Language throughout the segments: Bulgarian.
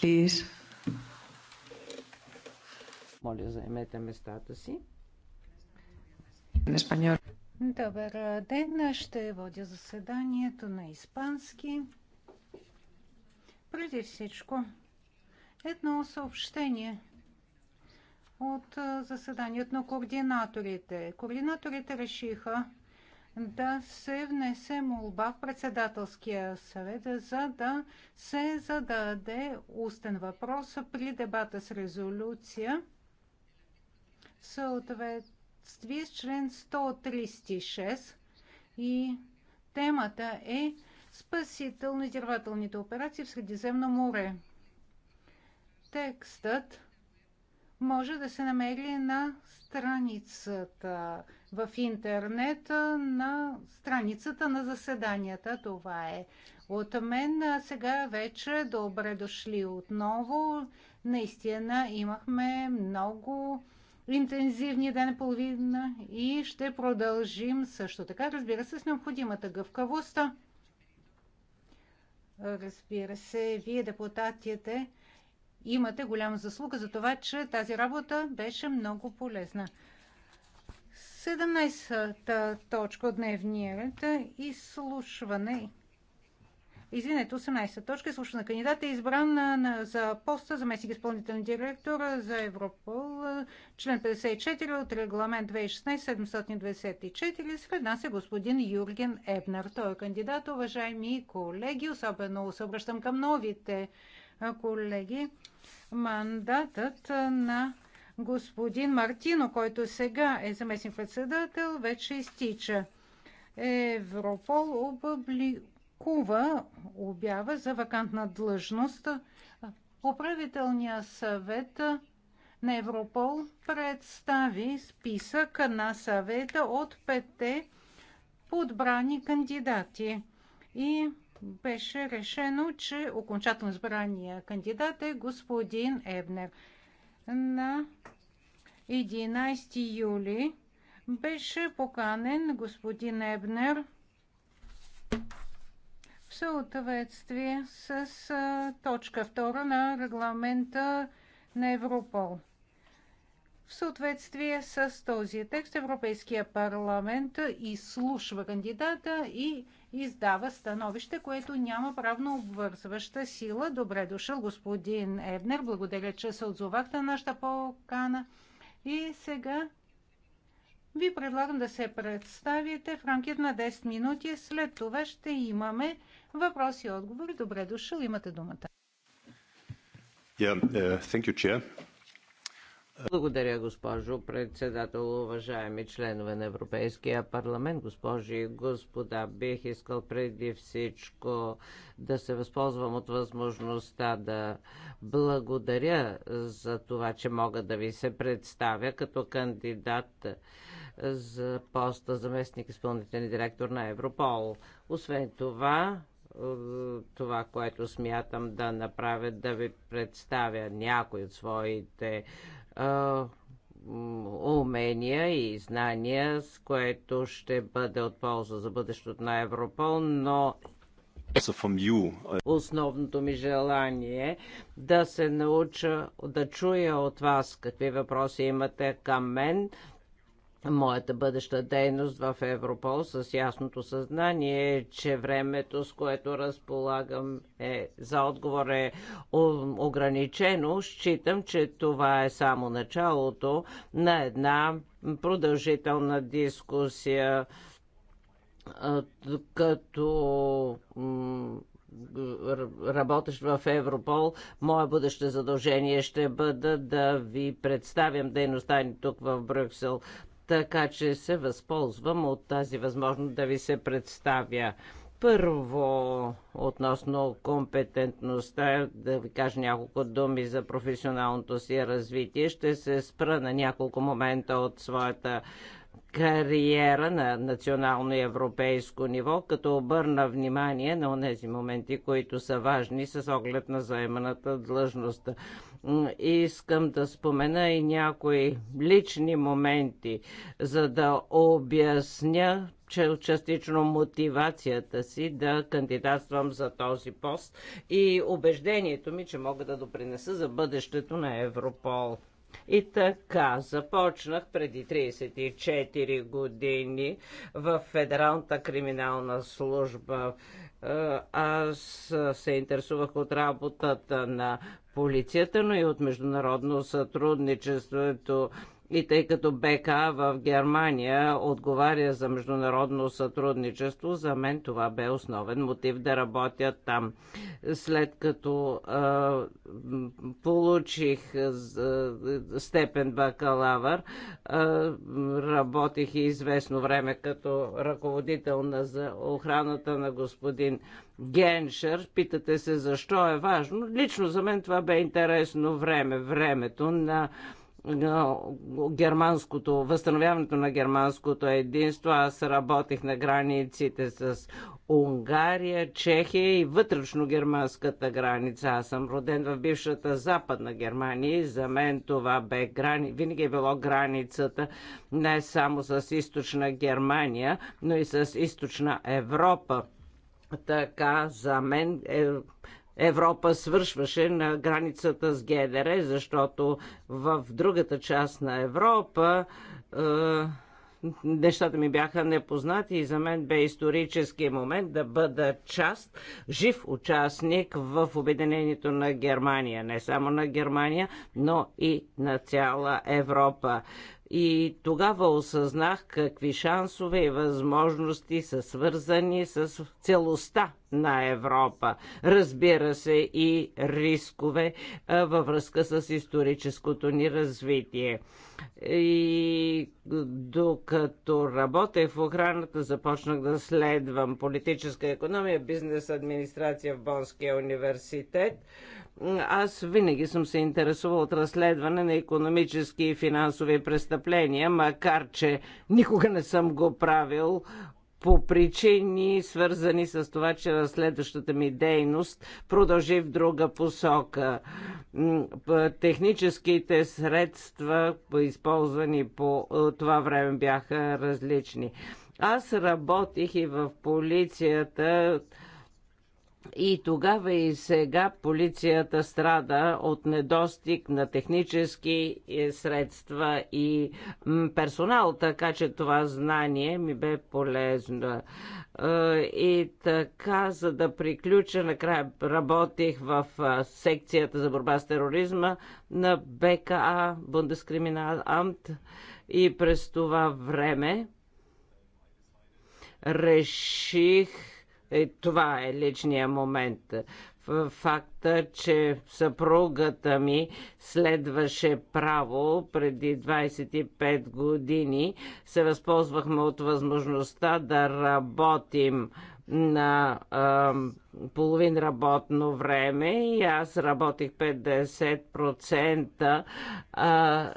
please. Моля, заемете местата си. Добър ден, ще водя заседанието на испански. Преди всичко, едно съобщение от заседанието на координаторите. Координаторите решиха да се внесе молба в председателския съвет, за да се зададе устен въпрос при дебата с резолюция в съответствие с член 136 и темата е спасителни издирвателните операции в Средиземно море. Текстът може да се намери на страницата в интернет на страницата на заседанията. Това е от мен. Сега вече добре дошли отново. Наистина имахме много интензивни ден и половина и ще продължим също така, разбира се, с необходимата гъвкавост. Разбира се, вие депутатите имате голяма заслуга за това, че тази работа беше много полезна. 17-та точка от дневния ред е изслушване. Извинете, 18-та точка е изслушване на кандидата е избран за поста заместник изпълнителен директор за Европол, член 54 от регламент 2016-724. Сред нас е господин Юрген Ебнер. Той е кандидат, уважаеми колеги, особено се обръщам към новите колеги. Мандатът на господин Мартино, който сега е заместник председател, вече изтича. Европол опубликува обява за вакантна длъжност. Управителният съвет на Европол представи списък на съвета от петте подбрани кандидати. И беше решено, че окончателно избрания кандидат е господин Ебнер. На 11 юли беше поканен господин Ебнер в съответствие с точка 2 на регламента на Европол. В съответствие с този текст Европейския парламент изслушва кандидата и издава становище, което няма правно обвързваща сила. Добре дошъл, господин Ебнер. Благодаря, че се отзовахте на нашата покана. И сега ви предлагам да се представите в рамките на 10 минути. След това ще имаме въпроси и отговори. Добре дошъл, имате думата. Yeah, uh, thank you, Chair. Благодаря, госпожо председател, уважаеми членове на Европейския парламент, госпожи и господа. Бих искал преди всичко да се възползвам от възможността да благодаря за това, че мога да ви се представя като кандидат за поста заместник изпълнителен директор на Европол. Освен това, е, това, което смятам да направя, да ви представя някои от своите умения и знания, с което ще бъде от полза за бъдещето на Европол, но Основното ми желание е да се науча да чуя от вас какви въпроси имате към мен, моята бъдеща дейност в Европол с ясното съзнание, че времето, с което разполагам е, за отговор е ограничено. Считам, че това е само началото на една продължителна дискусия като работещ в Европол, мое бъдеще задължение ще бъде да ви представям дейността ни тук в Брюксел така че се възползвам от тази възможност да ви се представя. Първо, относно компетентността, да ви кажа няколко думи за професионалното си развитие. Ще се спра на няколко момента от своята кариера на национално и европейско ниво, като обърна внимание на тези моменти, които са важни с оглед на заеманата длъжност. Искам да спомена и някои лични моменти, за да обясня че частично мотивацията си да кандидатствам за този пост и убеждението ми, че мога да допринеса за бъдещето на Европол. И така, започнах преди 34 години в Федералната криминална служба. Е, аз се интересувах от работата на полицията, но и от международно сътрудничеството. И тъй като БК в Германия отговаря за международно сътрудничество, за мен това бе основен мотив да работя там. След като а, получих а, степен бакалавър, а, работих и известно време като ръководител на за охраната на господин Геншер. Питате се защо е важно. Лично за мен това бе интересно време. Времето на германското, възстановяването на германското единство. Аз работих на границите с Унгария, Чехия и вътрешно германската граница. Аз съм роден в бившата западна Германия и за мен това бе грани... винаги е било границата не само с източна Германия, но и с източна Европа. Така за мен е, Европа свършваше на границата с ГДР, защото в другата част на Европа е, нещата ми бяха непознати и за мен бе исторически момент да бъда част, жив участник в обединението на Германия. Не само на Германия, но и на цяла Европа. И тогава осъзнах какви шансове и възможности са свързани с целостта на Европа. Разбира се и рискове във връзка с историческото ни развитие. И докато работех в охраната, започнах да следвам политическа економия, бизнес администрация в Бонския университет аз винаги съм се интересувал от разследване на економически и финансови престъпления, макар че никога не съм го правил по причини, свързани с това, че разследващата ми дейност продължи в друга посока. Техническите средства, използвани по е, това време, бяха различни. Аз работих и в полицията и тогава и сега полицията страда от недостиг на технически е, средства и персонал, така че това знание ми бе полезно. Е, и така, за да приключа, накрая работих в секцията за борба с тероризма на БКА, Бундескриминаламт, и през това време реших е, това е личния момент. Факта, че съпругата ми следваше право преди 25 години, се възползвахме от възможността да работим на половин работно време и аз работих 50%, а,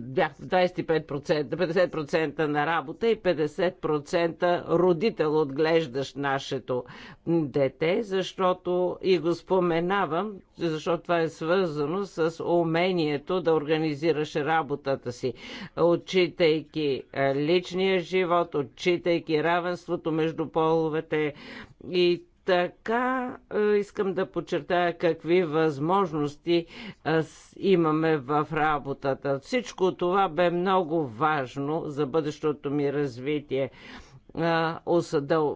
бях 25%, 50% на работа и 50% родител отглеждаш нашето дете, защото и го споменавам, защото това е свързано с умението да организираш работата си, отчитайки личния живот, отчитайки равенството между половете и така е, искам да подчертая какви възможности е, имаме в работата. Всичко това бе много важно за бъдещото ми развитие е,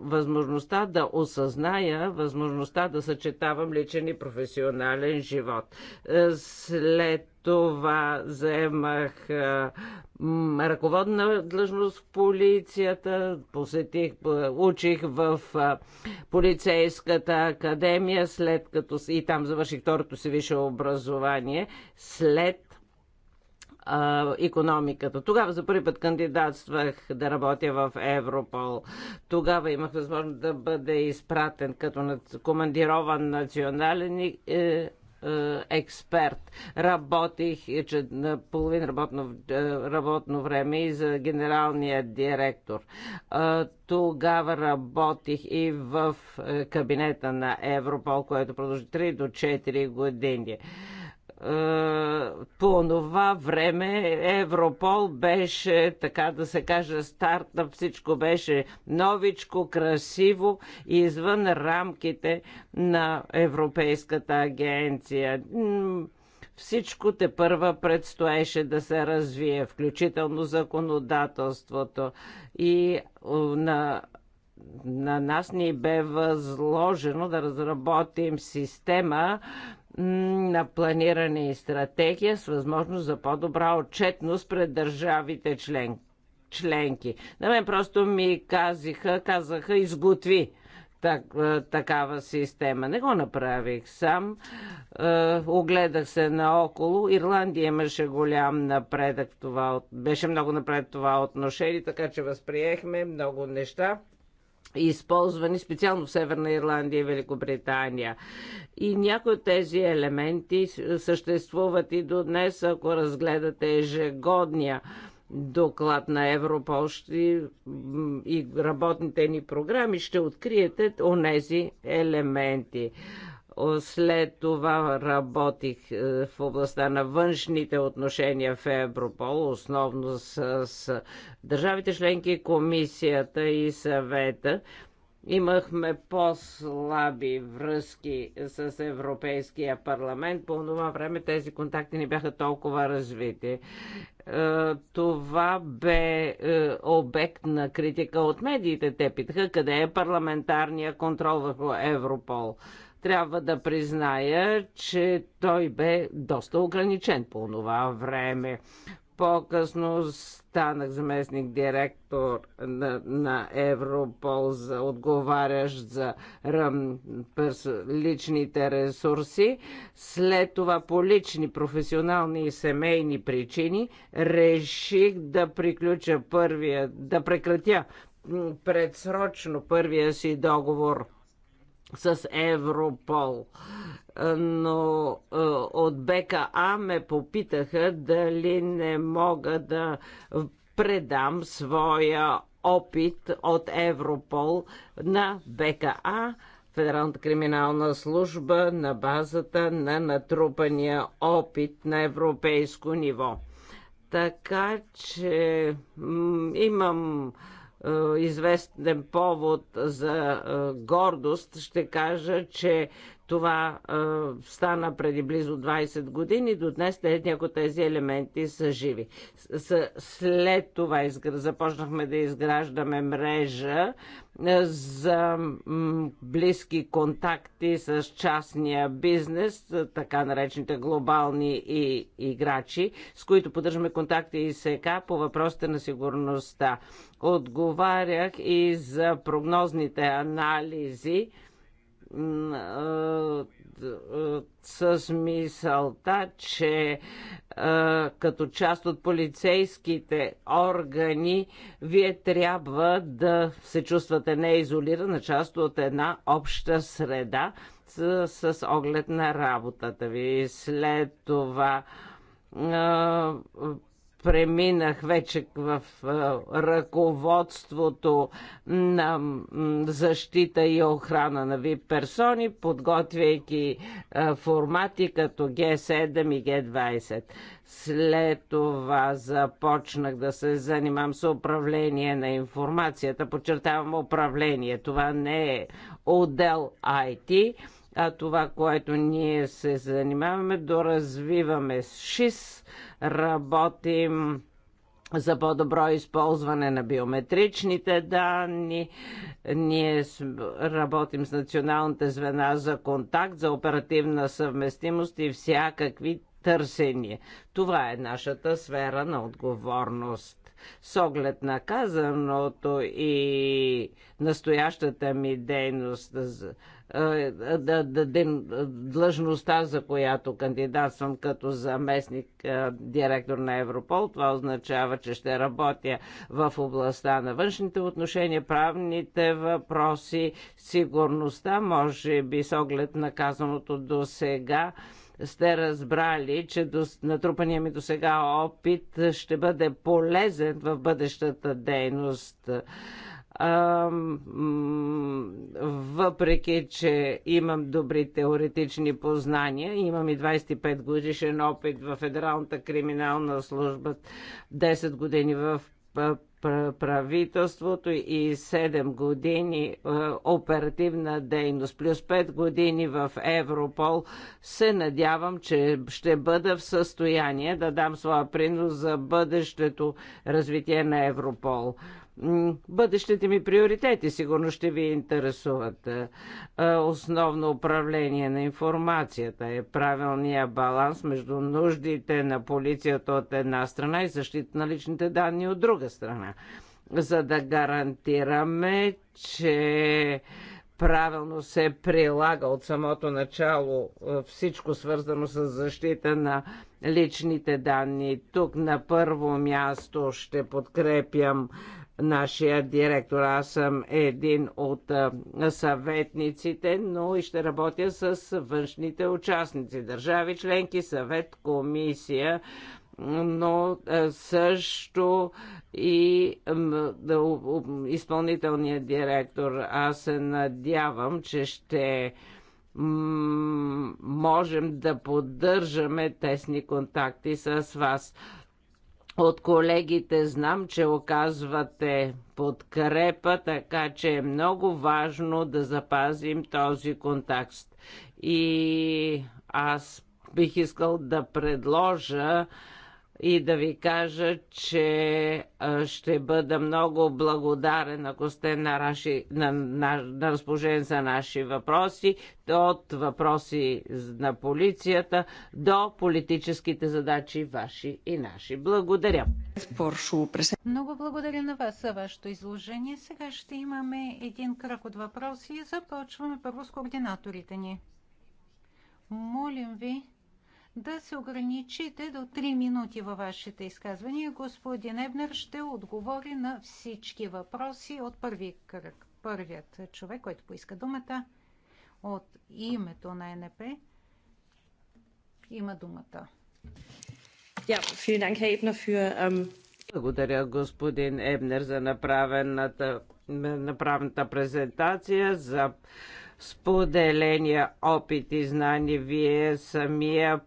възможността да осъзная, възможността да съчетавам личен и професионален живот. След това заемах ръководна длъжност в полицията, посетих, учих в полицейската академия, след като и там завърших второто си висше образование, след економиката. Тогава за първи път кандидатствах да работя в Европол. Тогава имах възможност да бъде изпратен като командирован национален е, е, експерт. Работих е, че, на половин работно, е, работно време и за генералния директор. Тогава работих и в кабинета на Европол, което продължи 3 до 4 години. Е, по това време Европол беше, така да се каже, на всичко беше новичко, красиво извън рамките на Европейската агенция. Всичко те първа предстоеше да се развие, включително законодателството и на на нас ни бе възложено да разработим система на планиране и стратегия с възможност за по-добра отчетност пред държавите член, членки. На мен просто ми казаха, казаха изготви так, е, такава система. Не го направих сам. Е, огледах се наоколо. Ирландия имаше голям напредък в това. Беше много напред това отношение, така че възприехме много неща използвани специално в Северна Ирландия и Великобритания. И някои от тези елементи съществуват и до днес, ако разгледате ежегодния доклад на Европол ще, и работните ни програми, ще откриете онези елементи. След това работих е, в областта на външните отношения в Европол, основно с, с държавите членки, комисията и съвета. Имахме по-слаби връзки с Европейския парламент. По това време тези контакти не бяха толкова развити. Е, това бе е, обект на критика от медиите. Те питаха къде е парламентарния контрол върху Европол. Трябва да призная, че той бе доста ограничен по това време. По-късно станах заместник директор на, на Европол, за, отговарящ за ръм, пърс, личните ресурси. След това по лични, професионални и семейни причини реших да приключа първия, да прекратя предсрочно първия си договор с Европол. Е, но е, от БКА ме попитаха дали не мога да предам своя опит от Европол на БКА, Федералната криминална служба, на базата на натрупания опит на европейско ниво. Така че имам е, известен повод за е, гордост, ще кажа, че това е, стана преди близо 20 години. До днес някои от тези елементи са живи. С, след това изгр... започнахме да изграждаме мрежа е, за м, близки контакти с частния бизнес, така наречените глобални и, играчи, с които поддържаме контакти и сега по въпросите на сигурността. Отговарях и за прогнозните анализи с мисълта, че като част от полицейските органи, вие трябва да се чувствате не изолирана част от една обща среда с, с оглед на работата ви. След това преминах вече в ръководството на защита и охрана на ВИП персони, подготвяйки формати като G7 и G20. След това започнах да се занимавам с управление на информацията. Подчертавам управление. Това не е отдел IT, а това, което ние се занимаваме, доразвиваме с ШИС, работим за по-добро използване на биометричните данни. Ние работим с националните звена за контакт, за оперативна съвместимост и всякакви търсения. Това е нашата сфера на отговорност. С оглед на казаното и настоящата ми дейност е, да дадем е, длъжността, за която кандидатствам като заместник е, директор на Европол. Това означава, че ще работя в областта на външните отношения, правните въпроси, сигурността, може би с оглед на казаното до сега сте разбрали, че до, натрупания ми до сега опит ще бъде полезен в бъдещата дейност въпреки, че имам добри теоретични познания, имам и 25 годишен опит в Федералната криминална служба, 10 години в правителството и 7 години оперативна дейност, плюс 5 години в Европол, се надявам, че ще бъда в състояние да дам своя принос за бъдещето развитие на Европол бъдещите ми приоритети сигурно ще ви интересуват. Е, е, основно управление на информацията е правилния баланс между нуждите на полицията от една страна и защита на личните данни от друга страна. За да гарантираме, че правилно се прилага от самото начало е, всичко свързано с защита на личните данни. Тук на първо място ще подкрепям нашия директор. Аз съм един от съветниците, но и ще работя с външните участници. Държави членки, съвет, комисия, но също и изпълнителният директор. Аз се надявам, че ще можем да поддържаме тесни контакти с вас. От колегите знам, че оказвате подкрепа, така че е много важно да запазим този контакт. И аз бих искал да предложа и да ви кажа, че ще бъда много благодарен, ако сте на, наши, на, на, на разположен за наши въпроси, от въпроси на полицията до политическите задачи, ваши и наши. Благодаря. Много благодаря на вас за вашето изложение. Сега ще имаме един кръг от въпроси и започваме първо с координаторите ни. Молим ви да се ограничите до 3 минути във вашите изказвания. Господин Ебнер ще отговори на всички въпроси от първи кръг. Първият човек, който поиска думата от името на НП, има думата. Ähm, благодаря, господин Ебнер, за направената, направената презентация, за споделения опит и знания. Вие самия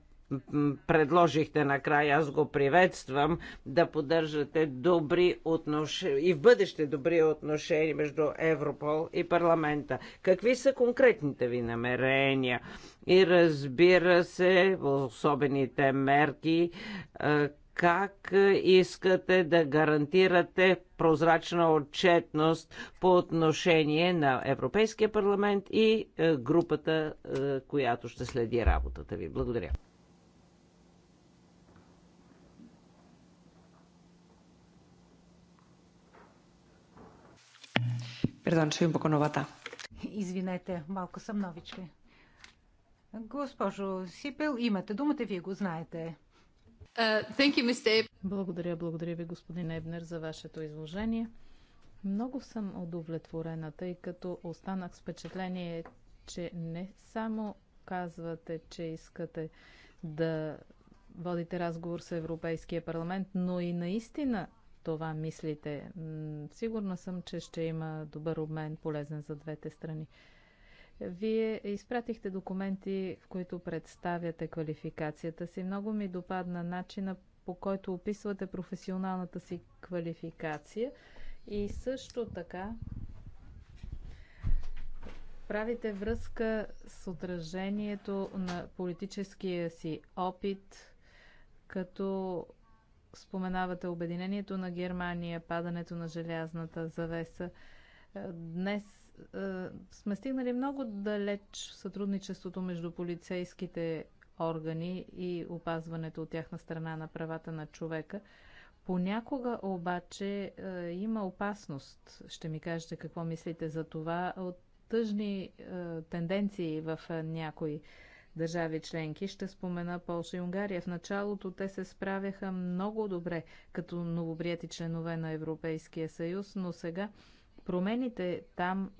предложихте накрая, аз го приветствам, да поддържате добри отношения и в бъдеще добри отношения между Европол и парламента. Какви са конкретните ви намерения? И разбира се, особените мерки, как искате да гарантирате прозрачна отчетност по отношение на Европейския парламент и е, групата, е, която ще следи работата ви. Благодаря. Perdón, че un poco novata. Извинете, малко съм новичка. Госпожо Сипел, имате думата, вие го знаете. Uh, thank you, Благодаря, благодаря ви, господин Ебнер, за вашето изложение. Много съм удовлетворена, тъй като останах с впечатление, че не само казвате, че искате да водите разговор с Европейския парламент, но и наистина това мислите. Сигурна съм, че ще има добър обмен, полезен за двете страни. Вие изпратихте документи, в които представяте квалификацията си. Много ми допадна начина по който описвате професионалната си квалификация и също така правите връзка с отражението на политическия си опит като споменавате обединението на Германия, падането на желязната завеса. Е, днес е, сме стигнали много далеч в сътрудничеството между полицейските органи и опазването от тяхна страна на правата на човека. Понякога обаче е, има опасност, ще ми кажете какво мислите за това, от тъжни тенденции в някои държави членки. Ще спомена Полша и Унгария. В началото те се справяха много добре като новоприяти членове на Европейския съюз, но сега промените там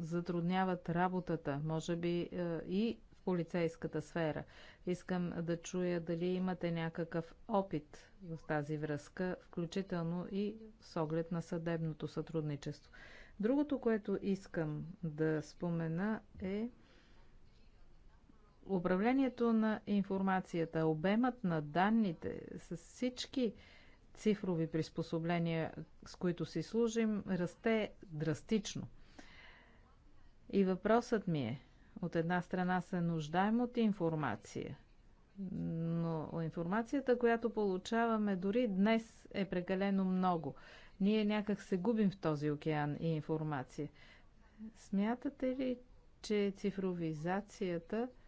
затрудняват работата, може би е, и в полицейската сфера. Искам да чуя дали имате някакъв опит в тази връзка, включително и с оглед на съдебното сътрудничество. Другото, което искам да спомена е Управлението на информацията, обемът на данните с всички цифрови приспособления, с които си служим, расте драстично. И въпросът ми е, от една страна се нуждаем от информация, но информацията, която получаваме дори днес е прекалено много. Ние някак се губим в този океан и информация. Смятате ли, че цифровизацията –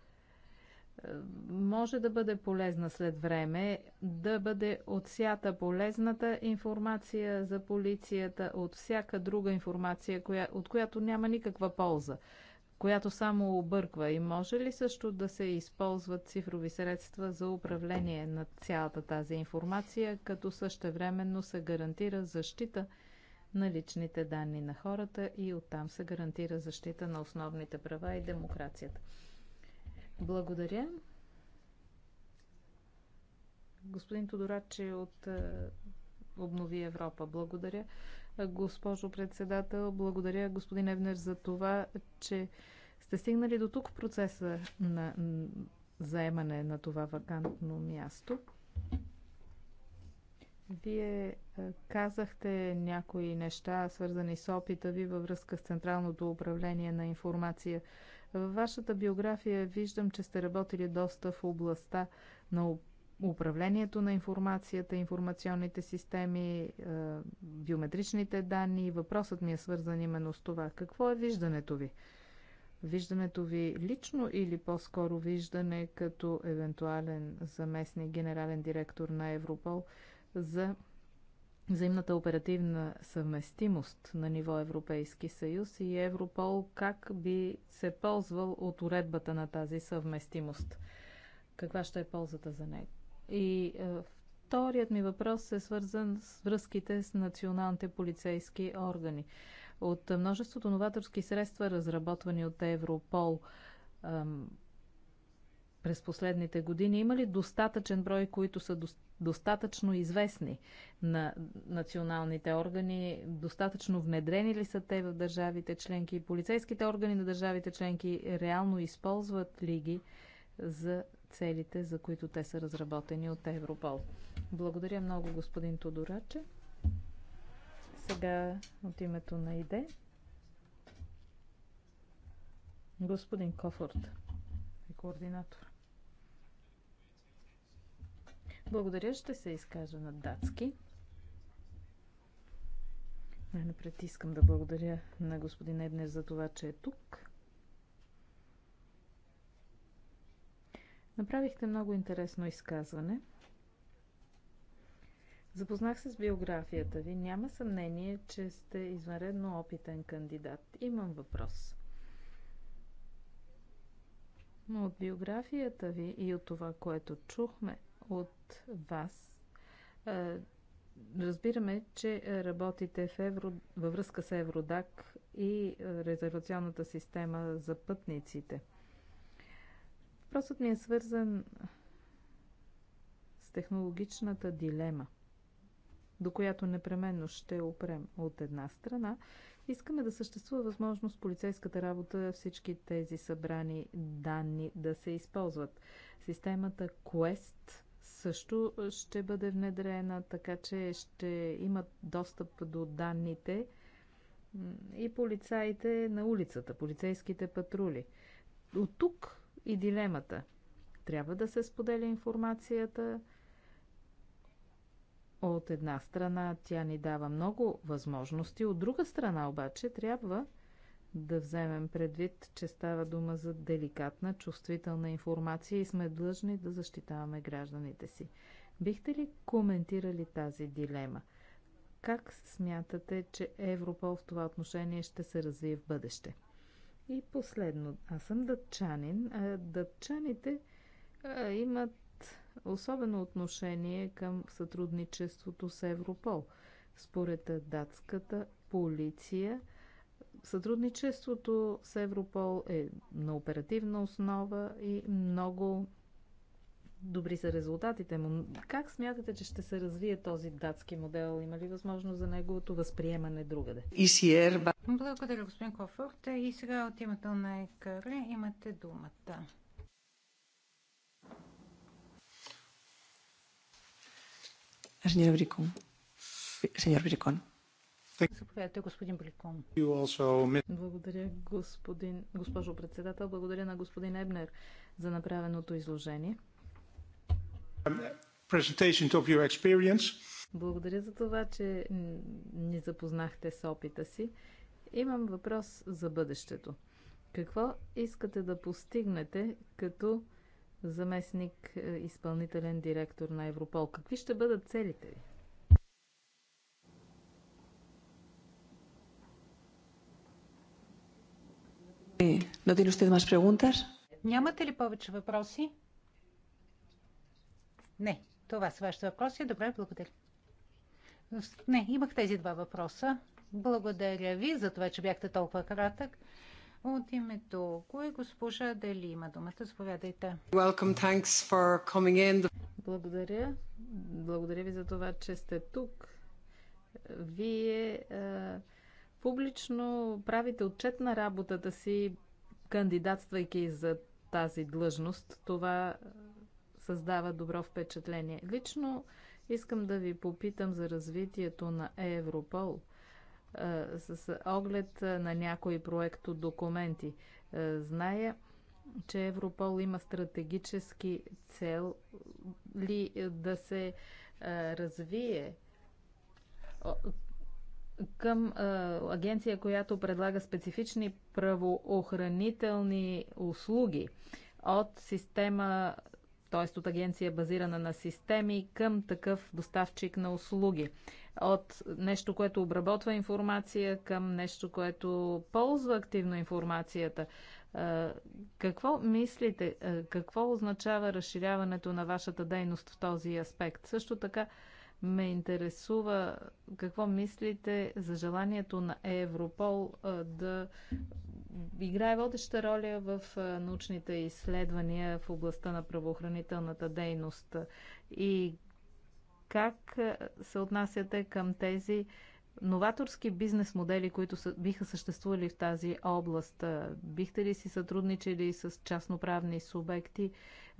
може да бъде полезна след време, да бъде отсята полезната информация за полицията от всяка друга информация, коя, от която няма никаква полза, която само обърква. И може ли също да се използват цифрови средства за управление на цялата тази информация, като същевременно се гарантира защита на личните данни на хората и оттам се гарантира защита на основните права и демокрацията? Благодаря. Господин Тодораче от е, Обнови Европа. Благодаря. Госпожо председател, благодаря господин Евнер за това, че сте стигнали до тук в процеса на заемане на това вакантно място. Вие е, казахте някои неща, свързани с опита ви във връзка с Централното управление на информация във вашата биография виждам, че сте работили доста в областта на управлението на информацията, информационните системи, е, биометричните данни. Въпросът ми е свързан именно с това. Какво е виждането ви? Виждането ви лично или по-скоро виждане като евентуален заместник генерален директор на Европол за взаимната оперативна съвместимост на ниво Европейски съюз и Европол как би се ползвал от уредбата на тази съвместимост? Каква ще е ползата за него? И е, вторият ми въпрос е свързан с връзките с националните полицейски органи. От множеството новаторски средства, разработвани от Европол, е, през последните години? Има ли достатъчен брой, които са достатъчно известни на националните органи, достатъчно внедрени ли са те в държавите членки, полицейските органи на държавите членки реално използват ли ги за целите, за които те са разработени от Европол. Благодаря много, господин Тодораче. Сега от името на ИДЕ. Господин Кофорт е координатор. Благодаря, ще се изкажа на датски. Най-напред искам да благодаря на господин Еднер за това, че е тук. Направихте много интересно изказване. Запознах се с биографията ви. Няма съмнение, че сте извънредно опитен кандидат. Имам въпрос. Но от биографията ви и от това, което чухме, от вас. Разбираме, че работите в евро, във връзка с Евродак и резервационната система за пътниците. Въпросът ми е свързан с технологичната дилема, до която непременно ще опрем от една страна. Искаме да съществува възможност полицейската работа, всички тези събрани данни да се използват. Системата Quest също ще бъде внедрена, така че ще имат достъп до данните и полицаите на улицата, полицейските патрули. От тук и дилемата. Трябва да се споделя информацията. От една страна тя ни дава много възможности, от друга страна обаче трябва да вземем предвид, че става дума за деликатна, чувствителна информация и сме длъжни да защитаваме гражданите си. Бихте ли коментирали тази дилема? Как смятате, че Европол в това отношение ще се развие в бъдеще? И последно, аз съм дъчанин. Дъчаните имат особено отношение към сътрудничеството с Европол. Според датската полиция – Сътрудничеството с Европол е на оперативна основа и много добри са резултатите му. Как смятате, че ще се развие този датски модел? Има ли възможност за неговото възприемане другаде? Благодаря, господин Кофорт. И сега от името на ЕКР имате думата. Сеньор Брикон. Сеньор Брикон. Заповядайте, господин Бликон. Благодаря, господин, госпожо председател. Благодаря на господин Ебнер за направеното изложение. Um, Благодаря за това, че ни запознахте с опита си. Имам въпрос за бъдещето. Какво искате да постигнете като заместник е, изпълнителен директор на Европол? Какви ще бъдат целите ви? ¿No tiene usted más preguntas? Нямате ли повече въпроси? Не, това са вашите въпроси. Е добре, благодаря. Не, имах тези два въпроса. Благодаря ви за това, че бяхте толкова кратък. От името кой госпожа Дали има думата? Заповядайте. Welcome, thanks for coming in. Благодаря. Благодаря ви за това, че сте тук. Вие е, публично правите отчет на работата си кандидатствайки за тази длъжност. Това създава добро впечатление. Лично искам да ви попитам за развитието на Европол с оглед на някои проекто документи. Зная, че Европол има стратегически цел ли да се развие към а, агенция, която предлага специфични правоохранителни услуги от система, т.е. от агенция базирана на системи към такъв доставчик на услуги. От нещо, което обработва информация към нещо, което ползва активно информацията. Какво мислите, какво означава разширяването на вашата дейност в този аспект? Също така, ме интересува какво мислите за желанието на Европол да играе водеща роля в научните изследвания в областта на правоохранителната дейност и как се отнасяте към тези новаторски бизнес модели, които биха съществували в тази област? Бихте ли си сътрудничали с частноправни субекти?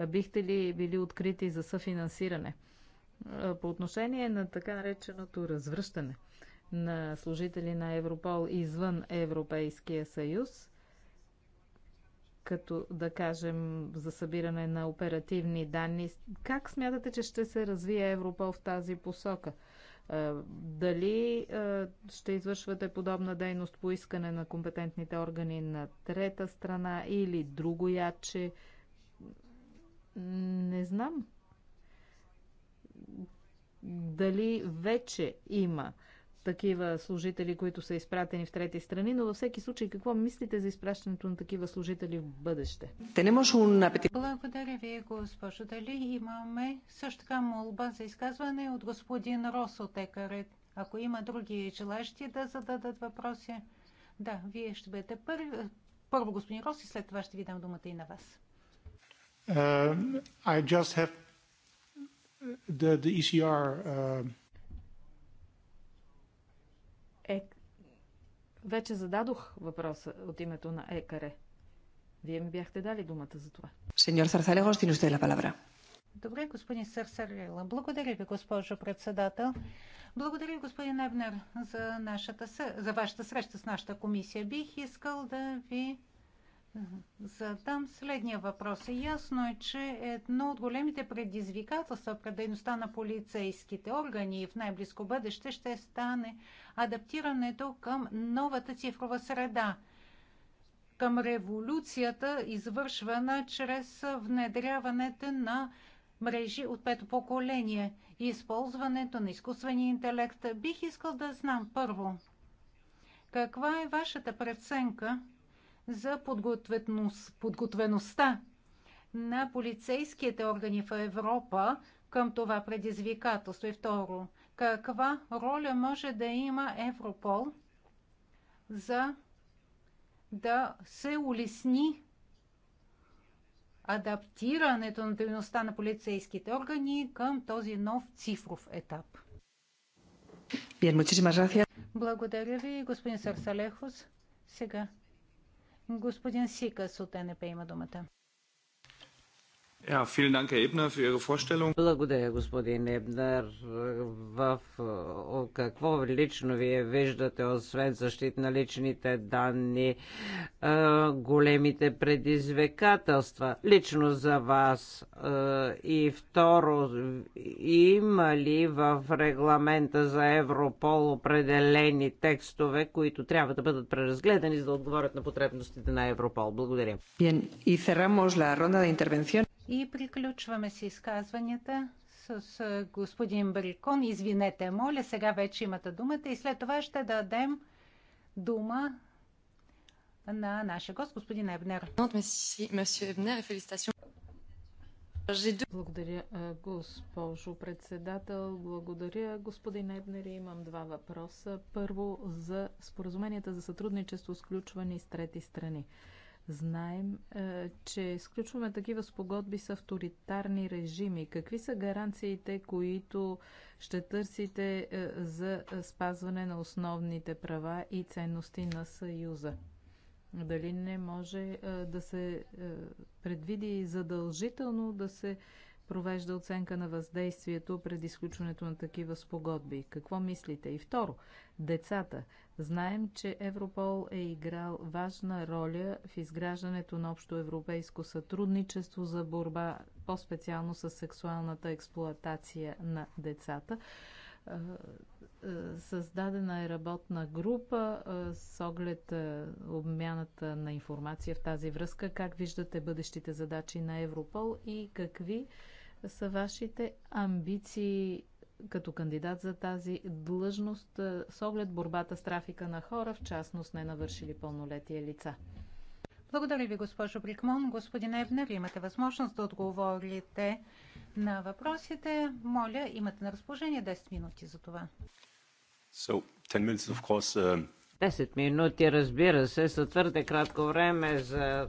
Бихте ли били открити за съфинансиране? По отношение на така нареченото развръщане на служители на Европол извън Европейския съюз, като да кажем за събиране на оперативни данни, как смятате, че ще се развие Европол в тази посока? Дали ще извършвате подобна дейност по искане на компетентните органи на трета страна или другояче? Не знам дали вече има такива служители, които са изпратени в трети страни, но във всеки случай какво мислите за изпращането на такива служители в бъдеще? Те не може Благодаря ви, госпожо. Дали имаме също така молба за изказване от господин от Екарет. Ако има други желащи да зададат въпроси, да, вие ще бъдете първи. Първо господин Рос и след това ще ви дам думата и на вас. Uh, I just have the, ECR... Uh... Eh, е, вече зададох въпроса от името на ЕКАРЕ. Вие ми бяхте дали думата за това. Сеньор Сарсалегос, ще ни la палавра. Добре, господин Сарсарела. Благодаря ви, госпожо председател. Благодаря, господин Ебнер, за, нашата, за вашата среща с нашата комисия. Бих искал да ви задам следния въпрос. Ясно е, че едно от големите предизвикателства пред дейността на полицейските органи в най-близко бъдеще ще стане адаптирането към новата цифрова среда, към революцията, извършвана чрез внедряването на мрежи от пето поколение и използването на изкуствения интелект. Бих искал да знам първо, каква е вашата преценка – за подготвеност, подготвеността на полицейските органи в Европа към това предизвикателство? И второ, каква роля може да има Европол за да се улесни адаптирането на дейността на полицейските органи към този нов цифров етап? Благодаря ви, господин Сарсалехос. Сега Господин Сикас от НП има думата. Dank, Ebner, Благодаря, господин Ебнер. В какво лично вие виждате, освен защит на личните данни, големите предизвикателства? Лично за вас. И второ, има ли в регламента за Европол определени текстове, които трябва да бъдат преразгледани, за да отговорят на потребностите на Европол? Благодаря. Bien, y cerramos la ronda и приключваме с изказванията с господин Барикон. Извинете, моля, сега вече имате думата и след това ще дадем дума на нашия гост, господин Ебнер. Благодаря, госпожо председател. Благодаря, господин Ебнер. Имам два въпроса. Първо за споразуменията за сътрудничество, сключвани с трети страни. Знаем, е, че сключваме такива спогодби с авторитарни режими. Какви са гаранциите, които ще търсите е, за спазване на основните права и ценности на Съюза? Дали не може е, да се предвиди задължително да се провежда оценка на въздействието преди изключването на такива спогодби? Какво мислите? И второ, децата. Знаем, че Европол е играл важна роля в изграждането на общо европейско сътрудничество за борба по-специално с сексуалната експлоатация на децата. Създадена е работна група с оглед обмяната на информация в тази връзка. Как виждате бъдещите задачи на Европол и какви са вашите амбиции като кандидат за тази длъжност е, с оглед борбата с трафика на хора, в частност не навършили пълнолетие лица? Благодаря ви, госпожо Брикмон. Господин Ебнер, имате възможност да отговорите на въпросите. Моля, имате на разположение 10 минути за това. So, 10 minutes, of course, uh... 10 минути, разбира се, са твърде кратко време за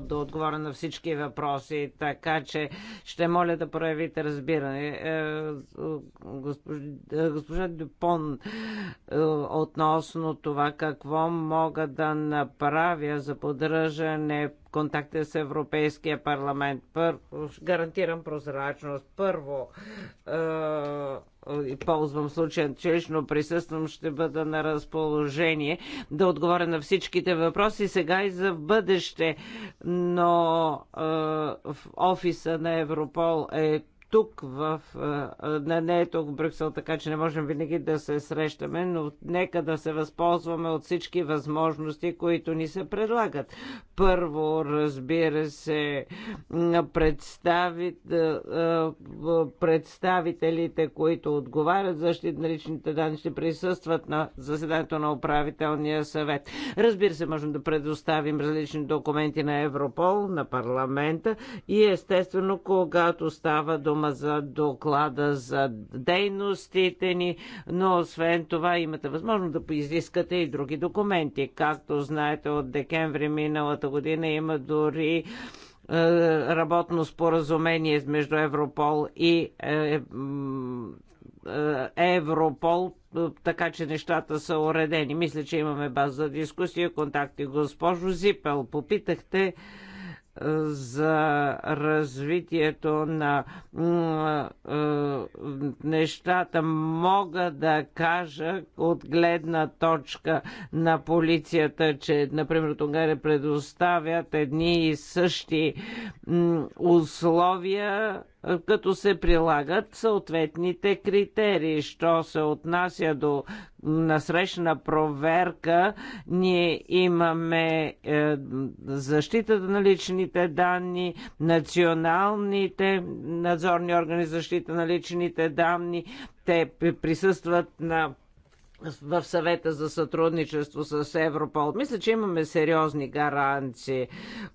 да отговоря на всички въпроси, така че ще моля да проявите разбиране. Е, госпожа, е, госпожа Дюпон, е, относно това какво мога да направя за поддържане контакти с Европейския парламент. Първо, гарантирам прозрачност. Първо, е, и ползвам случая, че лично присъствам, ще бъда на разположение да отговоря на всичките въпроси сега и за бъдеще. Но е, в офиса на Европол е тук в... Не, не е тук в Брюксел, така че не можем винаги да се срещаме, но нека да се възползваме от всички възможности, които ни се предлагат. Първо, разбира се, представит, представителите, които отговарят за защита на личните данни, ще присъстват на заседанието на управителния съвет. Разбира се, можем да предоставим различни документи на Европол, на парламента и естествено, когато става дума дума за доклада за дейностите ни, но освен това имате възможност да поизискате и други документи. Както знаете, от декември миналата година има дори е, работно споразумение между Европол и е, е, Европол, така че нещата са уредени. Мисля, че имаме база за дискусия, контакти. Госпожо Зипел, попитахте за развитието на нещата мога да кажа от гледна точка на полицията, че, например, от Унгария предоставят едни и същи условия като се прилагат съответните критерии. Що се отнася до насрещна проверка, ние имаме е, защитата на личните данни, националните надзорни органи защита на личните данни, те присъстват на в съвета за сътрудничество с Европол. Мисля, че имаме сериозни гаранции.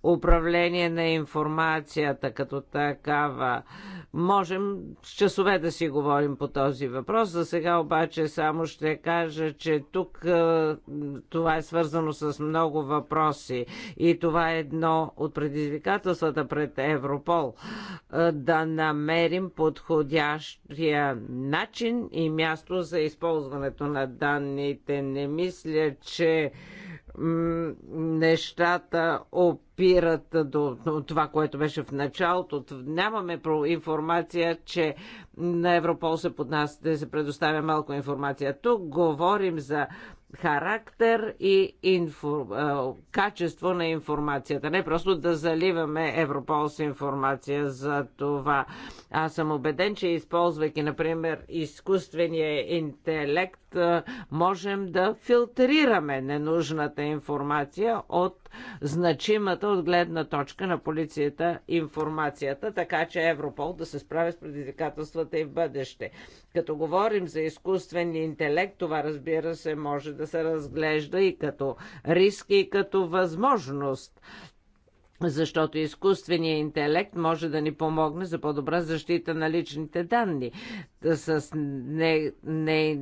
Управление на информацията като такава. Можем с часове да си говорим по този въпрос. За сега обаче само ще кажа, че тук е, това е свързано с много въпроси и това е едно от предизвикателствата пред Европол. Е, да намерим подходящия начин и място за използването на данните. Не мисля, че нещата опират до това, което беше в началото. Нямаме информация, че на Европол се под нас да се предоставя малко информация. Тук говорим за характер и инфо, качество на информацията. Не просто да заливаме Европол с информация за това. Аз съм убеден, че използвайки, например, изкуствения интелект, можем да филтрираме ненужната информация от значимата от гледна точка на полицията информацията, така че Европол да се справи с предизвикателствата и в бъдеще. Като говорим за изкуствения интелект, това разбира се може да се разглежда и като риск, и като възможност защото изкуственият интелект може да ни помогне за по-добра защита на личните данни. С не, не,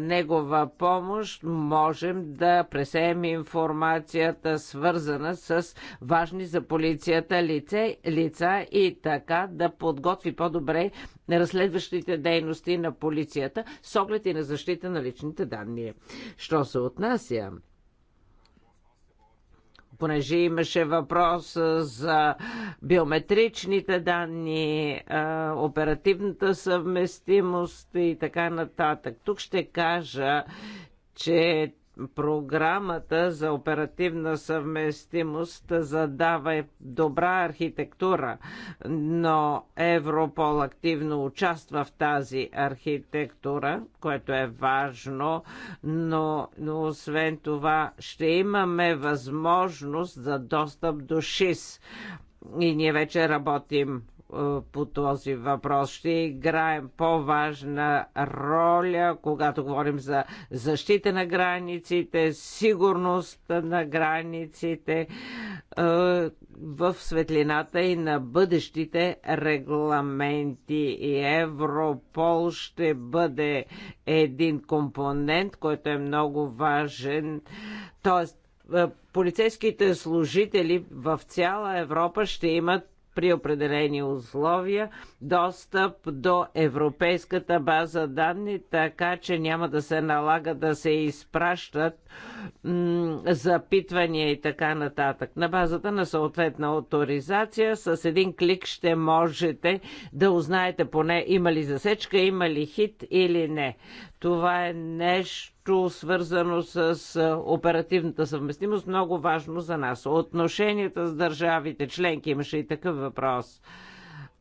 негова помощ можем да пресеем информацията, свързана с важни за полицията лице, лица и така да подготви по-добре разследващите дейности на полицията с оглед и на защита на личните данни. Що се отнася понеже имаше въпрос за биометричните данни, оперативната съвместимост и така нататък. Тук ще кажа, че Програмата за оперативна съвместимост задава е добра архитектура, но Европол активно участва в тази архитектура, което е важно, но, но освен това ще имаме възможност за достъп до ШИС. И ние вече работим е, по този въпрос. Ще играем по-важна роля, когато говорим за защита на границите, сигурност на границите е, в светлината и на бъдещите регламенти. И Европол ще бъде един компонент, който е много важен. Тоест, е, полицейските служители в цяла Европа ще имат при определени условия достъп до европейската база данни, така че няма да се налага да се изпращат запитвания и така нататък. На базата на съответна авторизация с един клик ще можете да узнаете поне има ли засечка, има ли хит или не. Това е нещо нещо свързано с оперативната съвместимост, много важно за нас. Отношенията с държавите членки, имаше и такъв въпрос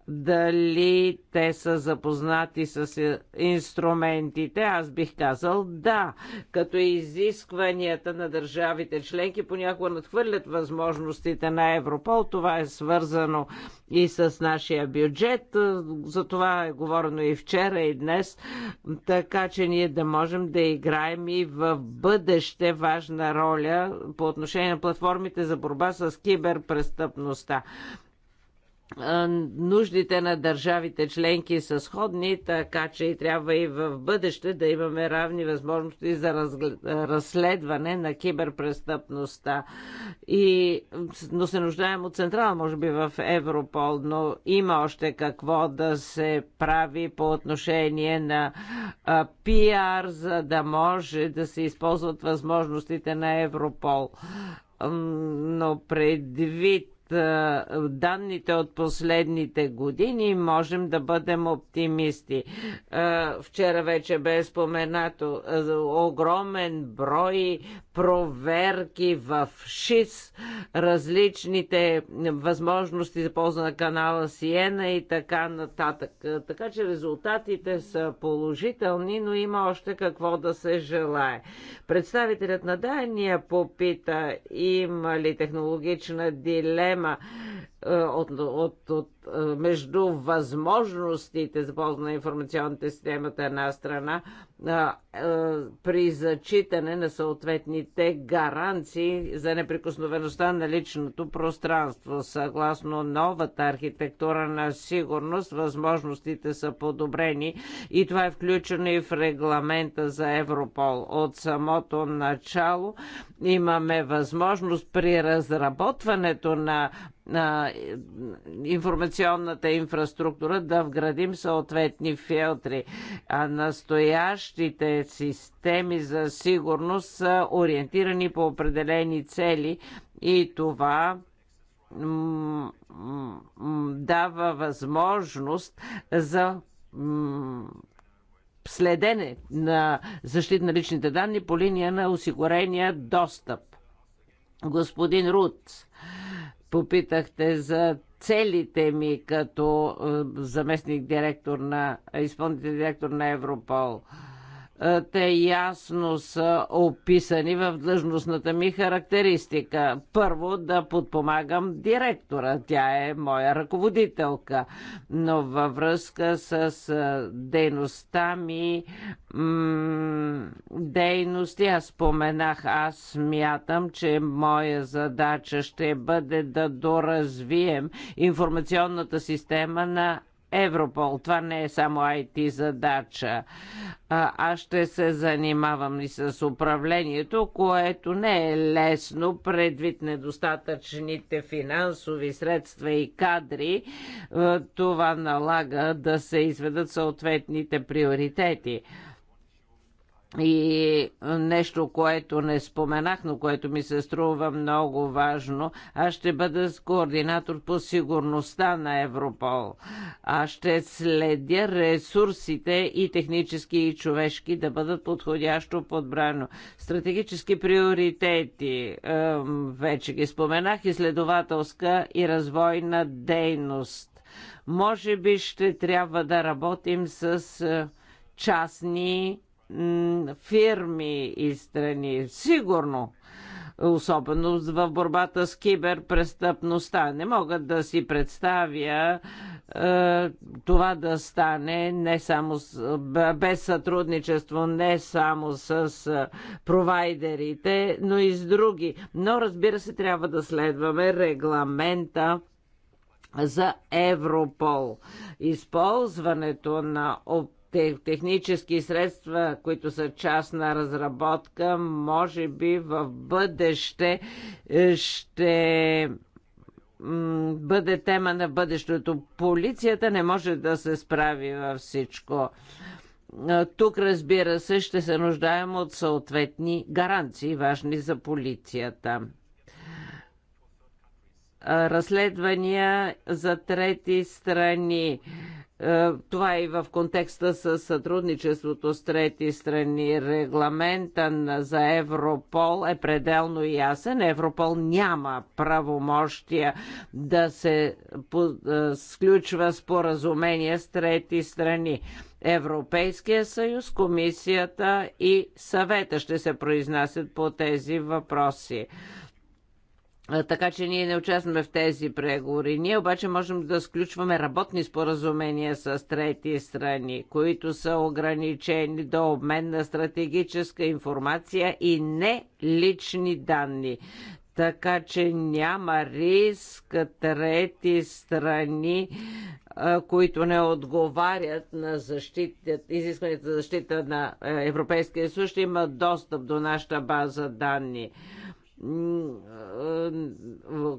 дали те са запознати с е, инструментите, аз бих казал да, като изискванията на държавите членки понякога надхвърлят възможностите на Европол. Това е свързано и с нашия бюджет. За това е говорено и вчера, и днес, така че ние да можем да играем и в бъдеще важна роля по отношение на платформите за борба с киберпрестъпността нуждите на държавите членки са сходни, така че и трябва и в бъдеще да имаме равни възможности за разследване на киберпрестъпността. И, но се нуждаем от централа, може би в Европол, но има още какво да се прави по отношение на пиар, за да може да се използват възможностите на Европол но предвид данните от последните години можем да бъдем оптимисти. Вчера вече бе споменато огромен брой проверки в ШИС, различните възможности за полза на канала Сиена и така нататък. Така че резултатите са положителни, но има още какво да се желае. Представителят на Дания попита има ли технологична дилема от, от, от, е, между възможностите за ползване на информационната система от една страна е, при зачитане на съответните гаранции за неприкосновеността на личното пространство. Съгласно новата архитектура на сигурност, възможностите са подобрени и това е включено и в регламента за Европол. От самото начало имаме възможност при разработването на а, е, информационната инфраструктура да вградим съответни филтри. А настоящите системи за сигурност са ориентирани по определени цели и това дава възможност за следене на защита на личните данни по линия на осигурения достъп. Господин Рут, Попитахте за целите ми като е, заместник директор на, изпълнителен директор на Европол. Е, те ясно са описани в длъжностната ми характеристика. Първо да подпомагам директора, тя е моя ръководителка, но във връзка с е, дейността ми, дейности, аз споменах, аз смятам, че моя задача ще бъде да доразвием информационната система на Европол. Това не е само IT задача. А, аз ще се занимавам и с управлението, което не е лесно предвид недостатъчните финансови средства и кадри. Това налага да се изведат съответните приоритети. И нещо, което не споменах, но което ми се струва много важно, аз ще бъда с координатор по сигурността на Европол. Аз ще следя ресурсите и технически и човешки да бъдат подходящо подбрано. Стратегически приоритети, вече ги споменах, изследователска и развойна дейност. Може би ще трябва да работим с частни фирми и страни. Сигурно особено в борбата с киберпрестъпността. Не мога да си представя е, това да стане не само с, без сътрудничество, не само с е, провайдерите, но и с други. Но разбира се, трябва да следваме регламента за Европол. Използването на технически средства, които са част на разработка, може би в бъдеще е, ще бъде тема на бъдещето. Полицията не може да се справи във всичко. Е, тук, разбира се, ще се нуждаем от съответни гаранции, важни за полицията разследвания за трети страни. Това е и в контекста с сътрудничеството с трети страни. Регламента за Европол е пределно ясен. Европол няма правомощия да се сключва споразумение с трети страни. Европейския съюз, комисията и съвета ще се произнасят по тези въпроси така че ние не участваме в тези преговори. Ние обаче можем да сключваме работни споразумения с трети страни, които са ограничени до обмен на стратегическа информация и не лични данни. Така че няма риск трети страни, които не отговарят на защита, за защита на Европейския съюз, ще имат достъп до нашата база данни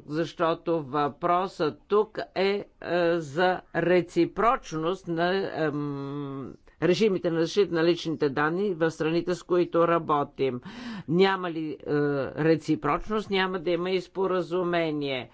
защото въпросът тук е, е за реципрочност на режимите на защита на личните данни в страните, с които работим. Няма ли е, реципрочност, няма да има и споразумение е,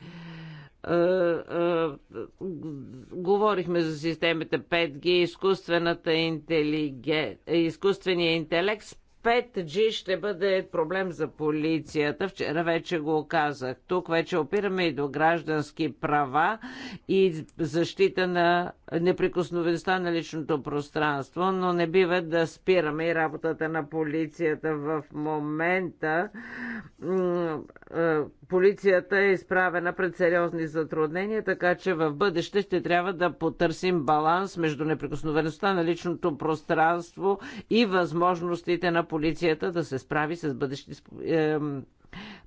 говорихме за системите 5G, изкуствената интелиген... изкуствения интелект, 5G ще бъде проблем за полицията. Вчера вече го казах. Тук вече опираме и до граждански права и защита на неприкосновеността на личното пространство, но не бива да спираме и работата на полицията в момента. Полицията е изправена пред сериозни затруднения, така че в бъдеще ще трябва да потърсим баланс между неприкосновеността на личното пространство и възможностите на полицията да се справи с бъдещи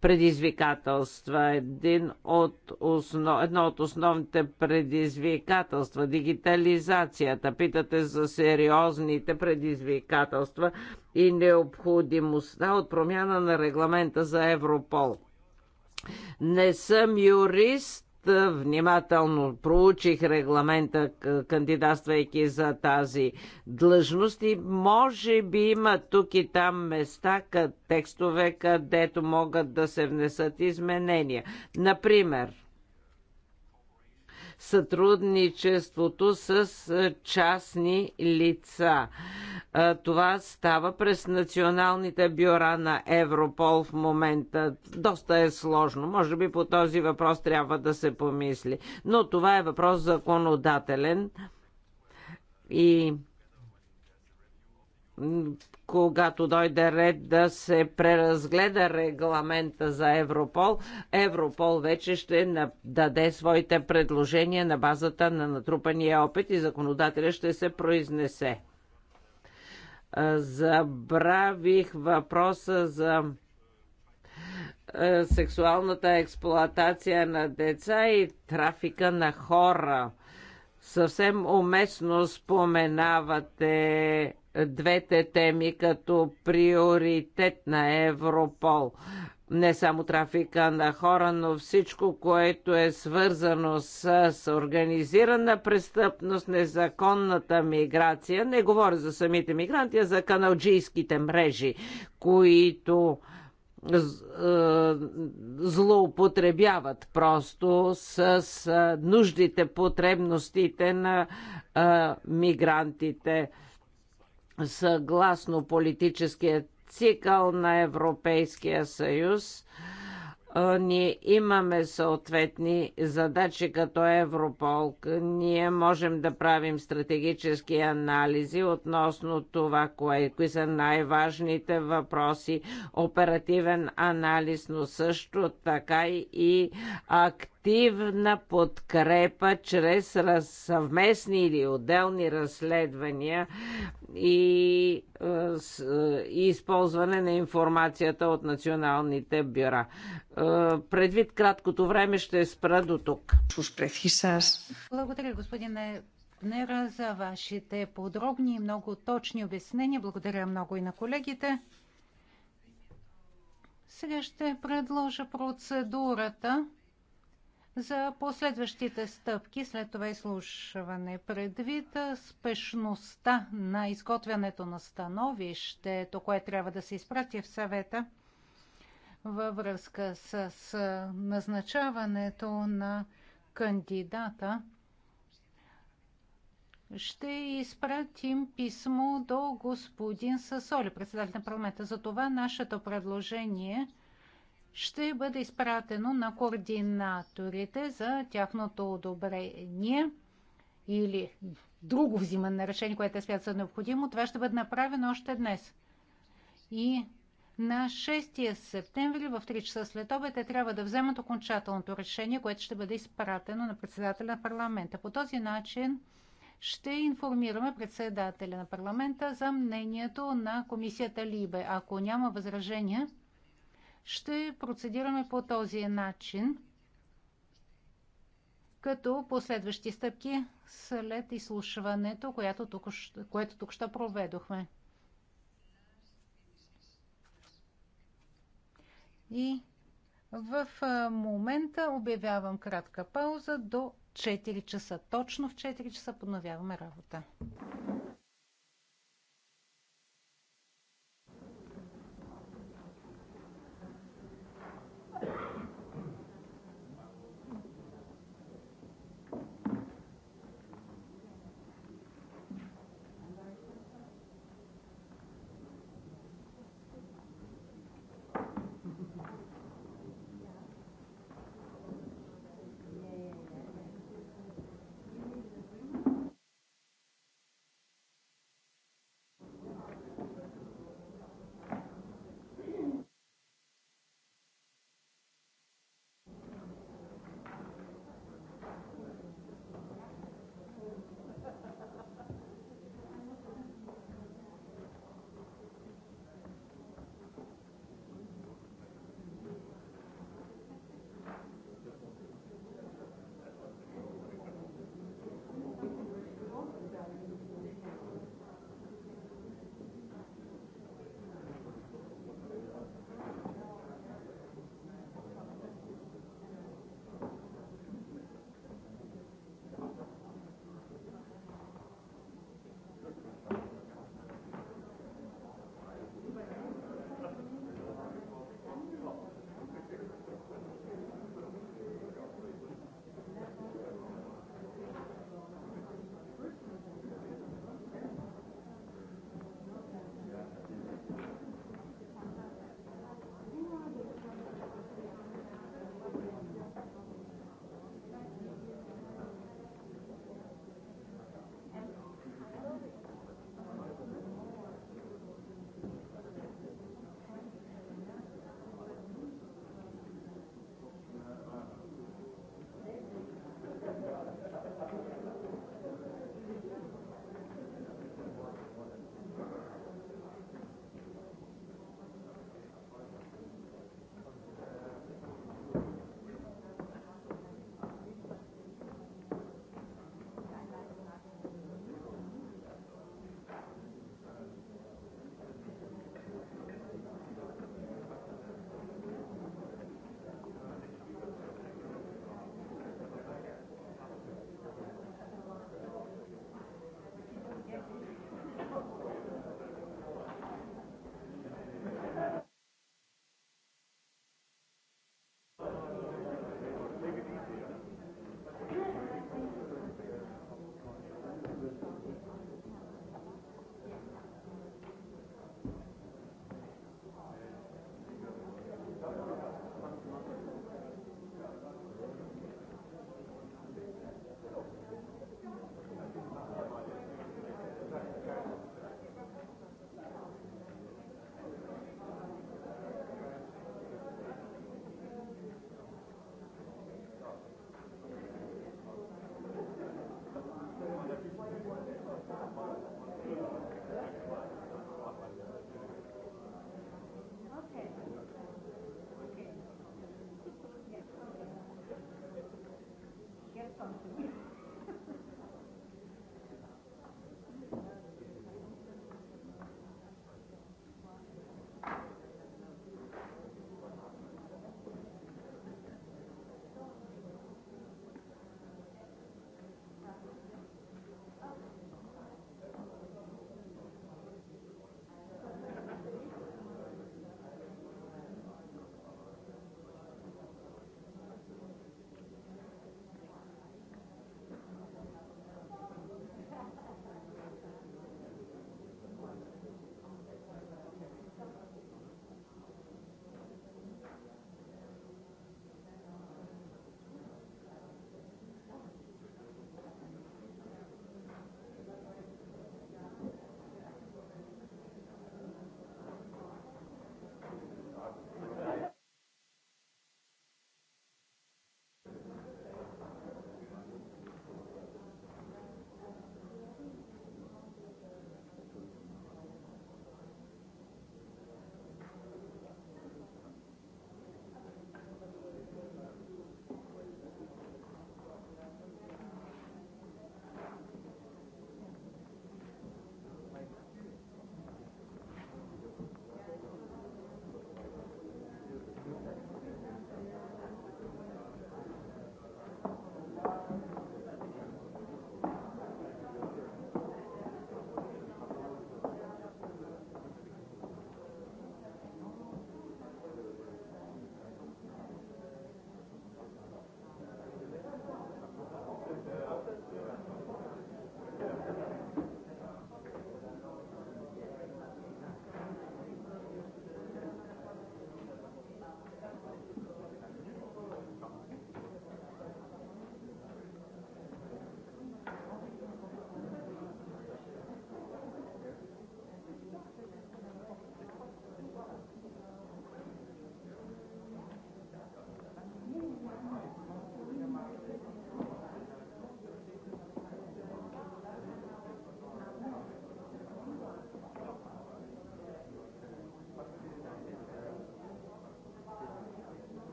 предизвикателства. Един от основ... Едно от основните предизвикателства – дигитализацията. Питате за сериозните предизвикателства и необходимостта от промяна на регламента за Европол. Не съм юрист, внимателно проучих регламента, кандидатствайки за тази длъжност и може би има тук и там места, къд, текстове, където могат да се внесат изменения. Например, сътрудничеството с частни лица. Това става през националните бюра на Европол в момента. Доста е сложно. Може би по този въпрос трябва да се помисли. Но това е въпрос законодателен и когато дойде ред да се преразгледа регламента за Европол, Европол вече ще даде своите предложения на базата на натрупания опит и законодателя ще се произнесе. Забравих въпроса за сексуалната експлоатация на деца и трафика на хора. Съвсем уместно споменавате двете теми като приоритет на Европол. Не само трафика на хора, но всичко, което е свързано с организирана престъпност, незаконната миграция. Не говоря за самите мигранти, а за каналджийските мрежи, които е, злоупотребяват просто с е, нуждите, потребностите на е, мигрантите съгласно политическия цикъл на Европейския съюз ние имаме съответни задачи като Европол. Ние можем да правим стратегически анализи относно това, кое, кои са най-важните въпроси, оперативен анализ, но също така и активно активна подкрепа чрез раз, съвместни или отделни разследвания и, е, е, и използване на информацията от националните бюра. Е, предвид краткото време ще спра до тук. Благодаря, господине Нера, за вашите подробни и много точни обяснения. Благодаря много и на колегите. Сега ще предложа процедурата за последващите стъпки след това изслушване. Предвид спешността на изготвянето на становището, което трябва да се изпрати в съвета във връзка с назначаването на кандидата, ще изпратим писмо до господин Сасоли, председател на парламента. За това нашето предложение – ще бъде изпратено на координаторите за тяхното одобрение или друго взимане на решение, което е смятат за необходимо. Това ще бъде направено още днес. И на 6 септември в 3 часа след обед те трябва да вземат окончателното решение, което ще бъде изпратено на председателя на парламента. По този начин ще информираме председателя на парламента за мнението на комисията Либе. Ако няма възражения, ще процедираме по този начин, като последващи стъпки след изслушването, което тук, което тук ще проведохме. И в момента обявявам кратка пауза до 4 часа. Точно в 4 часа подновяваме работа.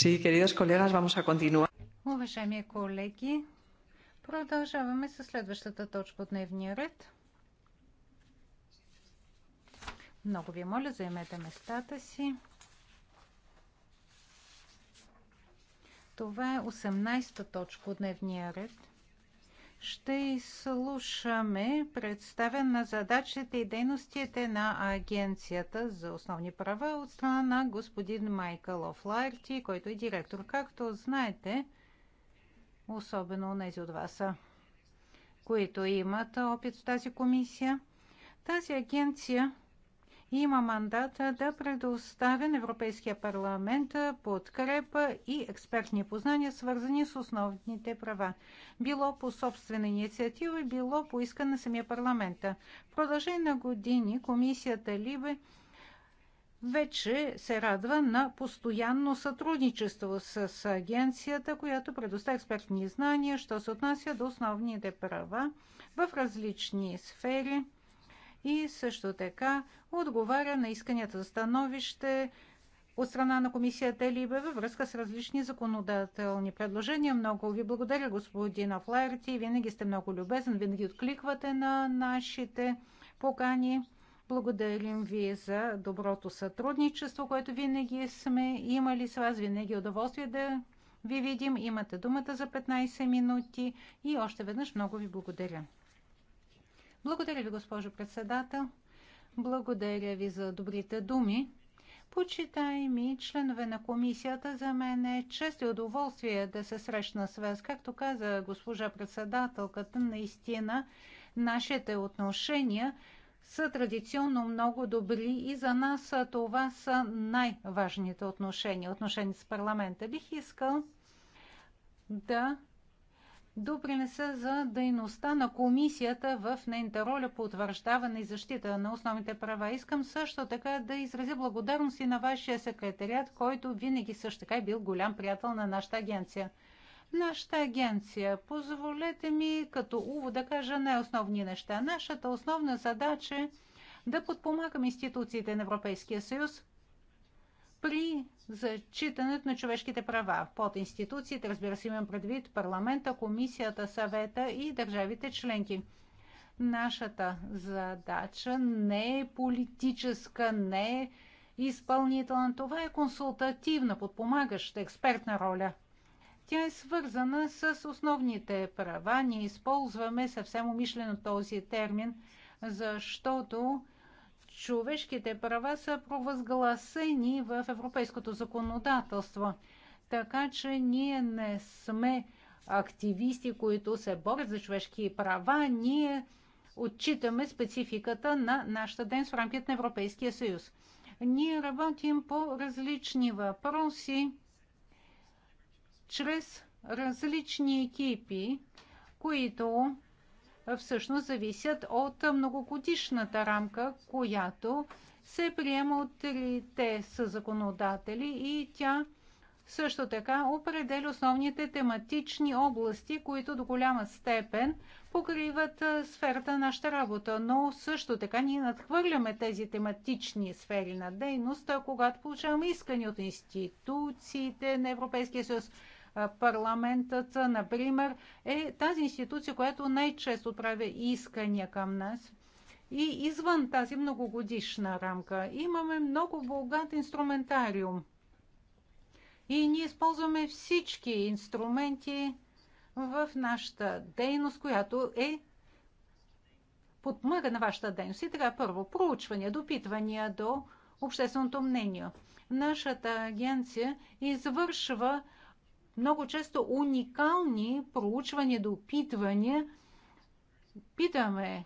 Sí, queridos colegas, vamos a continuar. Уважаеми колеги, продължаваме с следващата точка от дневния ред. Много ви моля, заемете местата си. Това е 18-та точка от дневния ред – ще изслушаме представен на задачите и дейностите на Агенцията за основни права от страна на господин Майкъл Офлайрти, който е директор. Както знаете, особено тези от вас, които имат опит в тази комисия, тази агенция има мандат да предоставя на Европейския парламент подкрепа и експертни познания, свързани с основните права. Било по собствена инициатива, било по искане на самия парламент. В продължение на години комисията Либе вече се радва на постоянно сътрудничество с агенцията, която предоставя експертни знания, що се отнася до основните права в различни сфери и също така отговаря на исканията за становище от страна на комисията Либе във връзка с различни законодателни предложения. Много ви благодаря, господин Афлайерти. Винаги сте много любезен, винаги откликвате на нашите покани. Благодарим ви за доброто сътрудничество, което винаги сме имали с вас. Винаги удоволствие да ви видим. Имате думата за 15 минути и още веднъж много ви благодаря. Благодаря ви, госпожо председател. Благодаря ви за добрите думи. Почитаеми членове на комисията, за мен е чест и удоволствие да се срещна с вас. Както каза госпожа председателката, наистина нашите отношения са традиционно много добри и за нас това са най-важните отношения, отношения с парламента. Бих искал да допринеса за дейността на комисията в нейната роля по утвърждаване и защита на основните права. Искам също така да изразя благодарност и на вашия секретарят, който винаги също така е бил голям приятел на нашата агенция. Нашата агенция, позволете ми като уво, да кажа най-основни неща. Нашата основна задача е да подпомагам институциите на Европейския съюз при зачитането на човешките права. Под институциите, разбира се, имам предвид парламента, комисията, съвета и държавите членки. Нашата задача не е политическа, не е изпълнителна. Това е консултативна, подпомагаща, експертна роля. Тя е свързана с основните права. Ние използваме съвсем умишлено този термин, защото човешките права са провъзгласени в европейското законодателство. Така че ние не сме активисти, които се борят за човешки права. Ние отчитаме спецификата на нашата ден в рамките на Европейския съюз. Ние работим по различни въпроси чрез различни екипи, които всъщност зависят от многогодишната рамка, която се приема от трите са законодатели и тя също така определя основните тематични области, които до голяма степен покриват сферата на нашата работа, но също така ние надхвърляме тези тематични сфери на дейност, когато получаваме искания от институциите на Европейския съюз, Парламентът, например, е тази институция, която най-често отправя искания към нас. И извън тази многогодишна рамка имаме много богат инструментариум. И ние използваме всички инструменти в нашата дейност, която е подмъга на вашата дейност. И така, първо, проучвания, допитвания до общественото мнение. Нашата агенция извършва много често уникални проучвания, допитвания. Питаме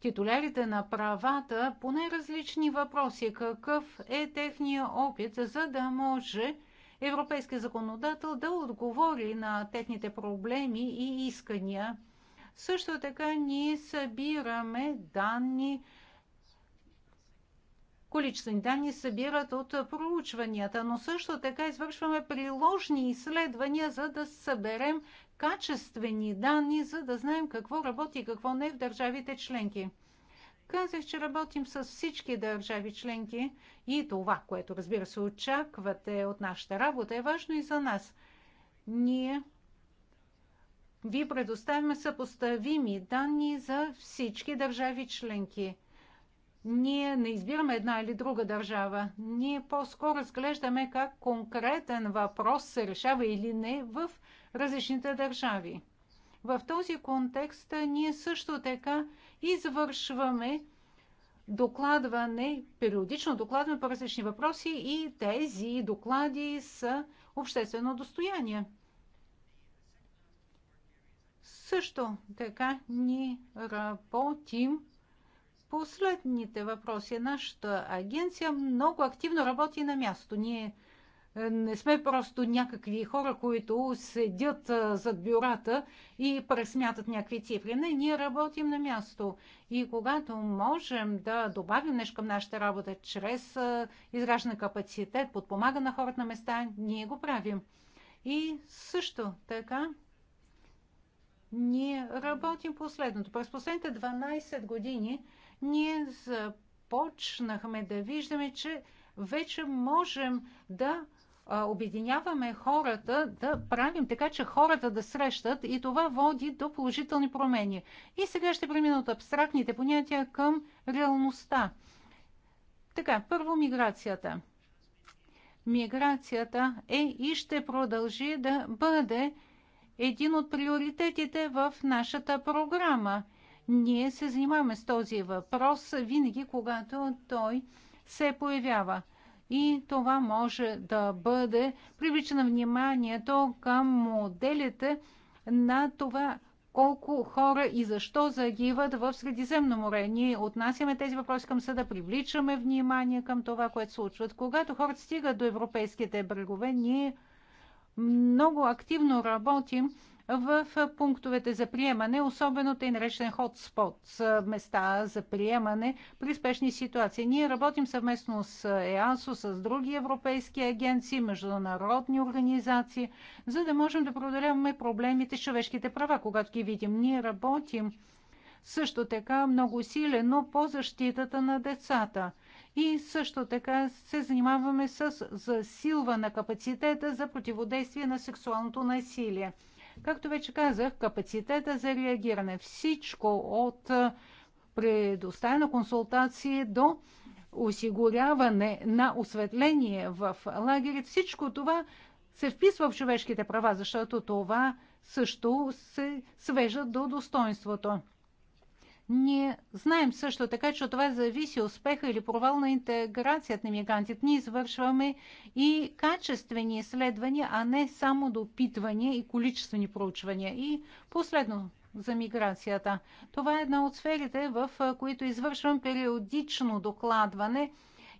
титулярите на правата по най-различни въпроси, какъв е техния опит, за да може европейския законодател да отговори на техните проблеми и искания. Също така ние събираме данни количествени данни събират от проучванията, но също така извършваме приложни изследвания, за да съберем качествени данни, за да знаем какво работи и какво не в държавите членки. Казах, че работим с всички държави членки и това, което разбира се очаквате от нашата работа, е важно и за нас. Ние ви предоставяме съпоставими данни за всички държави членки. Ние не избираме една или друга държава. Ние по-скоро разглеждаме как конкретен въпрос се решава или не в различните държави. В този контекст ние също така извършваме докладване, периодично докладваме по различни въпроси и тези доклади са обществено достояние. Също така ние работим последните въпроси. Нашата агенция много активно работи на място. Ние е, не сме просто някакви хора, които седят е, зад бюрата и пресмятат някакви цифри. Не, ние работим на място. И когато можем да добавим нещо към нашата работа чрез е, изграждане капацитет, подпомага на хората на места, ние го правим. И също така ние работим последното. През последните 12 години ние започнахме да виждаме, че вече можем да обединяваме хората, да правим така, че хората да срещат и това води до положителни промени. И сега ще премина от абстрактните понятия към реалността. Така, първо миграцията. Миграцията е и ще продължи да бъде един от приоритетите в нашата програма – ние се занимаваме с този въпрос винаги, когато той се появява. И това може да бъде привлечено вниманието към моделите на това, колко хора и защо загиват в Средиземно море. Ние отнасяме тези въпроси към съда, привличаме внимание към това, което случват. Когато хората стигат до европейските брегове, ние много активно работим в пунктовете за приемане, особено тъй наречен хотспот, места за приемане при спешни ситуации. Ние работим съвместно с ЕАСО, с други европейски агенции, международни организации, за да можем да проверяваме проблемите с човешките права, когато ги видим. Ние работим също така много усилено по защитата на децата. И също така се занимаваме с засилване на капацитета за противодействие на сексуалното насилие. Както вече казах, капацитета за реагиране, всичко от предоставена консултации до осигуряване на осветление в лагери, всичко това се вписва в човешките права, защото това също се свежда до достоинството. Ние знаем също така, че от това зависи успеха или провал на интеграцията на мигрантите. Ние извършваме и качествени изследвания, а не само допитвания и количествени проучвания. И последно за миграцията. Това е една от сферите, в които извършвам периодично докладване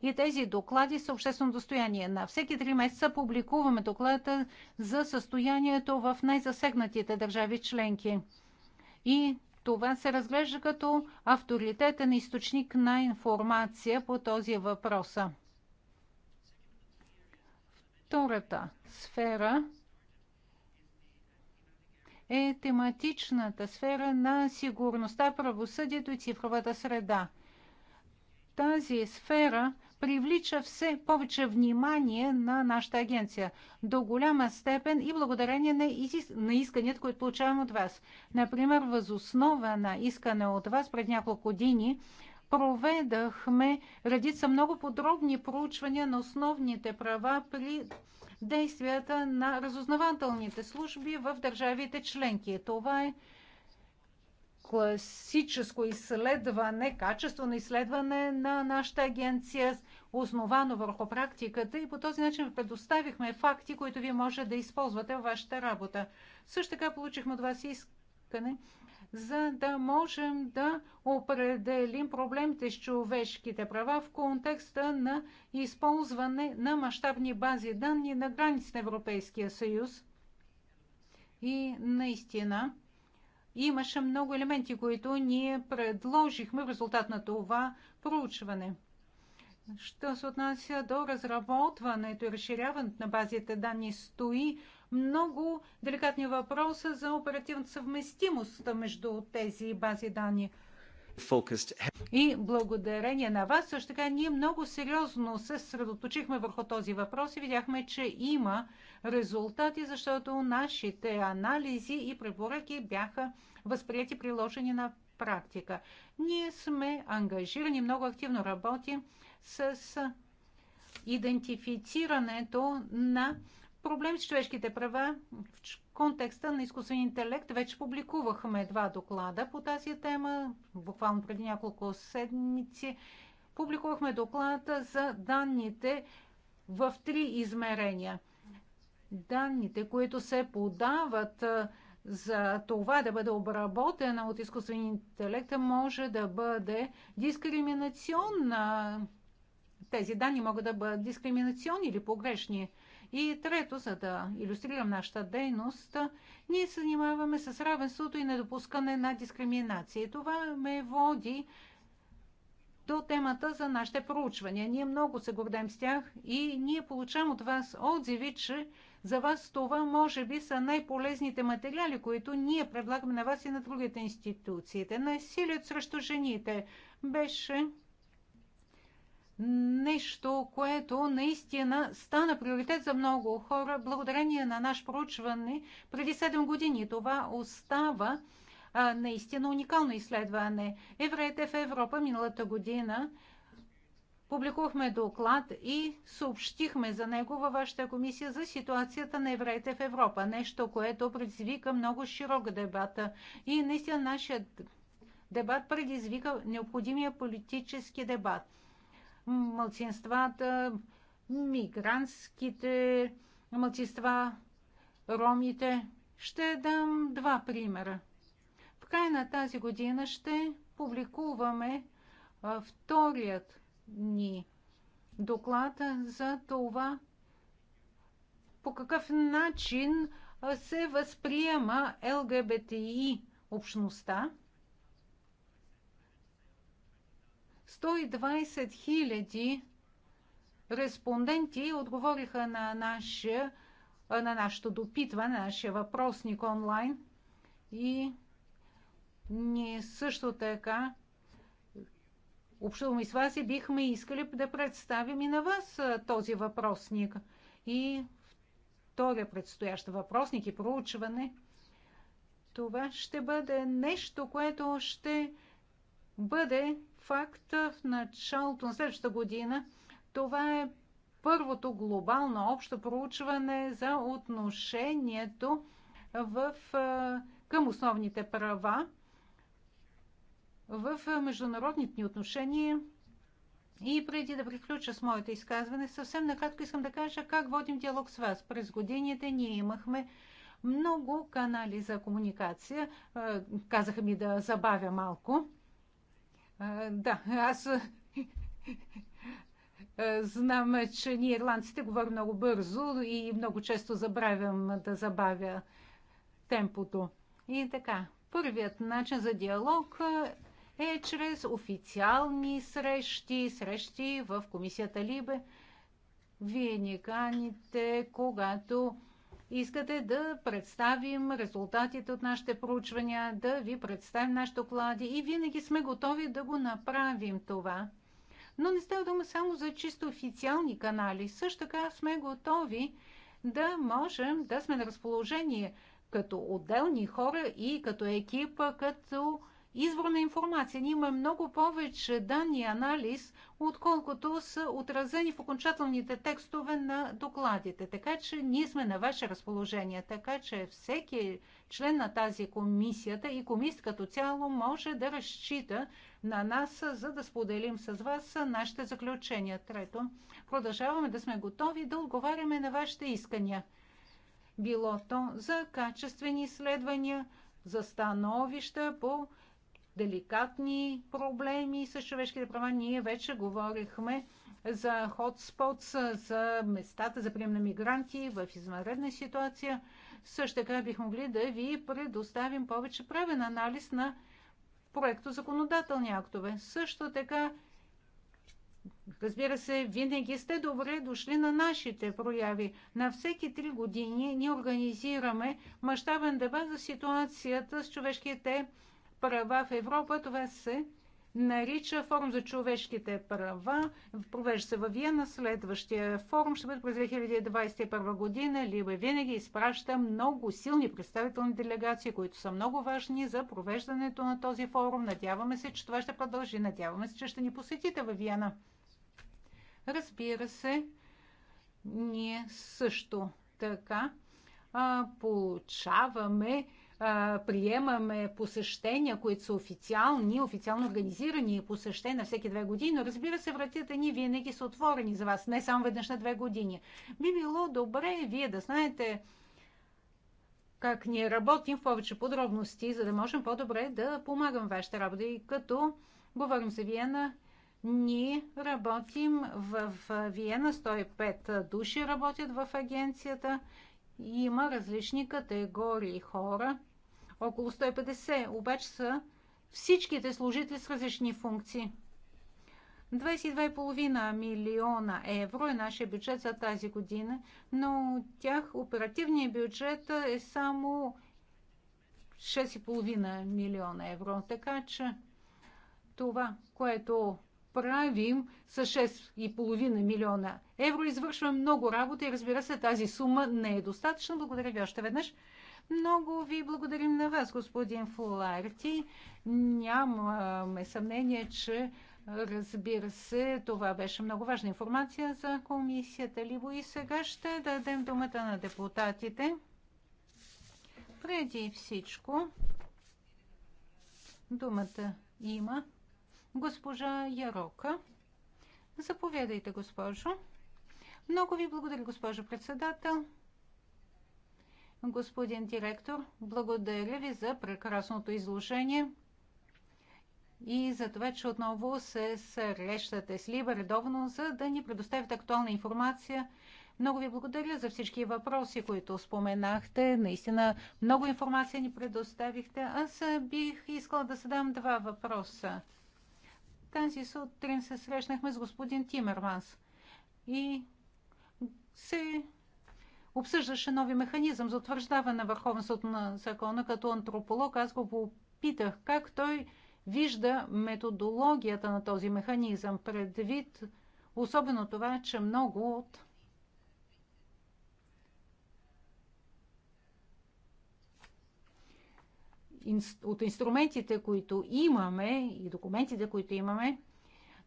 и тези доклади са обществено достояние. На всеки три месеца публикуваме доклада за състоянието в най-засегнатите държави членки. И това се разглежда като авторитетен източник на информация по този въпрос. Втората сфера е тематичната сфера на сигурността, правосъдието и цифровата среда. Тази сфера привлича все повече внимание на нашата агенция. До голяма степен и благодарение на, изис... на исканията, които получавам от вас. Например, възоснова на искане от вас пред няколко години проведахме редица много подробни проучвания на основните права при действията на разузнавателните служби в държавите членки. Това е класическо изследване, качествено изследване на нашата агенция основано върху практиката и по този начин предоставихме факти, които вие може да използвате в вашата работа. Също така получихме от вас искане за да можем да определим проблемите с човешките права в контекста на използване на мащабни бази данни на граници на Европейския съюз. И наистина имаше много елементи, които ние предложихме в резултат на това проучване. Що се отнася до разработването и разширяването на базите данни, стои много деликатни въпроса за оперативната съвместимост между тези бази данни. И благодарение на вас, също така ние много сериозно се средоточихме върху този въпрос и видяхме, че има резултати, защото нашите анализи и препоръки бяха възприяти приложени на практика. Ние сме ангажирани, много активно работим с идентифицирането на проблем с човешките права в контекста на изкуствен интелект. Вече публикувахме два доклада по тази тема, буквално преди няколко седмици. Публикувахме доклада за данните в три измерения. Данните, които се подават за това да бъде обработена от изкуствен интелект може да бъде дискриминационна. Тези данни могат да бъдат дискриминационни или погрешни. И трето, за да иллюстрирам нашата дейност, ние се занимаваме с равенството и недопускане на дискриминация. И това ме води до темата за нашите проучвания. Ние много се гордем с тях и ние получаваме от вас отзиви, че за вас това може би са най-полезните материали, които ние предлагаме на вас и на другите институции. Насилието срещу жените беше нещо, което наистина стана приоритет за много хора благодарение на наш проучване преди 7 години. Това остава а, наистина уникално изследване. Евреите в Европа миналата година Публикувахме доклад и съобщихме за него във вашата комисия за ситуацията на евреите в Европа. Нещо, което предизвика много широк дебат. И наистина нашият дебат предизвика необходимия политически дебат. Малцинствата, мигрантските мълчества, ромите. Ще дам два примера. В края на тази година ще публикуваме вторият ни доклад за това по какъв начин се възприема ЛГБТИ общността. 120 хиляди респонденти отговориха на, наше, на нашето допитване, на нашия въпросник онлайн. И ние също така общуваме с вас и бихме искали да представим и на вас този въпросник. И втория предстоящ въпросник и проучване, това ще бъде нещо, което ще бъде факт в началото на следващата година. Това е първото глобално общо проучване за отношението в, към основните права в международните ни отношения. И преди да приключа с моето изказване, съвсем накратко искам да кажа как водим диалог с вас. През годините ние имахме много канали за комуникация. Казаха ми да забавя малко. Да, аз знам, че ние ирландците говорим много бързо и много често забравям да забавя темпото. И така, първият начин за диалог е чрез официални срещи, срещи в комисията Либе. Вие ни каните, когато искате да представим резултатите от нашите проучвания, да ви представим нашите доклади и винаги сме готови да го направим това. Но не става дума само за чисто официални канали. Също така сме готови да можем да сме на разположение като отделни хора и като екипа, като извор на информация. Ние имаме много повече данни и анализ, отколкото са отразени в окончателните текстове на докладите. Така че ние сме на ваше разположение. Така че всеки член на тази комисията и комисията като цяло може да разчита на нас, за да споделим с вас нашите заключения. Трето, продължаваме да сме готови да отговаряме на вашите искания. Било то за качествени изследвания, за становища по деликатни проблеми с човешките права. Ние вече говорихме за хотспотс, за местата за прием на мигранти в извънредна ситуация. Също така бих могли да ви предоставим повече правен анализ на проекто законодателни актове. Също така, разбира се, винаги сте добре дошли на нашите прояви. На всеки три години ние организираме мащабен дебат за ситуацията с човешките права в Европа. Това се нарича форум за човешките права. Провежда се във Виена. Следващия форум ще бъде през 2021 година. Либо е винаги изпраща много силни представителни делегации, които са много важни за провеждането на този форум. Надяваме се, че това ще продължи. Надяваме се, че ще ни посетите във Виена. Разбира се, ние също така а, получаваме приемаме посещения, които са официални, официално организирани посещения на всеки две години, но разбира се, вратите ни винаги са отворени за вас, не само веднъж на две години. Би било добре вие да знаете как ние работим в повече подробности, за да можем по-добре да помагам вашата работа. И като говорим за Виена, ние работим в Виена, 105 души работят в агенцията има различни категории хора. Около 150 обаче са всичките служители с различни функции. 22,5 милиона евро е нашия бюджет за тази година, но от тях оперативният бюджет е само 6,5 милиона евро. Така че това, което правим с 6,5 милиона евро. Извършваме много работа и разбира се, тази сума не е достатъчна. Благодаря ви още веднъж. Много ви благодарим на вас, господин Фуларти. Нямаме съмнение, че разбира се, това беше много важна информация за комисията Либо и сега ще дадем думата на депутатите. Преди всичко думата има госпожа Ярока. Заповядайте, госпожо. Много ви благодаря, госпожо председател. Господин директор, благодаря ви за прекрасното изложение и за това, че отново се срещате с Либа редовно, за да ни предоставите актуална информация. Много ви благодаря за всички въпроси, които споменахте. Наистина много информация ни предоставихте. Аз бих искала да задам два въпроса. Тази сутрин се срещнахме с господин Тимерманс и се обсъждаше нови механизъм за утвърждаване на върховенството на закона като антрополог. Аз го попитах как той вижда методологията на този механизъм предвид особено това, че много от от инструментите, които имаме и документите, които имаме,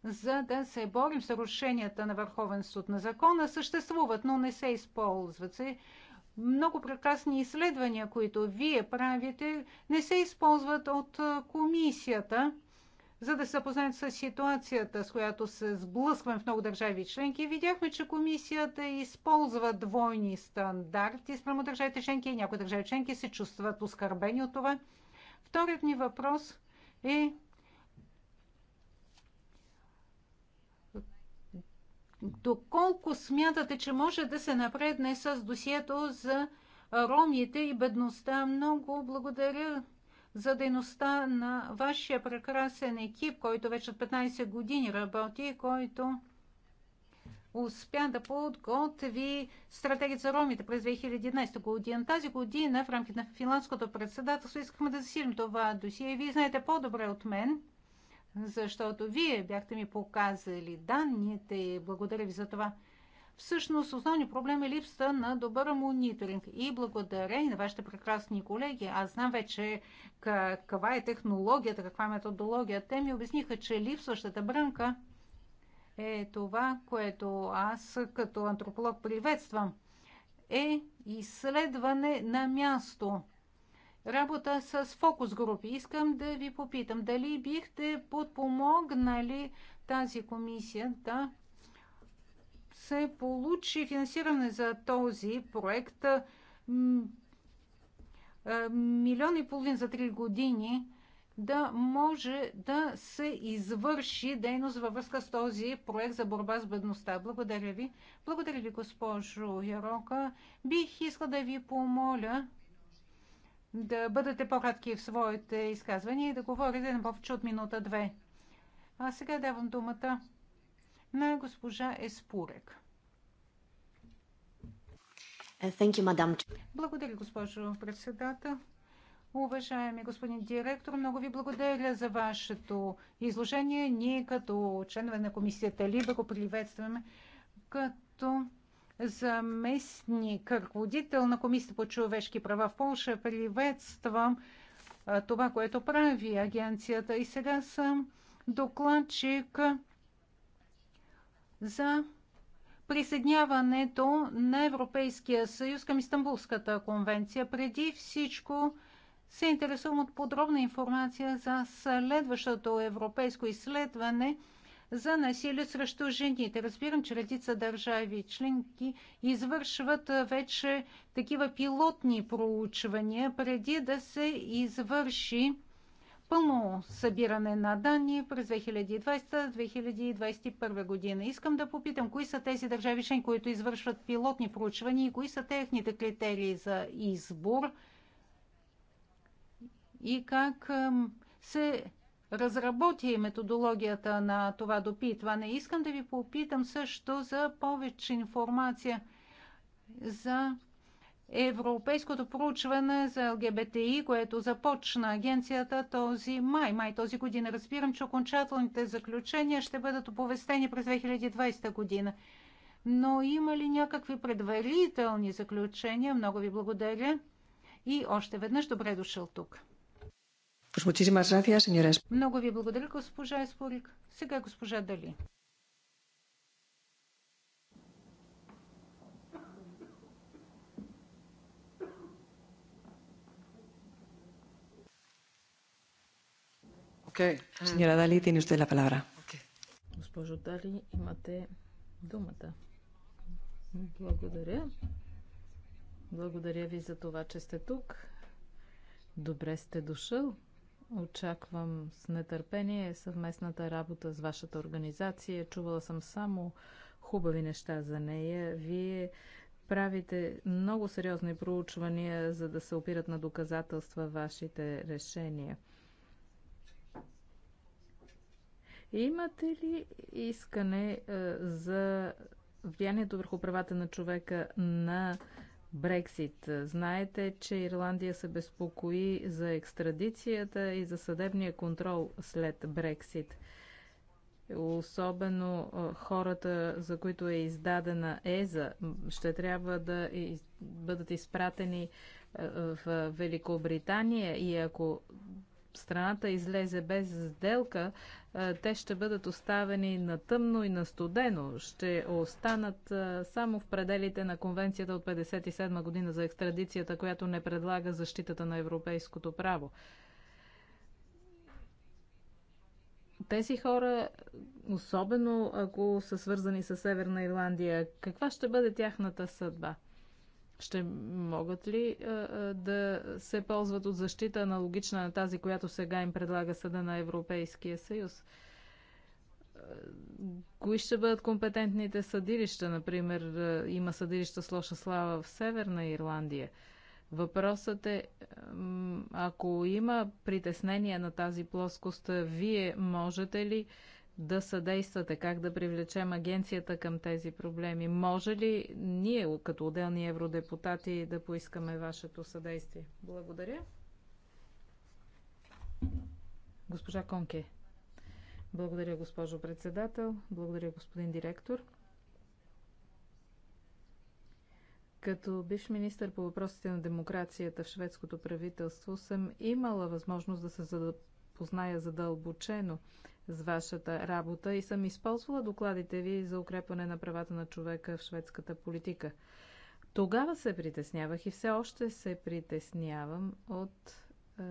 за да се борим с нарушенията на върховенството на закона, съществуват, но не се използват. Се много прекрасни изследвания, които вие правите, не се използват от комисията, за да се познаят с ситуацията, с която се сблъскваме в много държави членки. Видяхме, че комисията използва двойни стандарти спрямо държавите членки и някои държави членки се чувстват оскърбени от това. Вторият ми въпрос е доколко смятате, че може да се напредне с досието за ромите и бедността. Много благодаря за дейността на вашия прекрасен екип, който вече от 15 години работи и който успя да подготви стратегия за ромите през 2011 година. Тази година в рамките на финландското председателство искахме да засилим това досие. Вие знаете по-добре от мен, защото вие бяхте ми показали данните и благодаря ви за това. Всъщност основни проблем е липсата на добър мониторинг. И благодарение на вашите прекрасни колеги, аз знам вече каква е технологията, каква е методология, те ми обясниха, че липсващата брънка е това, което аз като антрополог приветствам, е изследване на място. Работа с фокус групи. Искам да ви попитам, дали бихте подпомогнали тази комисия да се получи финансиране за този проект милион и половин за три години – да може да се извърши дейност във връзка с този проект за борба с бедността. Благодаря ви. Благодаря ви, госпожо Ярока. Бих искал да ви помоля да бъдете по-кратки в своите изказвания и да говорите на повече от минута-две. А сега давам думата на госпожа Еспурек. Благодаря, госпожо председател. Уважаеми господин директор, много ви благодаря за вашето изложение. Ние като членове на комисията Либа го приветстваме като заместник ръководител на Комисията по човешки права в Польша. Приветствам това, което прави агенцията. И сега съм докладчик за присъединяването на Европейския съюз към Истанбулската конвенция. Преди всичко се интересувам от подробна информация за следващото европейско изследване за насилие срещу жените. Разбирам, че редица държави членки извършват вече такива пилотни проучвания, преди да се извърши пълно събиране на данни през 2020-2021 година. Искам да попитам, кои са тези държави членки, които извършват пилотни проучвания и кои са техните критерии за избор – и как се разработи методологията на това допитване. Искам да ви попитам също за повече информация за европейското проучване за ЛГБТИ, което започна агенцията този май. Май този година. Разбирам, че окончателните заключения ще бъдат оповестени през 2020 година. Но има ли някакви предварителни заключения? Много ви благодаря. И още веднъж добре дошъл тук. Много ви благодаря, госпожа Еспорик. Сега госпожа Дали. Okay. Uh, Señora Дали, tiene usted la palabra. Okay. Госпожо Дали, имате думата. Благодаря. Благодаря ви за това, че сте тук. Добре сте дошъл Очаквам с нетърпение съвместната работа с вашата организация. Чувала съм само хубави неща за нея. Вие правите много сериозни проучвания, за да се опират на доказателства вашите решения. Имате ли искане е, за влиянието върху правата на човека на Брексит. Знаете, че Ирландия се безпокои за екстрадицията и за съдебния контрол след Брексит. Особено хората, за които е издадена ЕЗА, ще трябва да бъдат изпратени в Великобритания и ако страната излезе без сделка, те ще бъдат оставени на тъмно и на студено. Ще останат само в пределите на конвенцията от 1957 година за екстрадицията, която не предлага защитата на европейското право. Тези хора, особено ако са свързани с Северна Ирландия, каква ще бъде тяхната съдба? ще могат ли а, е, е, да се ползват от защита аналогична на тази, която сега им предлага Съда на Европейския съюз? Е, кои ще бъдат компетентните съдилища? Например, има съдилища с лоша слава в Северна Ирландия. Въпросът е, ако има притеснение на тази плоскост, вие можете ли да съдействате, как да привлечем агенцията към тези проблеми? Може ли ние, като отделни евродепутати, да поискаме вашето съдействие? Благодаря. Госпожа Конке. Благодаря, госпожо председател. Благодаря, господин директор. Като бивш министър по въпросите на демокрацията в шведското правителство съм имала възможност да се запозная задълбочено с вашата работа и съм използвала докладите ви за укрепване на правата на човека в шведската политика. Тогава се притеснявах и все още се притеснявам от а,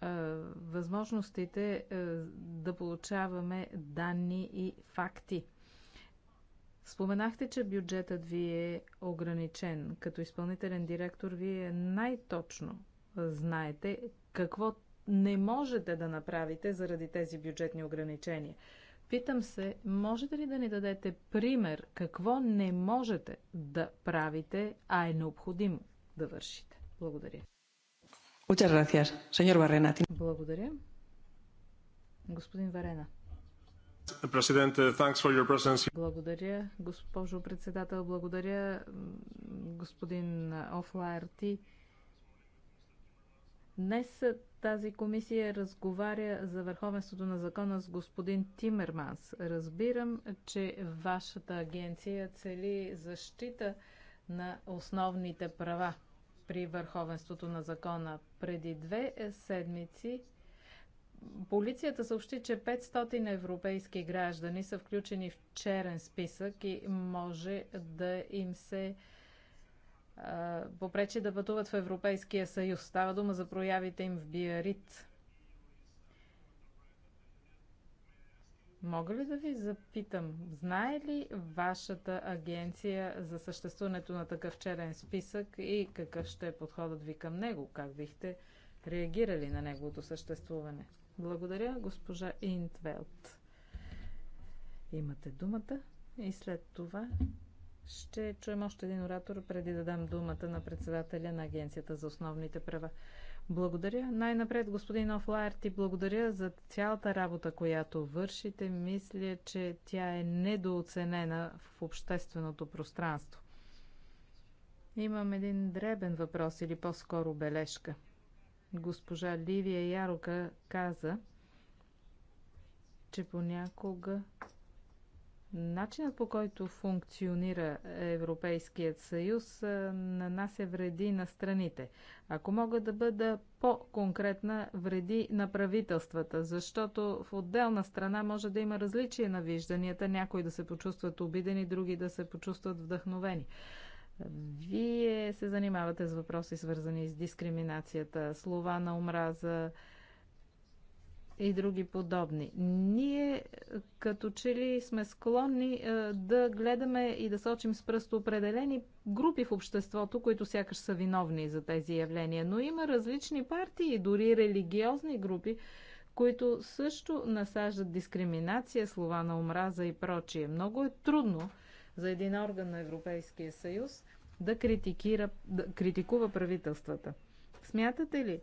а, възможностите а, да получаваме данни и факти. Споменахте, че бюджетът ви е ограничен. Като изпълнителен директор, вие най-точно знаете какво не можете да направите заради тези бюджетни ограничения. Питам се, можете ли да ни дадете пример какво не можете да правите, а е необходимо да вършите? Благодаря. Благодаря. Господин Варена. Благодаря, госпожо председател. Благодаря, господин Офлайер. Ти Днес тази комисия разговаря за върховенството на закона с господин Тимерманс. Разбирам, че вашата агенция цели защита на основните права при върховенството на закона. Преди две е, седмици полицията съобщи, че 500 европейски граждани са включени в черен списък и може да им се попречи да пътуват в Европейския съюз. Става дума за проявите им в Биарит. Мога ли да ви запитам, знае ли вашата агенция за съществуването на такъв черен списък и какъв ще е подходът ви към него? Как бихте реагирали на неговото съществуване? Благодаря, госпожа Интвелт. Имате думата и след това ще чуем още един оратор, преди да дам думата на председателя на Агенцията за основните права. Благодаря. Най-напред, господин Офлайер, ти благодаря за цялата работа, която вършите. Мисля, че тя е недооценена в общественото пространство. Имам един дребен въпрос или по-скоро бележка. Госпожа Ливия Ярока каза, че понякога Начинът по който функционира Европейският съюз е, нанася вреди на страните. Ако мога да бъда по-конкретна, вреди на правителствата, защото в отделна страна може да има различие на вижданията, някои да се почувстват обидени, други да се почувстват вдъхновени. Вие се занимавате с въпроси, свързани с дискриминацията, слова на омраза, и други подобни. Ние като че ли сме склонни е, да гледаме и да сочим с пръст определени групи в обществото, които сякаш са виновни за тези явления. Но има различни партии, дори религиозни групи, които също насаждат дискриминация, слова на омраза и прочие. Много е трудно за един орган на Европейския съюз да, критикира, да критикува правителствата. Смятате ли,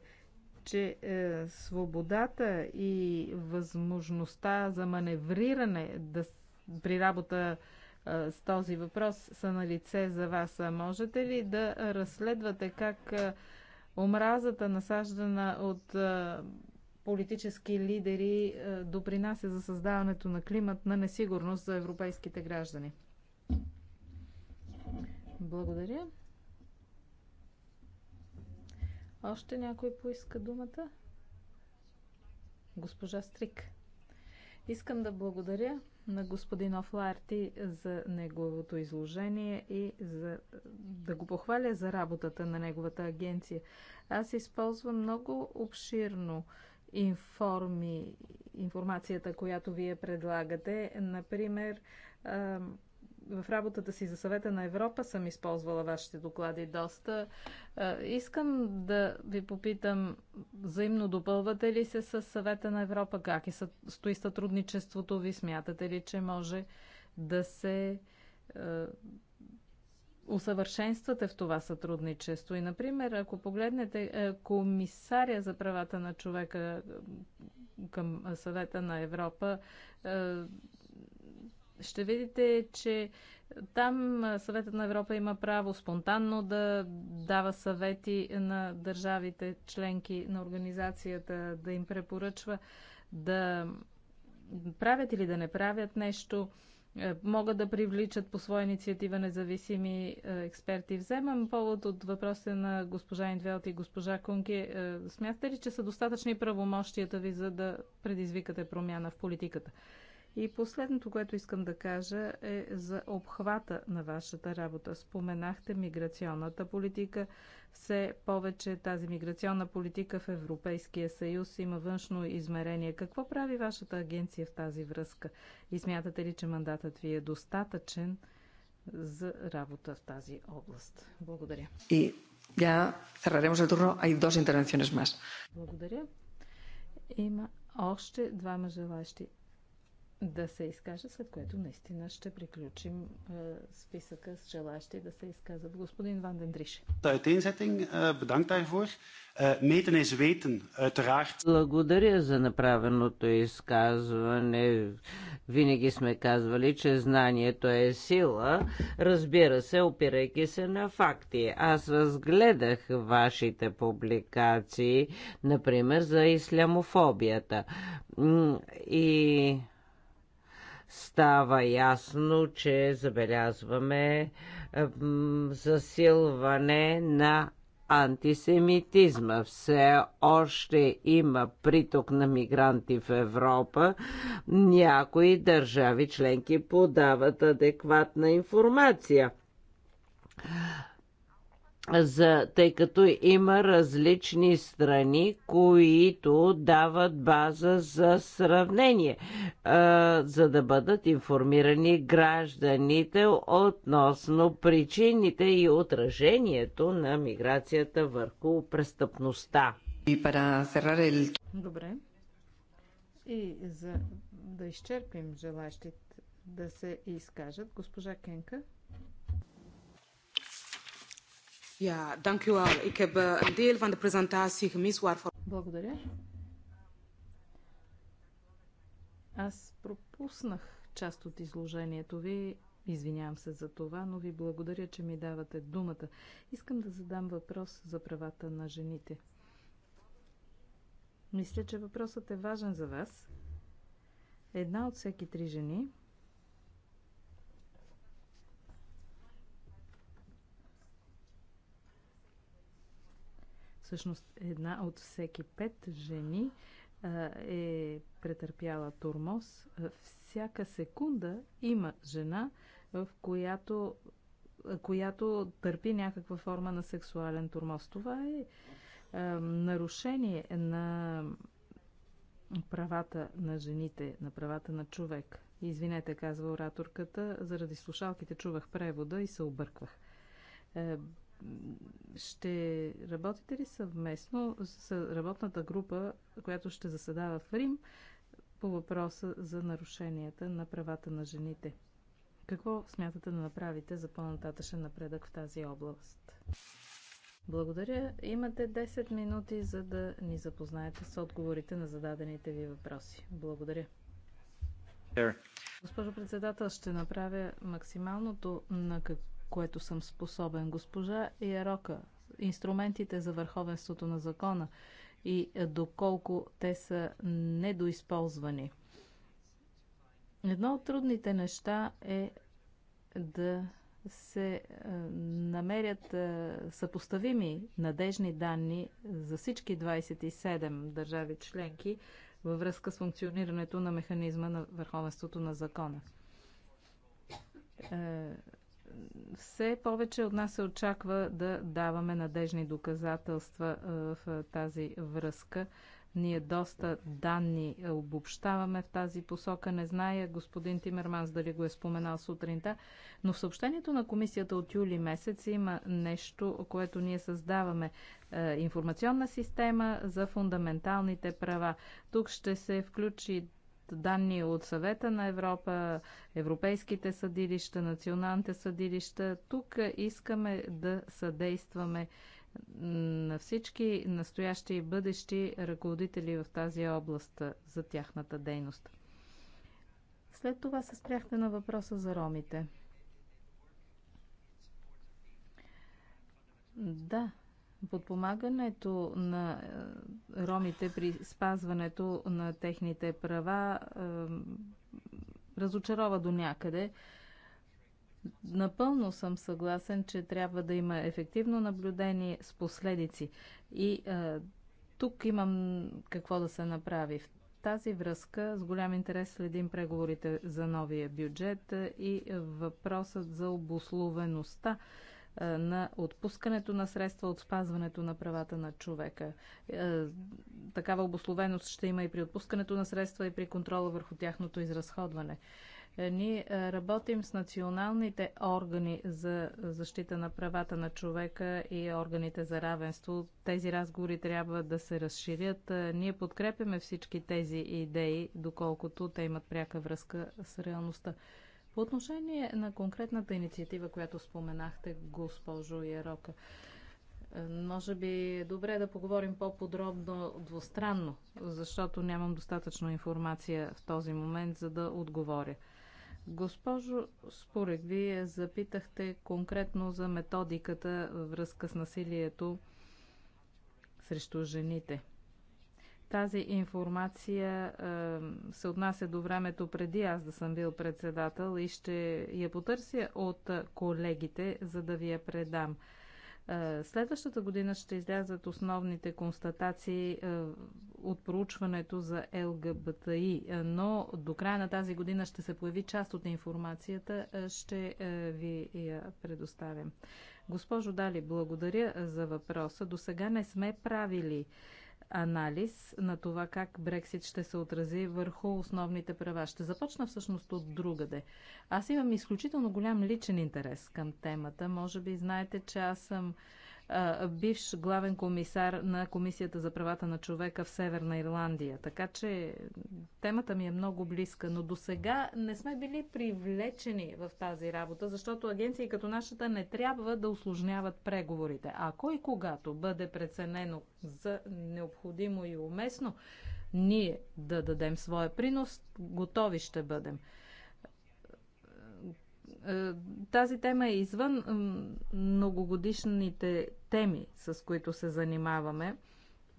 че е, свободата и възможността за маневриране да, при работа е, с този въпрос са на лице за вас. А можете ли да разследвате как е, омразата, насаждана от е, политически лидери, е, допринася за създаването на климат на несигурност за европейските граждани? Благодаря. Още някой поиска думата? Госпожа Стрик. Искам да благодаря на господин Офларти за неговото изложение и за, да го похваля за работата на неговата агенция. Аз използвам много обширно информи, информацията, която вие предлагате. Например, в работата си за съвета на Европа съм използвала вашите доклади доста. Искам да ви попитам, взаимно допълвате ли се с съвета на Европа? Как е, стои сътрудничеството ви? Смятате ли, че може да се усъвършенствате в това сътрудничество. И, например, ако погледнете комисаря за правата на човека към съвета на Европа, ще видите, че там Съветът на Европа има право спонтанно да дава съвети на държавите, членки на организацията, да им препоръчва да правят или да не правят нещо е, могат да привличат по своя инициатива независими е, експерти. Вземам повод от въпросите на госпожа Индвелт и госпожа Кунки. Е, смятате ли, че са достатъчни правомощията ви, за да предизвикате промяна в политиката? И последното, което искам да кажа е за обхвата на вашата работа. Споменахте миграционната политика. Все повече тази миграционна политика в Европейския съюз има външно измерение. Какво прави вашата агенция в тази връзка? И смятате ли, че мандатът ви е достатъчен за работа в тази област? Благодаря. И я за турно, а и дос интервенциони с Благодаря. Има още двама желащи да се изкаже, след което наистина ще приключим uh, списъка с желащи да се изказват. Господин Ван Дендрише. Е е, Благодаря за направеното изказване. Винаги сме казвали, че знанието е сила, разбира се, опирайки се на факти. Аз разгледах вашите публикации, например, за ислямофобията. И става ясно, че забелязваме засилване на антисемитизма. Все още има приток на мигранти в Европа. Някои държави членки подават адекватна информация за, тъй като има различни страни, които дават база за сравнение, а, за да бъдат информирани гражданите относно причините и отражението на миграцията върху престъпността. Добре. И за да изчерпим желащите да се изкажат, госпожа Кенка. Ja, dank u wel. Ik heb eh, een deel van de presentatie gemist waarvoor... Благодаря. Аз пропуснах част от изложението ви. Извинявам се за това, но ви благодаря, че ми давате думата. Искам да задам въпрос за правата на жените. Мисля, че въпросът е важен за вас. Една от всеки три жени Всъщност една от всеки пет жени е претърпяла турмоз. Всяка секунда има жена, в която, която търпи някаква форма на сексуален турмоз. Това е нарушение на правата на жените, на правата на човек. Извинете, казва ораторката, заради слушалките чувах превода и се обърквах. Е, ще работите ли съвместно с работната група, която ще заседава в Рим по въпроса за нарушенията на правата на жените? Какво смятате да направите за по-нататъчен напредък в тази област? Благодаря. Имате 10 минути, за да ни запознаете с отговорите на зададените ви въпроси. Благодаря. Госпожо председател, ще направя максималното на какво което съм способен. Госпожа Ярока, инструментите за върховенството на закона и е, доколко те са недоизползвани. Едно от трудните неща е да се е, намерят е, съпоставими надежни данни за всички 27 държави членки във връзка с функционирането на механизма на върховенството на закона все повече от нас се очаква да даваме надежни доказателства е, в тази връзка. Ние доста данни обобщаваме в тази посока. Не зная господин Тимерманс дали го е споменал сутринта, но в съобщението на комисията от юли месец има нещо, което ние създаваме. Е, информационна система за фундаменталните права. Тук ще се включи данни от съвета на Европа, европейските съдилища, националните съдилища. Тук искаме да съдействаме на всички настоящи и бъдещи ръководители в тази област за тяхната дейност. След това се спряхте на въпроса за ромите. Да, Подпомагането на е, ромите при спазването на техните права е, разочарова до някъде. Напълно съм съгласен, че трябва да има ефективно наблюдение с последици. И а, е, тук имам какво да се направи. В тази връзка с голям интерес следим преговорите за новия бюджет и въпросът за обословеността на отпускането на средства от спазването на правата на човека. Такава обословеност ще има и при отпускането на средства и при контрола върху тяхното изразходване. Ние работим с националните органи за защита на правата на човека и органите за равенство. Тези разговори трябва да се разширят. Ние подкрепяме всички тези идеи, доколкото те имат пряка връзка с реалността. По отношение на конкретната инициатива, която споменахте, госпожо Ярока, може би е добре да поговорим по-подробно двустранно, защото нямам достатъчно информация в този момент, за да отговоря. Госпожо Спорек, вие запитахте конкретно за методиката във връзка с насилието срещу жените. Тази информация е, се отнася до времето преди аз да съм бил председател и ще я потърся от колегите, за да ви я предам. Е, следващата година ще излязат основните констатации е, от проучването за ЛГБТИ, но до края на тази година ще се появи част от информацията. Ще ви я предоставям. Госпожо Дали, благодаря за въпроса. До сега не сме правили анализ на това как Брексит ще се отрази върху основните права. Ще започна всъщност от другаде. Аз имам изключително голям личен интерес към темата. Може би знаете, че аз съм бивш главен комисар на Комисията за правата на човека в Северна Ирландия. Така че темата ми е много близка, но до сега не сме били привлечени в тази работа, защото агенции като нашата не трябва да осложняват преговорите. Ако и когато бъде преценено за необходимо и уместно, ние да дадем своя принос, готови ще бъдем. Е, тази тема е извън многогодишните теми, с които се занимаваме,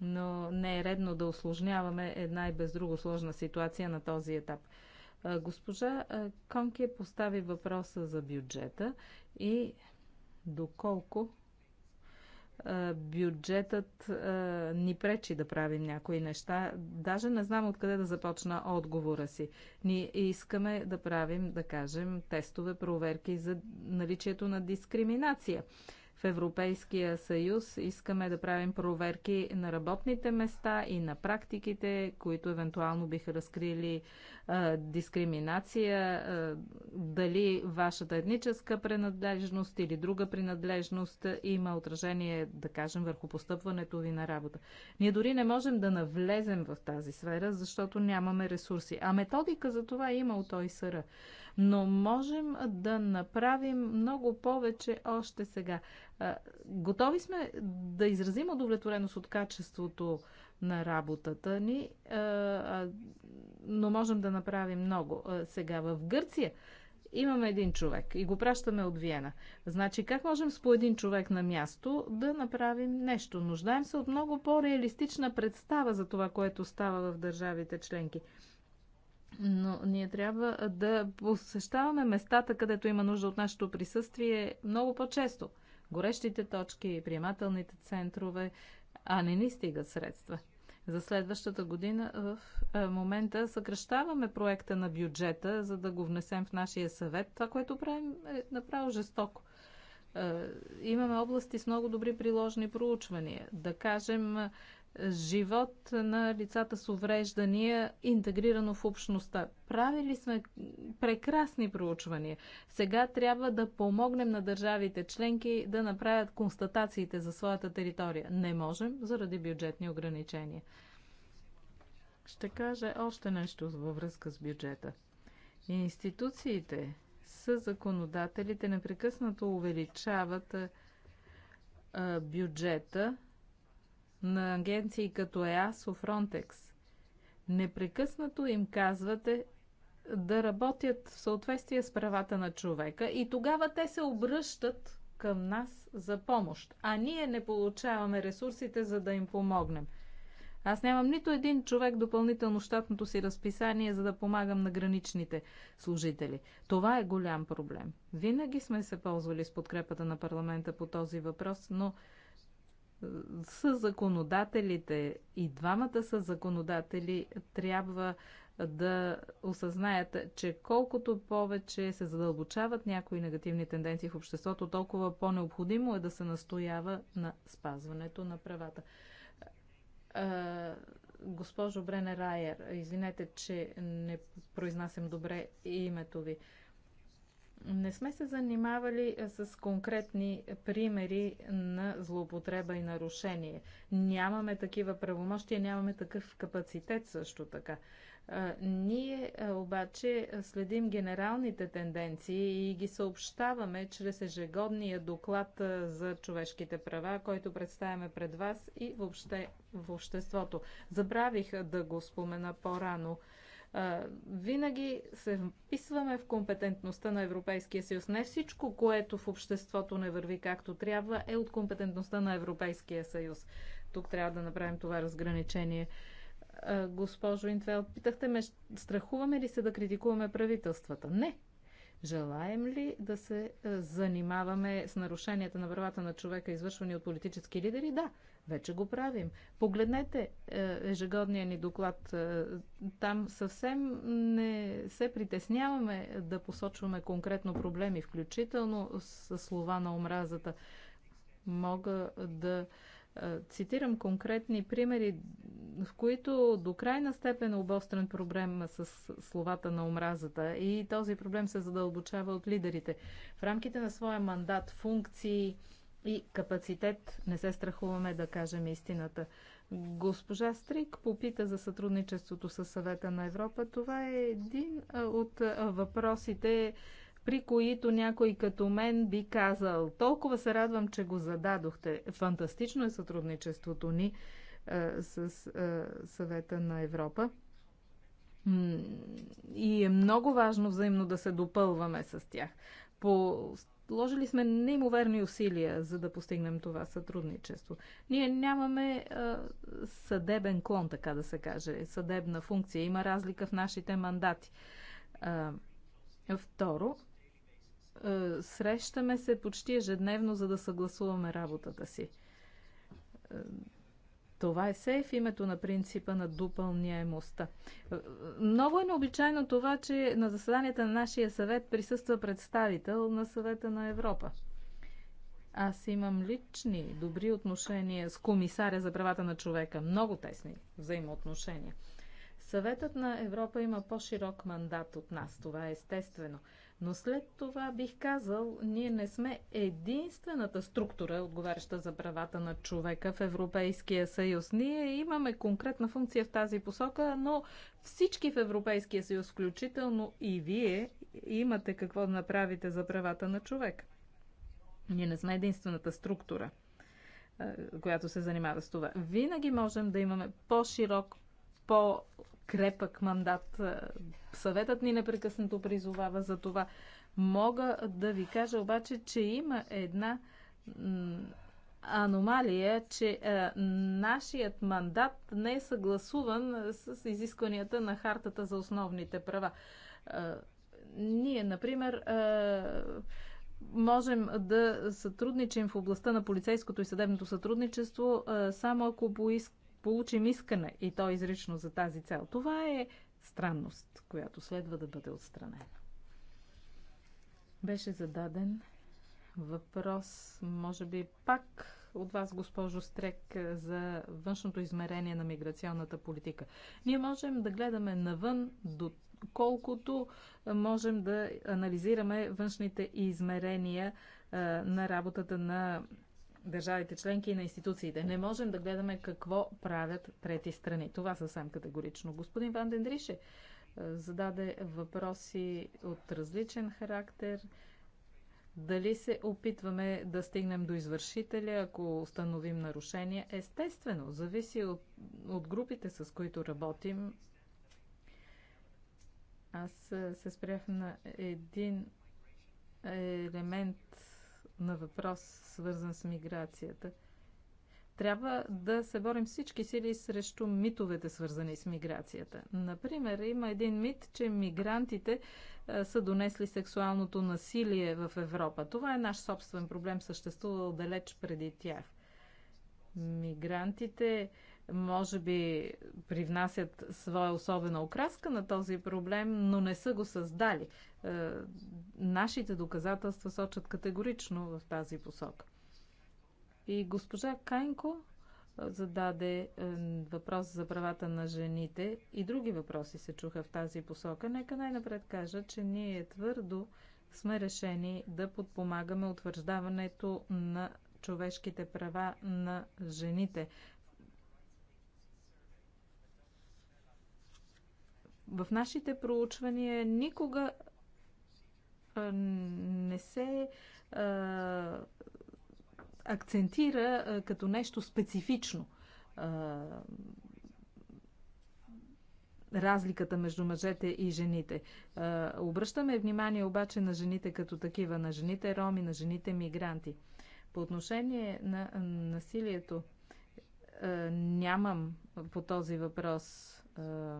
но не е редно да осложняваме една и без друго сложна ситуация на този етап. Е, госпожа е, Конке постави въпроса за бюджета и доколко бюджетът ни пречи да правим някои неща. Даже не знам откъде да започна отговора си. Ние искаме да правим, да кажем, тестове, проверки за наличието на дискриминация в Европейския съюз искаме да правим проверки на работните места и на практиките, които евентуално биха разкрили а, дискриминация, а, дали вашата етническа принадлежност или друга принадлежност има отражение, да кажем, върху постъпването ви на работа. Ние дори не можем да навлезем в тази сфера, защото нямаме ресурси. А методика за това има от ОИСР но можем да направим много повече още сега. Готови сме да изразим удовлетвореност от качеството на работата ни, но можем да направим много сега в Гърция имаме един човек и го пращаме от Виена. Значи как можем с по един човек на място да направим нещо? Нуждаем се от много по-реалистична представа за това, което става в държавите членки но ние трябва да посещаваме местата, където има нужда от нашето присъствие много по-често. Горещите точки, приемателните центрове, а не ни стигат средства. За следващата година в е, момента съкръщаваме проекта на бюджета, за да го внесем в нашия съвет. Това, което правим е направо жестоко. Е, имаме области с много добри приложни проучвания. Да кажем, живот на лицата с увреждания, интегрирано в общността. Правили сме прекрасни проучвания. Сега трябва да помогнем на държавите членки да направят констатациите за своята територия. Не можем заради бюджетни ограничения. Ще кажа още нещо във връзка с бюджета. Институциите с законодателите непрекъснато увеличават бюджета на агенции като ЕАСО, Фронтекс. Непрекъснато им казвате да работят в съответствие с правата на човека и тогава те се обръщат към нас за помощ, а ние не получаваме ресурсите, за да им помогнем. Аз нямам нито един човек допълнително щатното си разписание, за да помагам на граничните служители. Това е голям проблем. Винаги сме се ползвали с подкрепата на парламента по този въпрос, но са законодателите и двамата са законодатели трябва да осъзнаят, че колкото повече се задълбочават някои негативни тенденции в обществото, толкова по-необходимо е да се настоява на спазването на правата. Госпожо Брене Райер, извинете, че не произнасям добре името ви. Не сме се занимавали е, с конкретни примери на злоупотреба и нарушение. Нямаме такива правомощия, нямаме такъв капацитет също така. Е, ние е, обаче следим генералните тенденции и ги съобщаваме чрез ежегодния доклад за човешките права, който представяме пред вас и въобще в обществото. Забравих да го спомена по-рано винаги се вписваме в компетентността на Европейския съюз. Не всичко, което в обществото не върви както трябва, е от компетентността на Европейския съюз. Тук трябва да направим това разграничение. Госпожо Интвел, питахте ме, страхуваме ли се да критикуваме правителствата? Не. Желаем ли да се занимаваме с нарушенията на правата на човека, извършвани от политически лидери? Да. Вече го правим. Погледнете е, ежегодния ни доклад. Е, там съвсем не се притесняваме да посочваме конкретно проблеми, включително с слова на омразата. Мога да е, цитирам конкретни примери, в които до крайна степен е обострен проблем с словата на омразата и този проблем се задълбочава от лидерите. В рамките на своя мандат, функции, и капацитет, не се страхуваме да кажем истината. Госпожа Стрик попита за сътрудничеството с съвета на Европа. Това е един от въпросите, при които някой като мен би казал толкова се радвам, че го зададохте. Фантастично е сътрудничеството ни с съвета на Европа. И е много важно взаимно да се допълваме с тях. По Положили сме неимоверни усилия, за да постигнем това сътрудничество. Ние нямаме а, съдебен клон, така да се каже, съдебна функция. Има разлика в нашите мандати. А, второ, а, срещаме се почти ежедневно, за да съгласуваме работата си това е все в името на принципа на допълняемостта. Много е необичайно това, че на заседанията на нашия съвет присъства представител на съвета на Европа. Аз имам лични добри отношения с комисаря за правата на човека. Много тесни взаимоотношения. Съветът на Европа има по-широк мандат от нас. Това е естествено. Но след това бих казал, ние не сме единствената структура, отговаряща за правата на човека в Европейския съюз. Ние имаме конкретна функция в тази посока, но всички в Европейския съюз, включително и вие, имате какво да направите за правата на човек. Ние не сме единствената структура, която се занимава с това. Винаги можем да имаме по-широк, по крепък мандат. Е, съветът ни непрекъснато призовава за това. Мога да ви кажа обаче, че има една аномалия, че е, нашият мандат не е съгласуван е, с изискванията на Хартата за основните права. ние, например, можем да сътрудничим в областта на полицейското и съдебното сътрудничество, само ако поиск получим искане и то изрично за тази цел. Това е странност, която следва да бъде отстранена. Беше зададен въпрос, може би пак от вас, госпожо Стрек, за външното измерение на миграционната политика. Ние можем да гледаме навън до колкото можем да анализираме външните измерения на работата на държавите членки и на институциите. Не можем да гледаме какво правят трети страни. Това съвсем категорично. Господин Ван Дендрише зададе въпроси от различен характер. Дали се опитваме да стигнем до извършителя, ако установим нарушения? Естествено, зависи от, от групите, с които работим. Аз се спрях на един елемент на въпрос, свързан с миграцията. Трябва да се борим всички сили срещу митовете, свързани с миграцията. Например, има един мит, че мигрантите са донесли сексуалното насилие в Европа. Това е наш собствен проблем, съществувал далеч преди тях. Мигрантите може би привнасят своя особена окраска на този проблем, но не са го създали. Е, нашите доказателства сочат категорично в тази посока. И госпожа Кайнко е, зададе е, въпрос за правата на жените и други въпроси се чуха в тази посока. Нека най-напред кажа, че ние твърдо сме решени да подпомагаме утвърждаването на човешките права на жените В нашите проучвания никога не се а, акцентира а, като нещо специфично а, разликата между мъжете и жените. А, обръщаме внимание обаче на жените като такива, на жените роми, на жените мигранти. По отношение на насилието, а, нямам по този въпрос. А,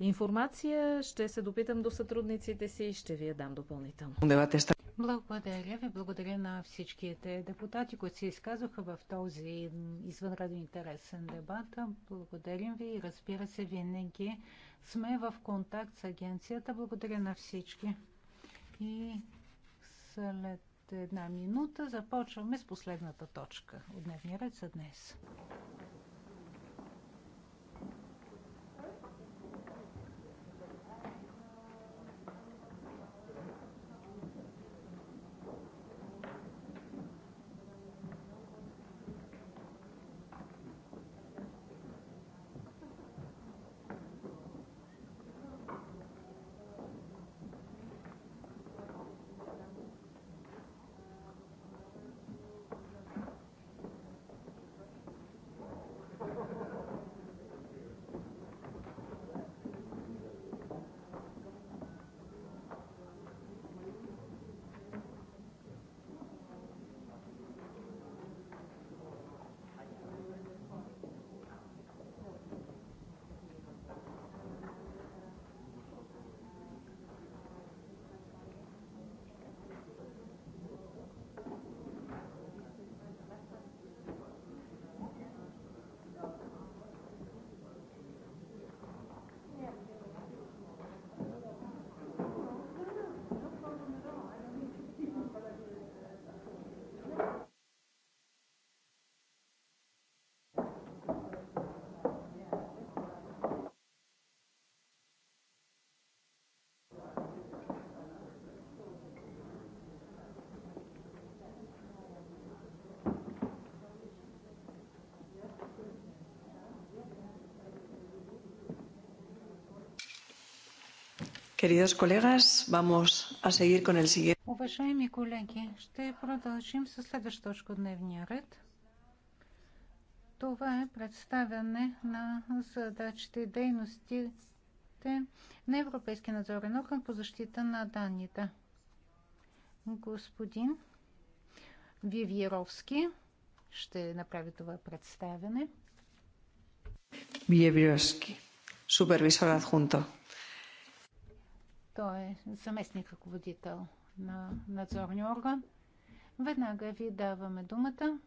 информация. Ще се допитам до сътрудниците си и ще ви я дам допълнително. Е благодаря ви. Благодаря на всичките депутати, които се изказаха в този извънредно интересен дебат. Благодарим ви и разбира се, винаги сме в контакт с агенцията. Благодаря на всички. И след една минута започваме с последната точка от дневния ред за днес. Queridos colegas, vamos a seguir con el siguiente. Уважаеми колеги, ще продължим с следващата точка от дневния ред. Това е представяне на задачите и дейностите на Европейския надзорен орган по защита на данните. Господин Вивьеровски ще направи това представяне. Вивьеровски, супервизор адхунто. Той е заместник ръководител на надзорния орган. Веднага ви даваме думата.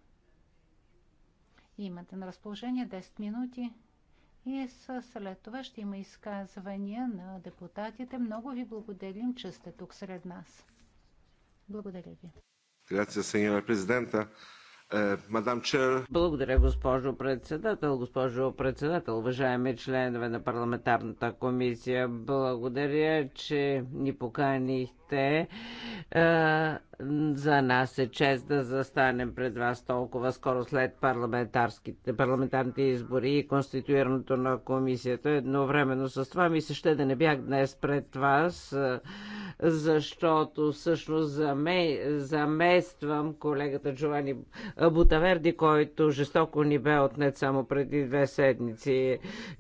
Имате на разположение 10 минути и след това ще има изказвания на депутатите. Много ви благодарим, че сте тук сред нас. Благодаря ви. Grazie, signora е, благодаря, госпожо председател. Госпожо председател, уважаеми членове на парламентарната комисия, благодаря, че ни поканихте сте. За нас е чест да застанем пред вас толкова скоро след парламентарните избори и конституирането на комисията. Едновременно с това ми се ще да не бях днес пред вас, е, защото всъщност заме, замествам колегата Джовани Бутаверди, който жестоко ни бе отнет само преди две седмици.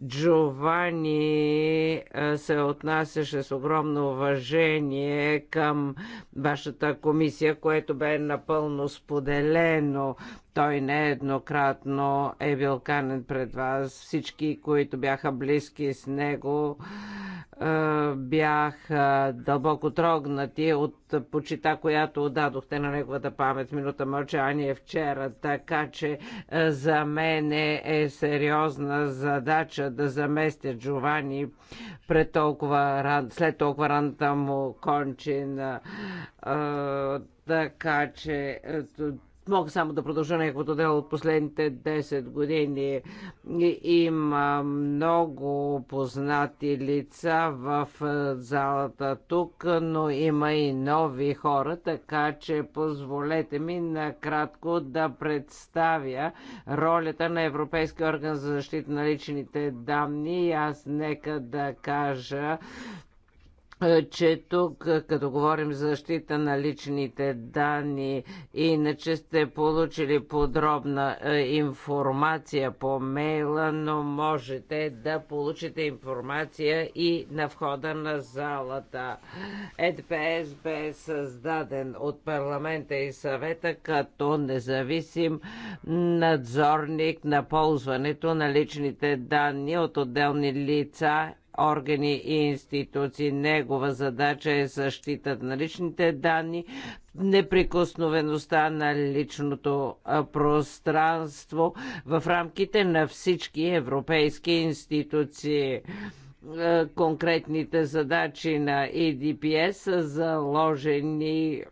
Джовани е, се отнасяше с огромно уважение към вашата комисия, което бе напълно споделено. Той нееднократно е бил канен пред вас. Всички, които бяха близки с него, бяха дълбоко трогнати от почита, която отдадохте на неговата памет минута мълчание е вчера. Така че за мен е сериозна задача да заместя Джовани пред толкова ран, след толкова ранта му кончина. Така че Мога само да продължа неговото дело от последните 10 години. Има много познати лица в залата тук, но има и нови хора, така че позволете ми накратко да представя ролята на Европейския орган за защита на личните данни. Аз нека да кажа, е, че тук, е, като говорим за защита на личните данни, иначе сте получили подробна е, информация по мейла, но можете да получите информация и на входа на залата. ЕДПС бе създаден от парламента и съвета като независим надзорник на ползването на личните данни от отделни лица органи и институции. Негова задача е защита на личните данни, неприкосновеността на личното пространство в рамките на всички европейски институции конкретните задачи на EDPS са заложени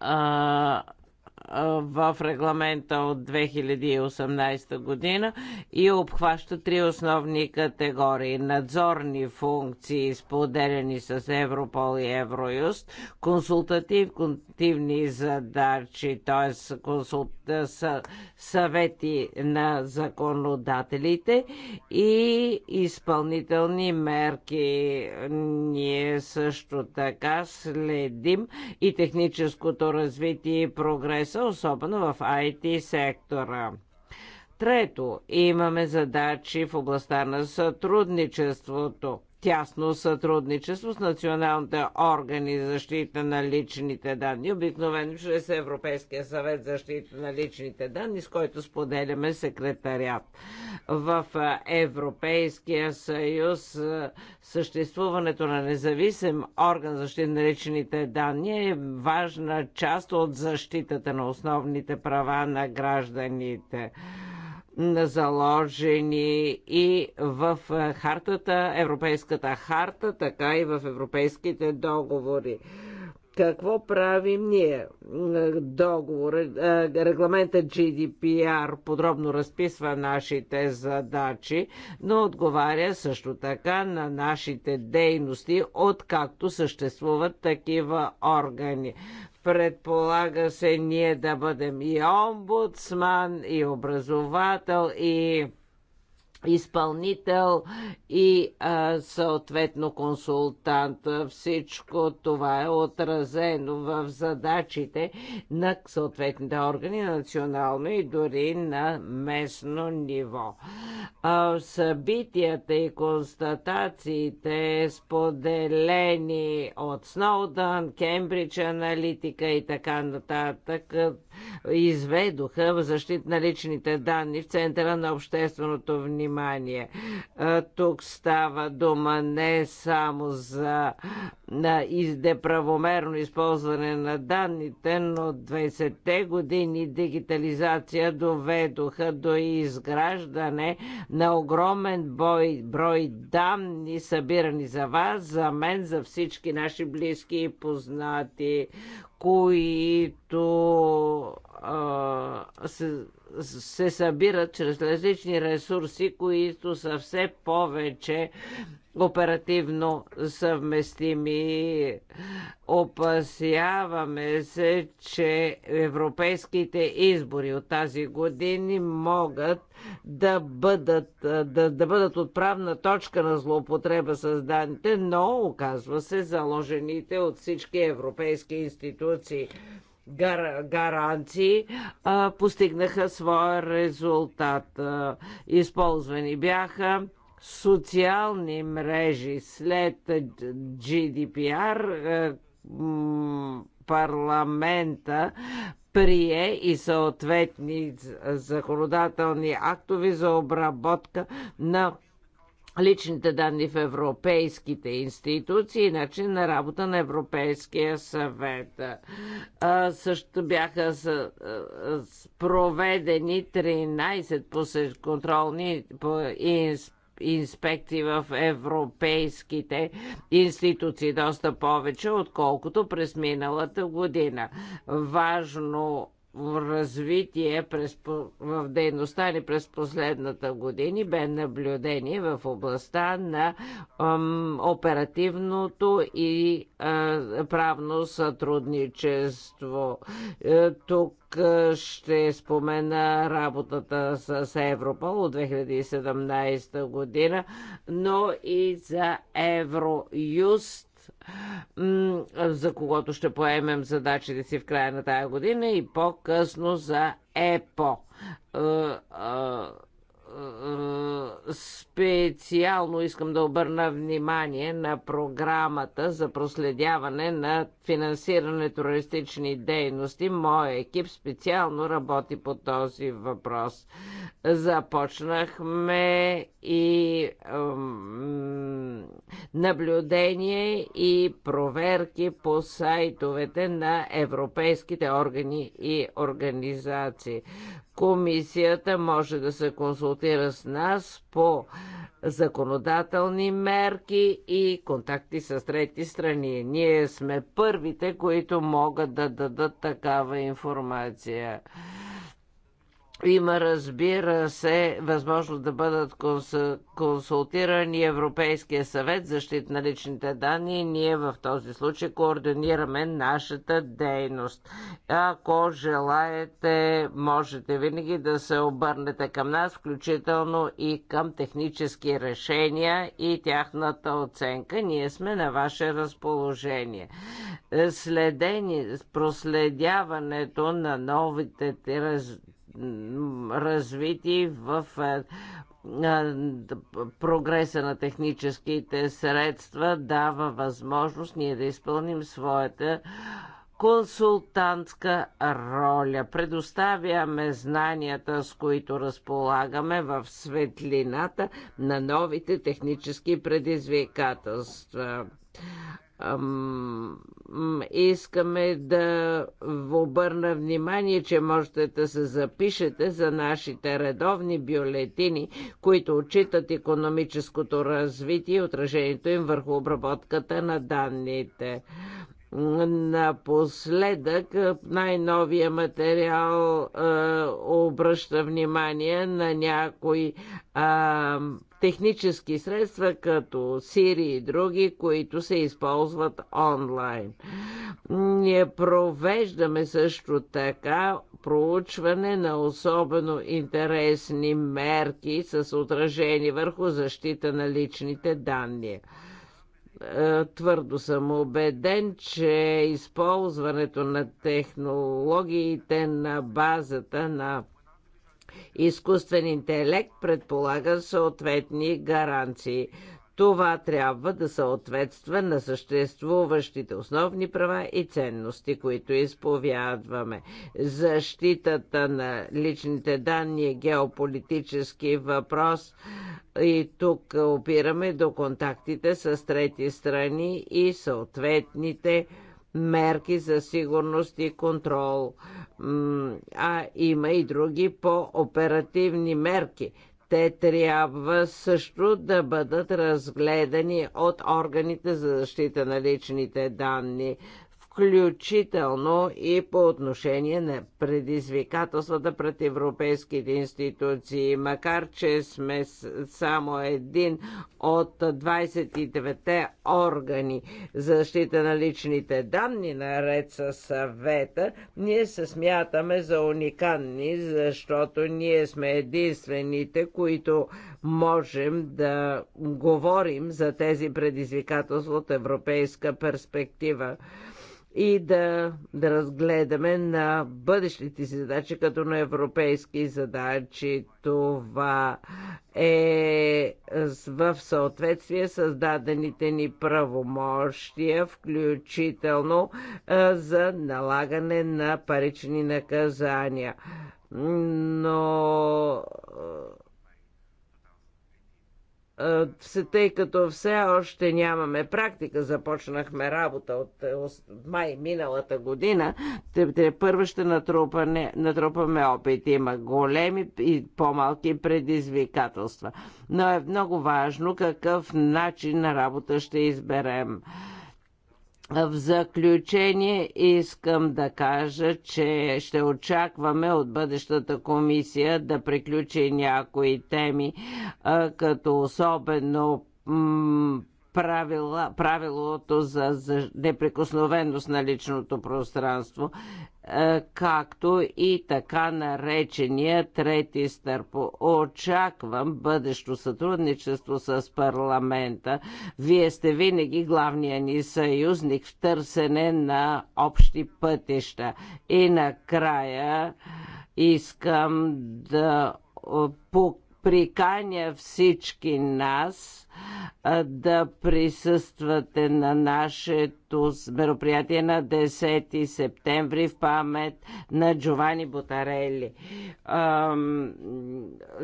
а, в регламента от 2018 година и обхваща три основни категории. Надзорни функции, споделени с Европол и Евроюст, консултативни задачи, т.е. Консулт... съвети на законодателите и изпълнителни мерки. Ние също така следим и техническото развитие и прогрес намеса, особено в IT сектора. Трето, имаме задачи в областта на сътрудничеството тясно сътрудничество с националните органи за защита на личните данни, обикновено чрез Европейския съвет за защита на личните данни, с който споделяме секретарят. В Европейския съюз съществуването на независим орган за защита на личните данни е важна част от защитата на основните права на гражданите заложени и в хартата, Европейската харта, така и в европейските договори. Какво правим ние? Договор, е, регламента GDPR подробно разписва нашите задачи, но отговаря също така на нашите дейности, откакто съществуват такива органи. Предполага се ние да бъдем и омбудсман, и образовател, и изпълнител и а, съответно консултант. Всичко това е отразено в задачите на съответните органи на национално и дори на местно ниво. А, събитията и констатациите споделени от Сноудън, Кембридж аналитика и така нататък изведоха в защит на личните данни в центъра на общественото внимание. Тук става дума не само за на издеправомерно използване на данните, но 20-те години дигитализация доведоха до изграждане на огромен бой, брой данни, събирани за вас, за мен, за всички наши близки и познати, които а, се, се събират чрез различни ресурси, които са все повече оперативно съвместими. Опасяваме се, че европейските избори от тази години могат да бъдат, да, да бъдат отправна точка на злоупотреба с данните, но оказва се заложените от всички европейски институции гар, гаранции а, постигнаха своя резултат. А, използвани бяха социални мрежи след GDPR е, парламента прие и съответни законодателни актови за обработка на личните данни в европейските институции и начин на работа на Европейския съвет. А, е, също бяха с, а, е, с проведени 13 посещ, контролни по, инспекции инспекции в европейските институции доста повече, отколкото през миналата година. Важно развитие през, в дейността ни през последната години бе наблюдение в областта на ам, оперативното и а, правно сътрудничество. Е, тук ще спомена работата с Европол от 2017 година, но и за Евроюст за когото ще поемем задачите си в края на тая година и по-късно за ЕПО е, е, специално искам да обърна внимание на програмата за проследяване на финансиране на дейности. Моя екип специално работи по този въпрос. Започнахме и наблюдение и проверки по сайтовете на европейските органи и организации. Комисията може да се консултира с нас по законодателни мерки и контакти с трети страни. Ние сме първите, които могат да дадат такава информация. Има, разбира се, възможност да бъдат консултирани Европейския съвет защита на личните данни. Ние в този случай координираме нашата дейност. Ако желаете, можете винаги да се обърнете към нас, включително и към технически решения и тяхната оценка. Ние сме на ваше разположение. Следени, проследяването на новите развити в е, е, прогреса на техническите средства дава възможност ние да изпълним своята консултантска роля. Предоставяме знанията, с които разполагаме в светлината на новите технически предизвикателства искаме да обърна внимание, че можете да се запишете за нашите редовни бюлетини, които отчитат економическото развитие и отражението им върху обработката на данните. Напоследък е, най-новия материал е, обръща внимание на някои е, технически средства, като Сири и други, които се използват онлайн. Ние провеждаме също така проучване на особено интересни мерки с отражение върху защита на личните данни. Е, твърдо съм убеден, че използването на технологиите на базата на изкуствен интелект предполага съответни гаранции. Това трябва да съответства на съществуващите основни права и ценности, които изповядваме. Защитата на личните данни е геополитически въпрос и тук опираме до контактите с трети страни и съответните мерки за сигурност и контрол. А има и други по-оперативни мерки. Те трябва също да бъдат разгледани от органите за защита на личните данни включително и по отношение на предизвикателствата пред европейските институции. Макар, че сме само един от 29-те органи за защита на личните данни, наред с съвета, ние се смятаме за уникални, защото ние сме единствените, които можем да говорим за тези предизвикателства от европейска перспектива и да, да разгледаме на бъдещите си задачи, като на европейски задачи. Това е в съответствие с дадените ни правомощия, включително за налагане на парични наказания. Но тъй като все още нямаме практика, започнахме работа от е, май миналата година, те, те първо ще натрупане, натрупаме опит. Има големи и по-малки предизвикателства. Но е много важно какъв начин на работа ще изберем. В заключение искам да кажа, че ще очакваме от бъдещата комисия да приключи някои теми, като особено правила, правилото за, за неприкосновеност на личното пространство, е, както и така наречения трети стърп. Очаквам бъдещо сътрудничество с парламента. Вие сте винаги главния ни съюзник в търсене на общи пътища. И накрая искам да покажа приканя всички нас да присъствате на нашето мероприятие на 10 септември в памет на Джовани Ботарели.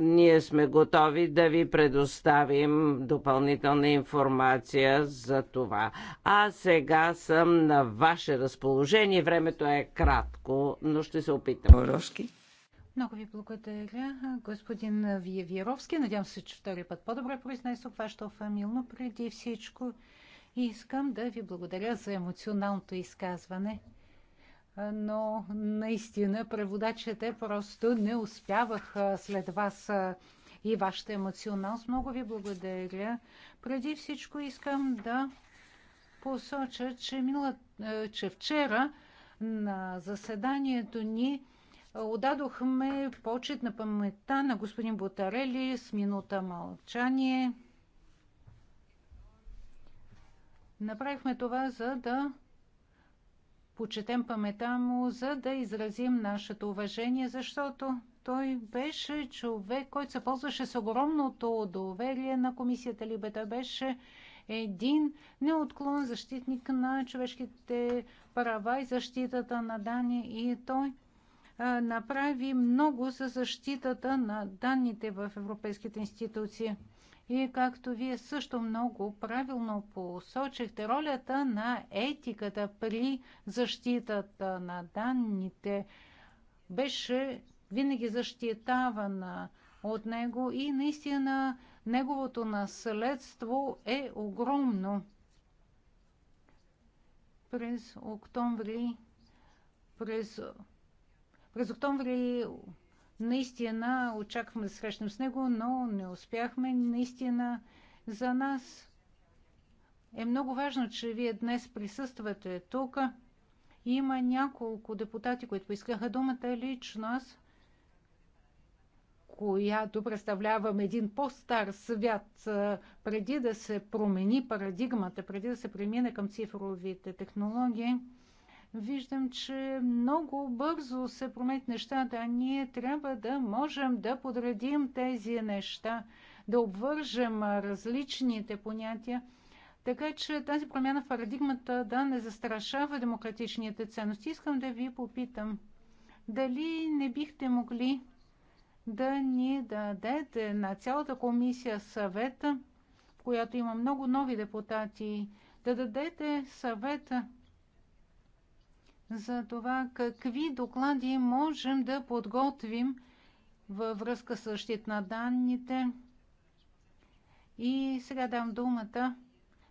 ние сме готови да ви предоставим допълнителна информация за това. А сега съм на ваше разположение. Времето е кратко, но ще се опитам. Много ви благодаря, господин Виевировски. Надявам се, че втори път по-добре произнесох вашето фамилно. Преди всичко искам да ви благодаря за емоционалното изказване. Но наистина преводачите просто не успявах след вас и вашата емоционалност. Много ви благодаря. Преди всичко искам да посоча, че, мила, че вчера на заседанието ни Отдадохме почет на паметта на господин Бутарели с минута мълчание. Направихме това, за да почетем памета му, за да изразим нашето уважение, защото той беше човек, който се ползваше с огромното доверие на комисията Либе. Той беше един неотклон защитник на човешките права и защитата на Дани и той направи много за защитата на данните в европейските институции. И както вие също много правилно посочихте ролята на етиката при защитата на данните, беше винаги защитавана от него и наистина неговото наследство е огромно. През октомври, през през октомври наистина очаквахме да срещнем с него, но не успяхме. Наистина за нас е много важно, че вие днес присъствате тук. Има няколко депутати, които поискаха думата лично аз, която представлявам един по-стар свят, преди да се промени парадигмата, преди да се премине към цифровите технологии – виждам, че много бързо се промет нещата, а ние трябва да можем да подредим тези неща, да обвържем различните понятия, така че тази промяна в парадигмата да не застрашава демократичните ценности. Искам да ви попитам, дали не бихте могли да ни дадете на цялата комисия съвета, в която има много нови депутати, да дадете съвета за това какви доклади можем да подготвим във връзка с щит на данните. И сега дам думата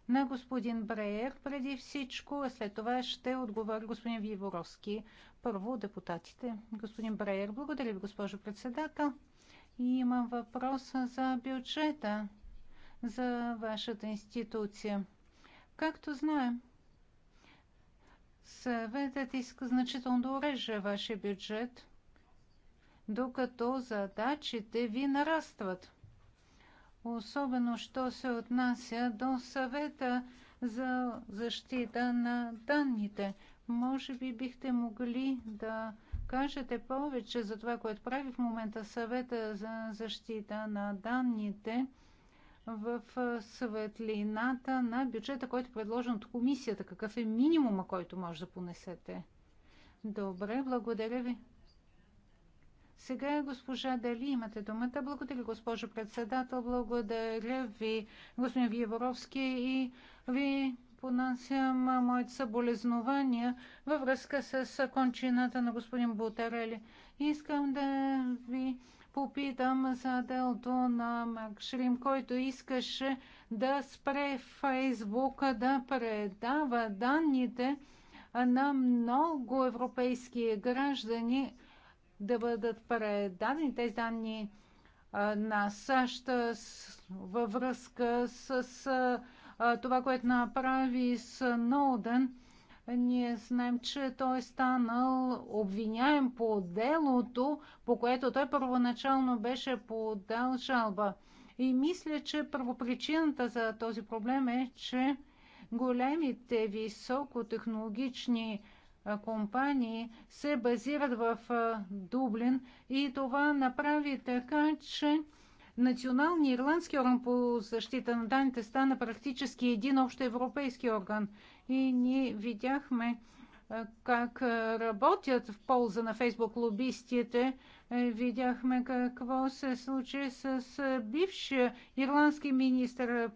на господин Бреер преди всичко, а след това ще отговори господин Виворовски. Първо депутатите. Господин Бреер, благодаря ви, госпожо председател. И имам въпрос за бюджета за вашата институция. Както знаем, Съветът иска значително да уреже вашия бюджет, докато задачите ви нарастват. Особено, що се отнася до съвета за защита на данните. Може би бихте могли да кажете повече за това, което прави в момента съвета за защита на данните в светлината на бюджета, който е предложен от комисията? Какъв е минимума, който може да понесете? Добре, благодаря ви. Сега, госпожа Дали, имате думата. Благодаря, госпожо председател. Благодаря ви, господин Виеворовски. И ви понасям моите съболезнования във връзка с кончината на господин Бутарели. Искам да ви попитам за делото на Макшрим, който искаше да спре Фейсбук да предава данните на много европейски граждани да бъдат предадени тези данни на САЩ във връзка с това, което направи Сноуден. Ние знаем, че той е станал обвиняем по делото, по което той първоначално беше подал жалба. И мисля, че първопричината за този проблем е, че големите високотехнологични компании се базират в Дублин и това направи така, че Националният ирландски орган по защита на данните стана практически един европейски орган и ние видяхме как работят в полза на Фейсбук лобистите. Е, видяхме какво се случи с бившия ирландски министр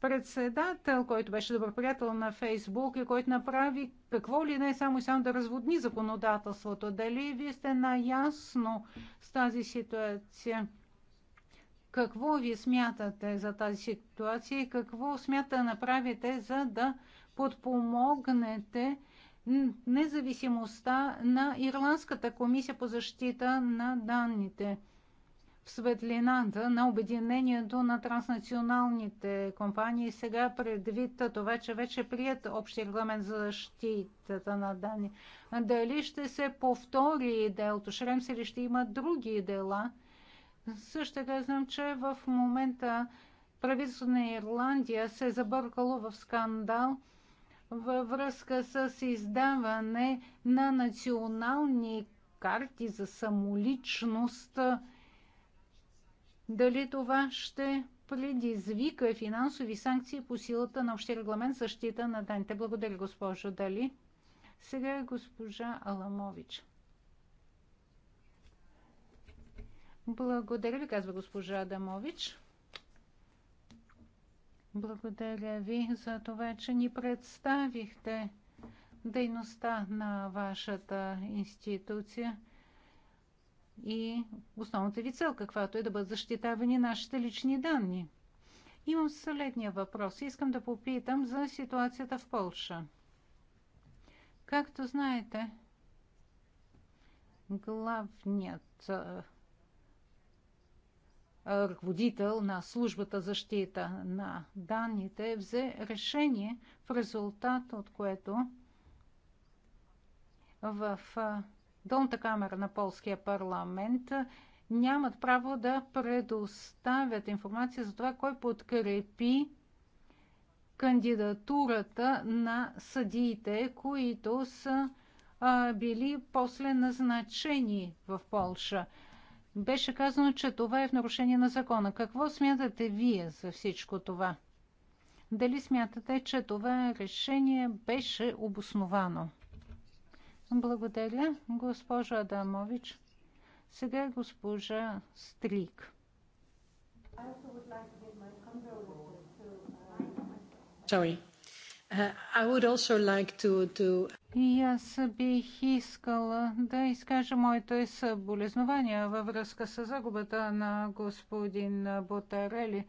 председател, който беше добър приятел на Фейсбук и който направи какво ли не, само и само да разводни законодателството. Дали вие сте наясно с тази ситуация? Какво вие смятате за тази ситуация и какво смятате да направите, за да подпомогнете независимостта на Ирландската комисия по защита на данните в светлината на обединението на транснационалните компании. Сега предвид това, че вече е прият общи регламент за защитата на данни. Дали ще се повтори делото Шремс или ще има други дела? Също така знам, че в момента правителството на Ирландия се е забъркало в скандал – във връзка с издаване на национални карти за самоличност. Дали това ще предизвика финансови санкции по силата на общия регламент защита на данните? Благодаря, госпожо Дали. Сега е госпожа Аламович. Благодаря ви, казва госпожа Адамович. Благодаря ви за това, че ни представихте дейността на вашата институция и основната ви цел, каквато е да бъдат защитавани нашите лични данни. Имам следния въпрос. Искам да попитам за ситуацията в Польша. Както знаете, главният ръководител на службата защита на данните взе решение, в резултат от което в долната камера на полския парламент нямат право да предоставят информация за това кой подкрепи кандидатурата на съдиите, които са били после назначени в Полша. Беше казано, че това е в нарушение на закона. Какво смятате вие за всичко това? Дали смятате, че това решение беше обосновано? Благодаря, госпожа Адамович. Сега е госпожа Стрик. Sorry. Uh, I would also like to, to... И аз бих искала да изкажа моето съболезнования във връзка с загубата на господин Ботарели.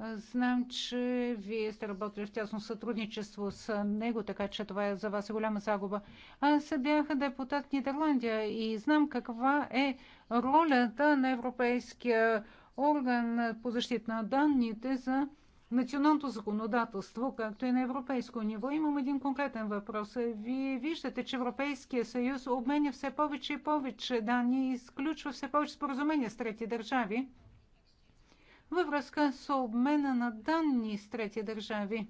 Знам, че вие сте работили в тясно сътрудничество с него, така че това е за вас е голяма загуба. Аз бях депутат Нидерландия и знам каква е ролята на Европейския орган по защита на данните за националното законодателство, както и на европейско ниво. Имам един конкретен въпрос. Вие виждате, че Европейския съюз обменя все повече и повече данни и изключва все повече споразумения с трети държави във връзка с обмена на данни с трети държави.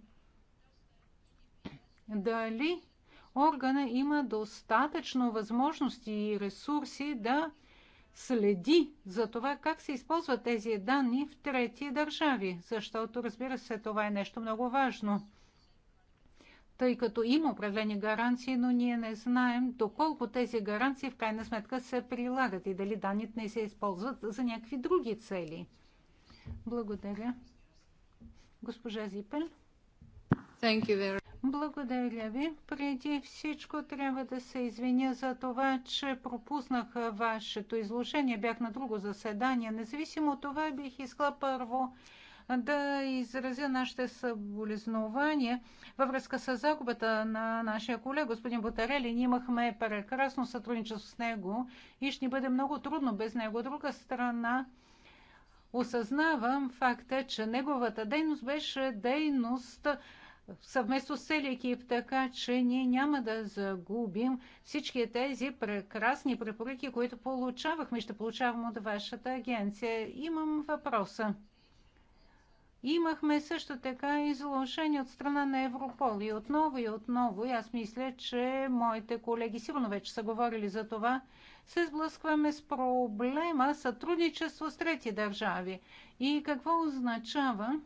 Дали органа има достатъчно възможности и ресурси да следи за това как се използват тези данни в трети държави, защото, разбира се, това е нещо много важно. Тъй като има определени гаранции, но ние не знаем доколко тези гаранции в крайна сметка се прилагат и дали данните не се използват за някакви други цели. Благодаря. Госпожа Зипел. Благодаря ви. Преди всичко трябва да се извиня за това, че пропуснах вашето изложение. Бях на друго заседание. Независимо от това, бих искала първо да изразя нашите съболезнования във връзка с загубата на нашия колега, господин Бутарели. Ние имахме прекрасно сътрудничество с него и ще ни бъде много трудно без него. От друга страна, осъзнавам факта, че неговата дейност беше дейност, съвместно с целия екип, така че ние няма да загубим всички тези прекрасни препоръки, които получавахме ще получавам от вашата агенция. Имам въпроса. Имахме също така изложение от страна на Европол и отново и отново, и аз мисля, че моите колеги сигурно вече са говорили за това, се сблъскваме с проблема сътрудничество с трети държави. И какво означава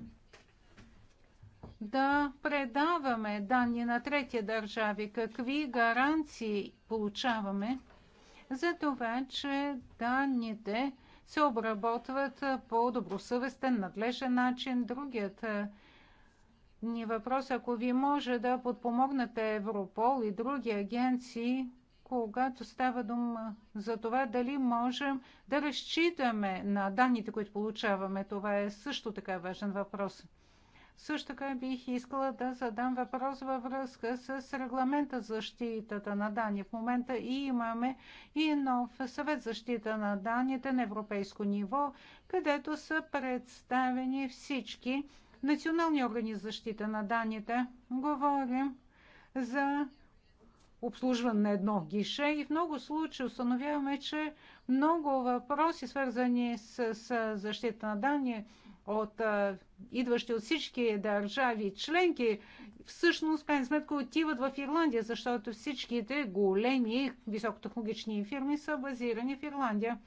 да предаваме данни на трети държави? Какви гаранции получаваме за това, че данните се обработват по добросъвестен, надлежен начин? Другият е, ни въпрос, ако ви може да подпомогнете Европол и други агенции, когато става дума за това дали можем да разчитаме на данните, които получаваме. Това е също така важен въпрос. Също така бих искала да задам въпрос във връзка с регламента за защитата на данни. В момента и имаме и нов съвет за защита на данните на европейско ниво, където са представени всички национални органи за защита на данните. Говорим за обслужване на едно гише и в много случаи установяваме, че много въпроси, свързани с защита на данни, от а, идващи от всички държави членки, всъщност, в крайна сметка, отиват в Ирландия, защото всичките големи високотехнологични фирми са базирани в Ирландия.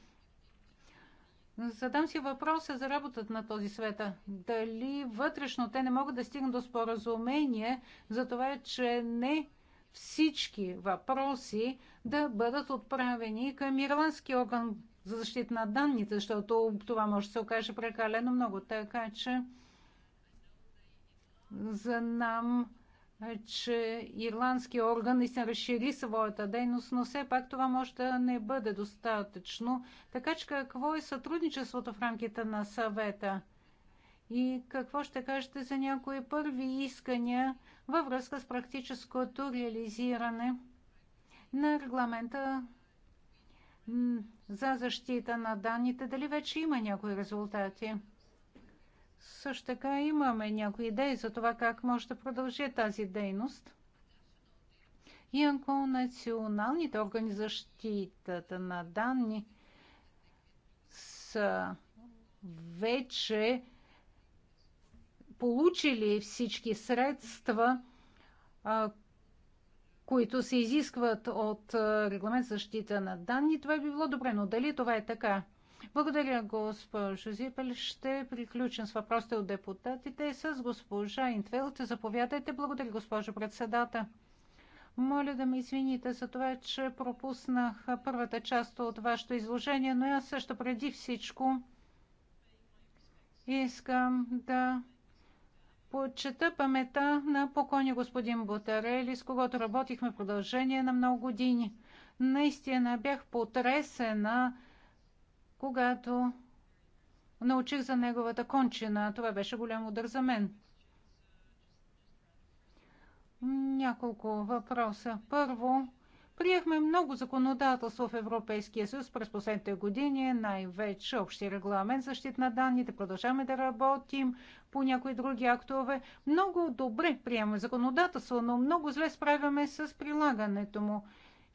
Задам си въпроса за работата на този света. Дали вътрешно те не могат да стигнат до споразумение за това, че не всички въпроси да бъдат отправени към ирландски орган за защита на данните, защото това може да се окаже прекалено много. Така че за нам, че ирландски орган наистина разшири своята дейност, но все пак това може да не бъде достатъчно. Така че какво е сътрудничеството в рамките на съвета? И какво ще кажете за някои първи искания във връзка с практическото реализиране на регламента за защита на данните, дали вече има някои резултати? Също така имаме някои идеи за това как може да продължи тази дейност. И ако националните органи за защитата на данни са вече получили всички средства, които се изискват от регламент за защита на данни, това би било добре, но дали това е така? Благодаря, госпожо Зипел. Ще приключим с въпросите от депутатите с госпожа Интвелт. Заповядайте. Благодаря, госпожо председател. Моля да ме извините за това, че пропуснах първата част от вашето изложение, но аз също преди всичко искам да почета памета на покойния господин Бутарели, с когото работихме в продължение на много години. Наистина бях потресена, когато научих за неговата кончина. Това беше голям удар за мен. Няколко въпроса. Първо, Приехме много законодателство в Европейския съюз през последните години, най-вече общи регламент защита на данните. Продължаваме да работим по някои други актове. Много добре приемаме законодателство, но много зле справяме с прилагането му.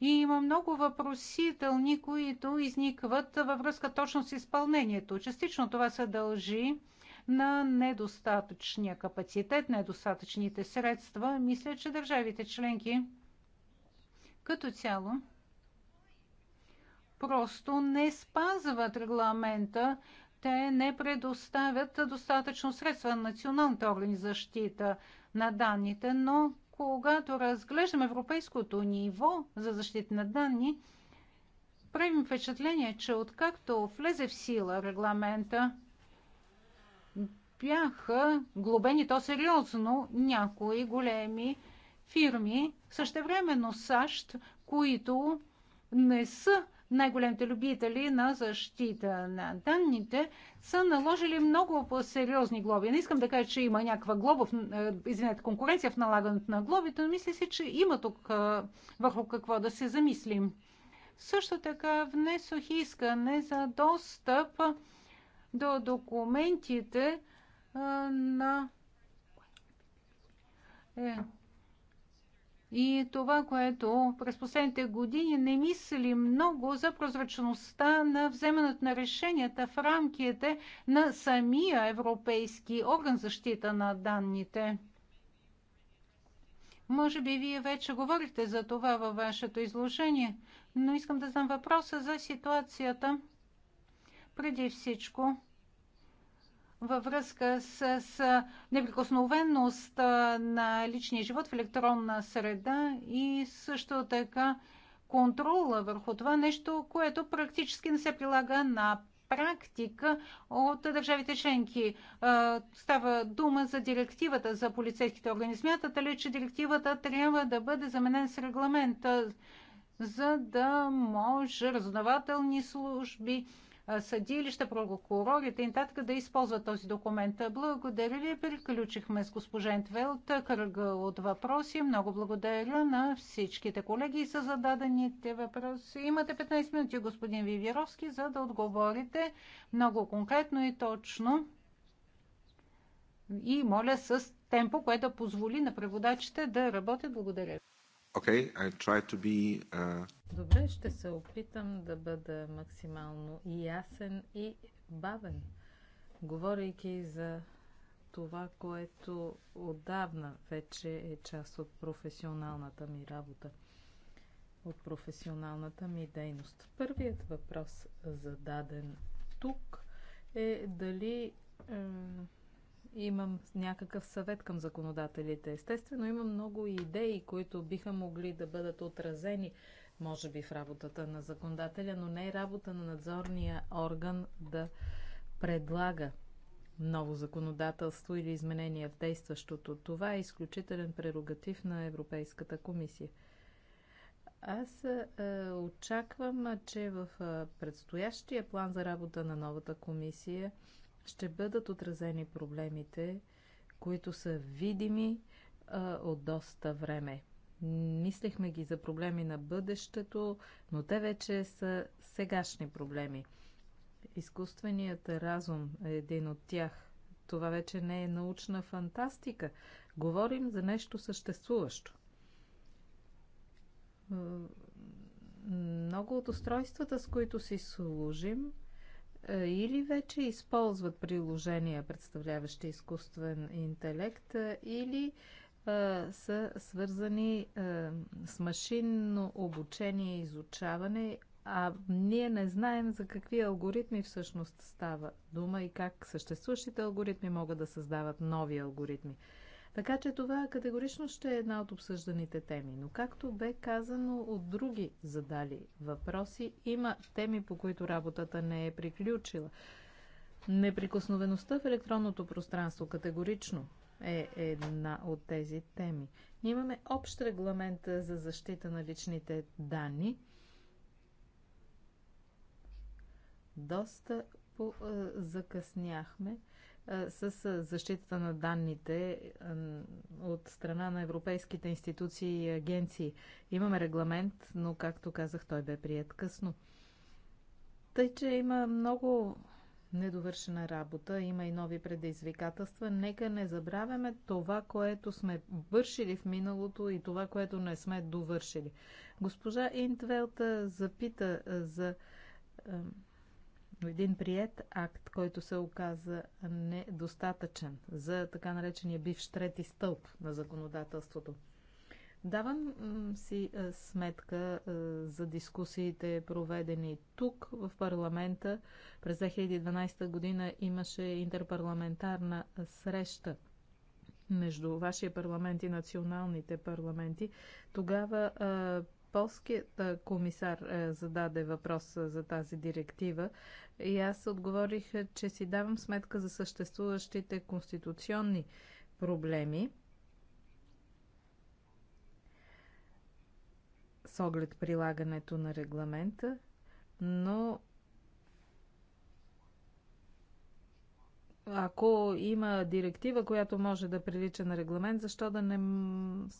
И има много въпросителни, които изникват във връзка точно с изпълнението. Частично това се дължи на недостатъчния капацитет, недостатъчните средства. Мисля, че държавите членки като цяло просто не спазват регламента. Те не предоставят достатъчно средства на националните органи защита на данните, но когато разглеждаме европейското ниво за защита на данни, правим впечатление, че откакто влезе в сила регламента, бяха глобени то сериозно някои големи фирми, същевременно САЩ, които не са най-големите любители на защита на данните, са наложили много по-сериозни глоби. Не искам да кажа, че има някаква глоба, е, извинете, конкуренция в налагането на глобите, но мисля си, че има тук е, върху какво да се замислим. Също така внесох искане за достъп до документите е, на и това, което през последните години не мисли много за прозрачността на вземането на решенията в рамките на самия Европейски орган защита на данните. Може би вие вече говорите за това във вашето изложение, но искам да знам въпроса за ситуацията. Преди всичко, във връзка с, с неприкосновеност на личния живот в електронна среда и също така контрола върху това нещо, което практически не се прилага на практика от държавите членки. Става дума за директивата за полицейските органи. Смятате ли, че директивата трябва да бъде заменен с регламента, за да може разнователни служби съдилища, прокурорите и нататък да използват този документ. Благодаря ви. Приключихме с госпожа Ентвелт кръга от въпроси. Много благодаря на всичките колеги за зададените въпроси. Имате 15 минути, господин Вивировски, за да отговорите много конкретно и точно. И моля с темпо, което да позволи на преводачите да работят. Благодаря. Okay, I try to be, uh... Добре, ще се опитам да бъда максимално и ясен и бавен, говорейки за това, което отдавна вече е част от професионалната ми работа, от професионалната ми дейност. Първият въпрос, зададен тук, е дали е, имам някакъв съвет към законодателите. Естествено, имам много идеи, които биха могли да бъдат отразени може би в работата на законодателя, но не е работа на надзорния орган да предлага ново законодателство или изменение в действащото. Това е изключителен прерогатив на Европейската комисия. Аз е, очаквам, че в е, предстоящия план за работа на новата комисия ще бъдат отразени проблемите, които са видими е, от доста време. Мислехме ги за проблеми на бъдещето, но те вече са сегашни проблеми. Изкуственият разум е един от тях. Това вече не е научна фантастика. Говорим за нещо съществуващо. Е, много от устройствата, с които си служим, е, или вече използват приложения, представляващи изкуствен интелект, е, или са свързани с машинно обучение и изучаване, а ние не знаем за какви алгоритми всъщност става дума и как съществуващите алгоритми могат да създават нови алгоритми. Така че това категорично ще е една от обсъжданите теми. Но както бе казано от други задали въпроси, има теми, по които работата не е приключила. Неприкосновеността в електронното пространство категорично е една от тези теми. Ние имаме общ регламент за защита на личните данни. Доста по, закъсняхме с защитата на данните от страна на европейските институции и агенции. Имаме регламент, но както казах, той бе прият късно. Тъй, че има много недовършена работа, има и нови предизвикателства. Нека не забравяме това, което сме вършили в миналото и това, което не сме довършили. Госпожа Интвелт запита за един прият акт, който се оказа недостатъчен за така наречения бивш трети стълб на законодателството. Давам си сметка за дискусиите, проведени тук в парламента. През 2012 година имаше интерпарламентарна среща между вашия парламент и националните парламенти. Тогава полският комисар зададе въпрос за тази директива и аз отговорих, че си давам сметка за съществуващите конституционни проблеми с оглед прилагането на регламента, но ако има директива, която може да прилича на регламент, защо да не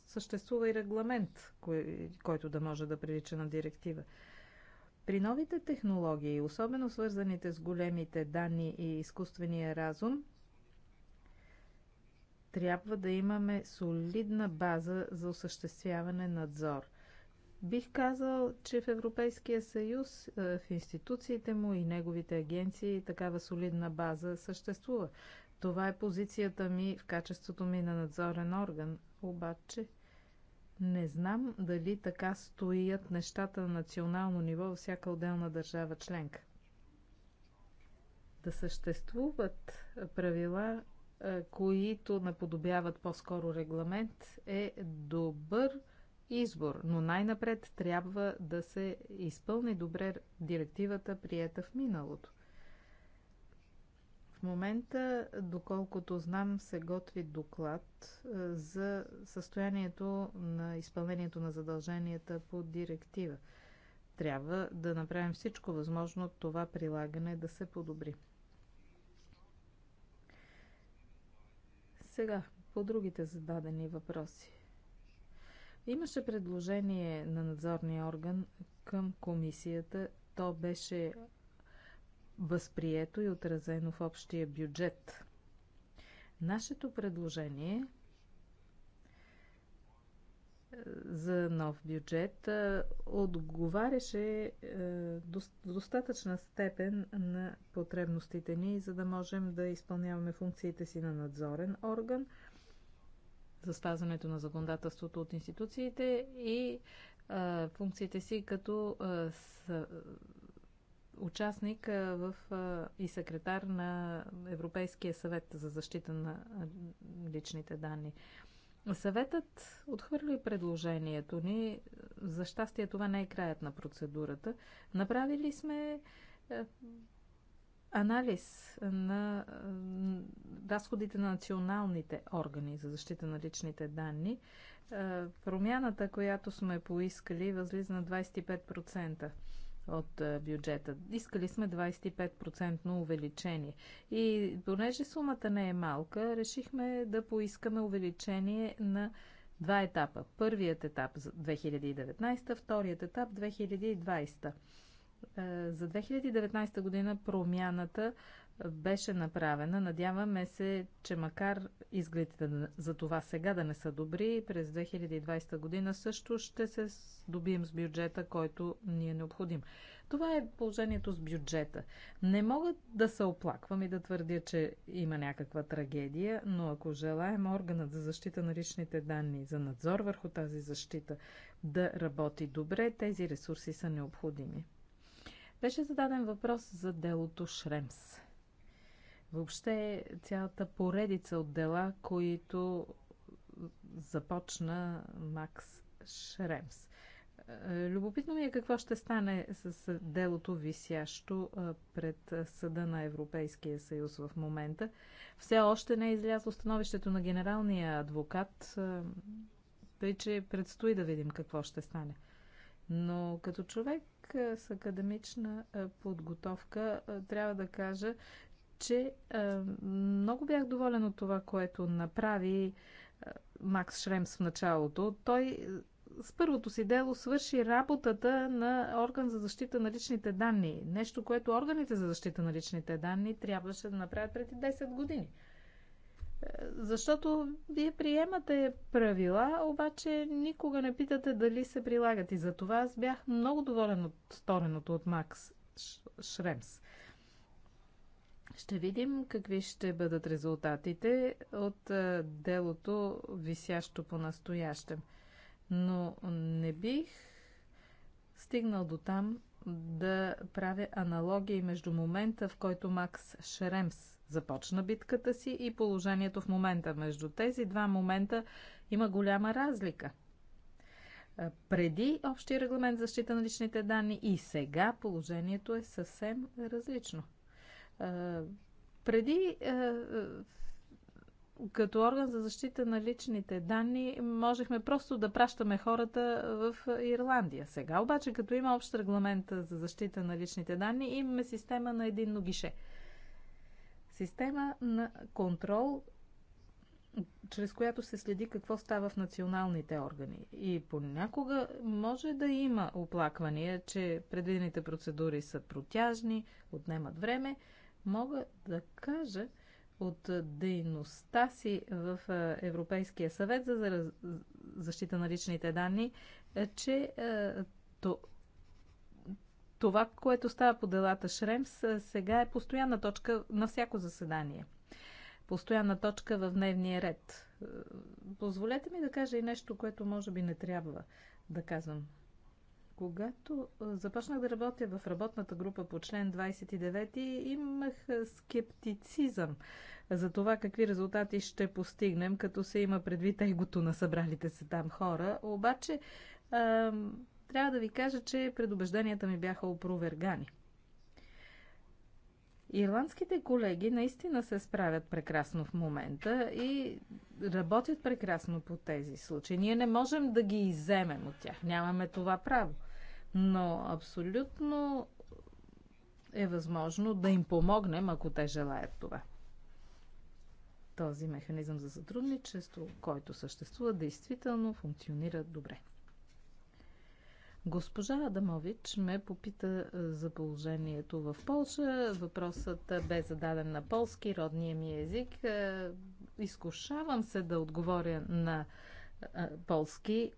съществува и регламент, кой, който да може да прилича на директива? При новите технологии, особено свързаните с големите данни и изкуствения разум, трябва да имаме солидна база за осъществяване надзор. Бих казал, че в Европейския съюз, е, в институциите му и неговите агенции такава солидна база съществува. Това е позицията ми в качеството ми на надзорен орган. Обаче не знам дали така стоят нещата на национално ниво във всяка отделна държава членка. Да съществуват правила, е, които наподобяват по-скоро регламент, е добър избор, но най-напред трябва да се изпълни добре директивата, приета в миналото. В момента, доколкото знам, се готви доклад е, за състоянието на изпълнението на задълженията по директива. Трябва да направим всичко възможно това прилагане да се подобри. Сега, по другите зададени въпроси. Имаше предложение на надзорния орган към комисията. То беше възприето и отразено в общия бюджет. Нашето предложение е, за нов бюджет е, отговаряше в е, достатъчна степен на потребностите ни, за да можем да изпълняваме функциите си на надзорен орган – за спазването на законодателството от институциите и а, функциите си като а, с, участник а, в, а, и секретар на Европейския съвет за защита на личните данни. Съветът отхвърли предложението ни. За щастие това не е краят на процедурата. Направили сме анализ на разходите на националните органи за защита на личните данни. Е, промяната, която сме поискали, възлиза на 25% от е, бюджета. Искали сме 25% увеличение. И понеже сумата не е малка, решихме да поискаме увеличение на два етапа. Първият етап 2019, вторият етап 2020. Е, за 2019 година промяната беше направена. Надяваме се, че макар изгледите за това сега да не са добри, през 2020 година също ще се добием с бюджета, който ни е необходим. Това е положението с бюджета. Не мога да се оплаквам и да твърдя, че има някаква трагедия, но ако желаем органът за защита на личните данни, за надзор върху тази защита да работи добре, тези ресурси са необходими. Беше зададен въпрос за делото Шремс. Въобще цялата поредица от дела, които започна Макс Шремс. Е, любопитно ми е какво ще стане с делото висящо е, пред Съда на Европейския съюз в момента. Все още не е излязло становището на генералния адвокат, е, тъй че предстои да видим какво ще стане. Но като човек, с академична подготовка, трябва да кажа, че много бях доволен от това, което направи Макс Шремс в началото. Той с първото си дело свърши работата на орган за защита на личните данни. Нещо, което органите за защита на личните данни трябваше да направят преди 10 години. Защото вие приемате правила, обаче никога не питате дали се прилагат. И за това аз бях много доволен от стореното от Макс Шремс. Ще видим какви ще бъдат резултатите от делото, висящо по настоящем. Но не бих стигнал до там да правя аналогии между момента, в който Макс Шремс започна битката си и положението в момента. Между тези два момента има голяма разлика. Преди общия регламент за защита на личните данни и сега положението е съвсем различно. Преди като орган за защита на личните данни можехме просто да пращаме хората в Ирландия. Сега обаче, като има общ регламент за защита на личните данни, имаме система на единно гише – Система на контрол, чрез която се следи какво става в националните органи. И понякога може да има оплаквания, че предвидените процедури са протяжни, отнемат време. Мога да кажа, от дейността си в Европейския съвет за защита на личните данни, е, че това, което става по делата Шремс, сега е постоянна точка на всяко заседание. Постоянна точка в дневния ред. Позволете ми да кажа и нещо, което може би не трябва да казвам. Когато започнах да работя в работната група по член 29, имах скептицизъм за това какви резултати ще постигнем, като се има предвид егото на събралите се там хора. Обаче, трябва да ви кажа, че предубежденията ми бяха опровергани. Ирландските колеги наистина се справят прекрасно в момента и работят прекрасно по тези случаи. Ние не можем да ги иземем от тях. Нямаме това право. Но абсолютно е възможно да им помогнем, ако те желаят това. Този механизъм за сътрудничество, който съществува, действително функционира добре. Госпожа Адамович ме попита е, за положението в Полша. Въпросът бе зададен на полски, родния ми език. Е, изкушавам се да отговоря на е, полски,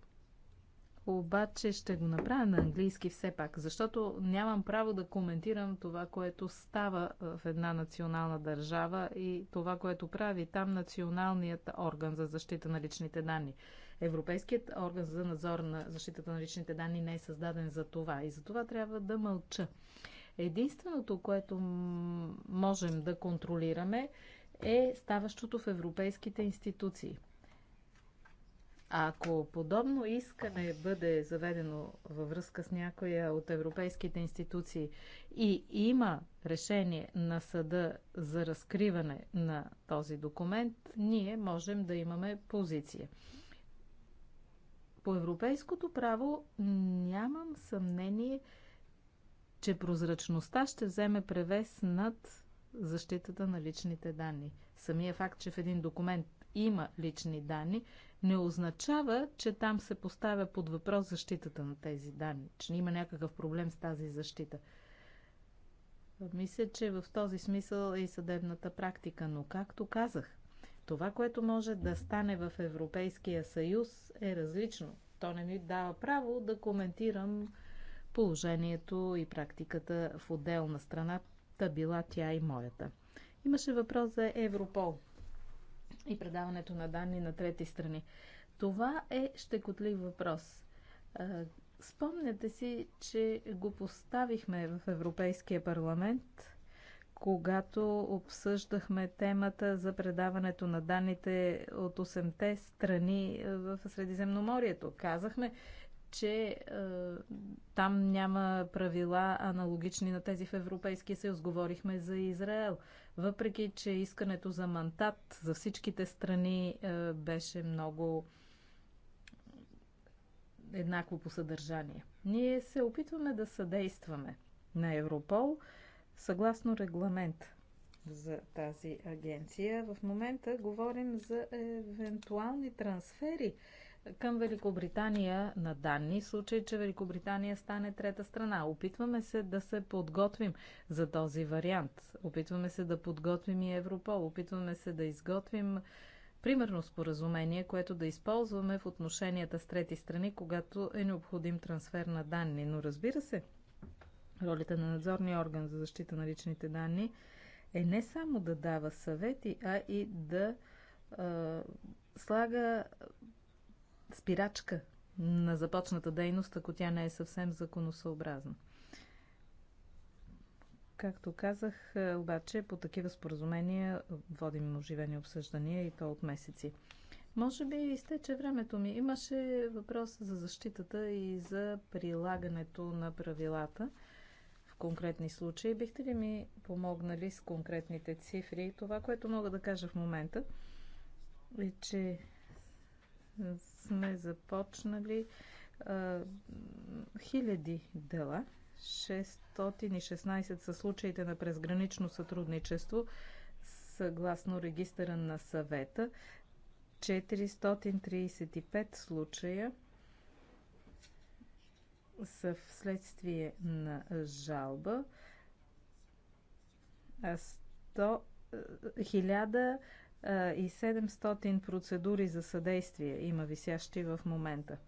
обаче ще го направя на английски все пак, защото нямам право да коментирам това, което става в една национална държава и това, което прави там националният орган за защита на личните данни. Европейският орган за надзор на защитата на личните данни не е създаден за това и за това трябва да мълча. Единственото, което можем да контролираме е ставащото в европейските институции. А ако подобно искане бъде заведено във връзка с някоя от европейските институции и има решение на съда за разкриване на този документ, ние можем да имаме позиция. По европейското право нямам съмнение, че прозрачността ще вземе превес над защитата на личните данни. Самия факт, че в един документ има лични данни, не означава, че там се поставя под въпрос защитата на тези данни, че има някакъв проблем с тази защита. Мисля, че в този смисъл е и съдебната практика, но както казах, това, което може да стане в Европейския съюз е различно. То не ми дава право да коментирам положението и практиката в отделна страна, та била тя и моята. Имаше въпрос за Европол и предаването на данни на трети страни. Това е щекотлив въпрос. Спомняте си, че го поставихме в Европейския парламент когато обсъждахме темата за предаването на данните от 8-те страни е, в Средиземноморието. Казахме, че е, там няма правила аналогични на тези в Европейския съюз. Говорихме за Израел. Въпреки, че искането за мандат за всичките страни е, беше много еднакво по съдържание. Ние се опитваме да съдействаме на Европол – Съгласно регламент за тази агенция, в момента говорим за евентуални трансфери към Великобритания на данни, в случай, че Великобритания стане трета страна. Опитваме се да се подготвим за този вариант. Опитваме се да подготвим и Европол. Опитваме се да изготвим примерно споразумение, което да използваме в отношенията с трети страни, когато е необходим трансфер на данни. Но разбира се, Ролята на надзорния орган за защита на личните данни е не само да дава съвети, а и да е, слага спирачка на започната дейност, ако тя не е съвсем законосъобразна. Както казах, обаче по такива споразумения водим оживени обсъждания и то от месеци. Може би изтече времето ми. Имаше въпрос за защитата и за прилагането на правилата конкретни случаи. Бихте ли ми помогнали с конкретните цифри? Това, което мога да кажа в момента, е, че сме започнали а, хиляди дела. 616 са случаите на презгранично сътрудничество съгласно регистъра на съвета. 435 случая – са вследствие на жалба, 1700 е, е, процедури за съдействие има висящи в момента.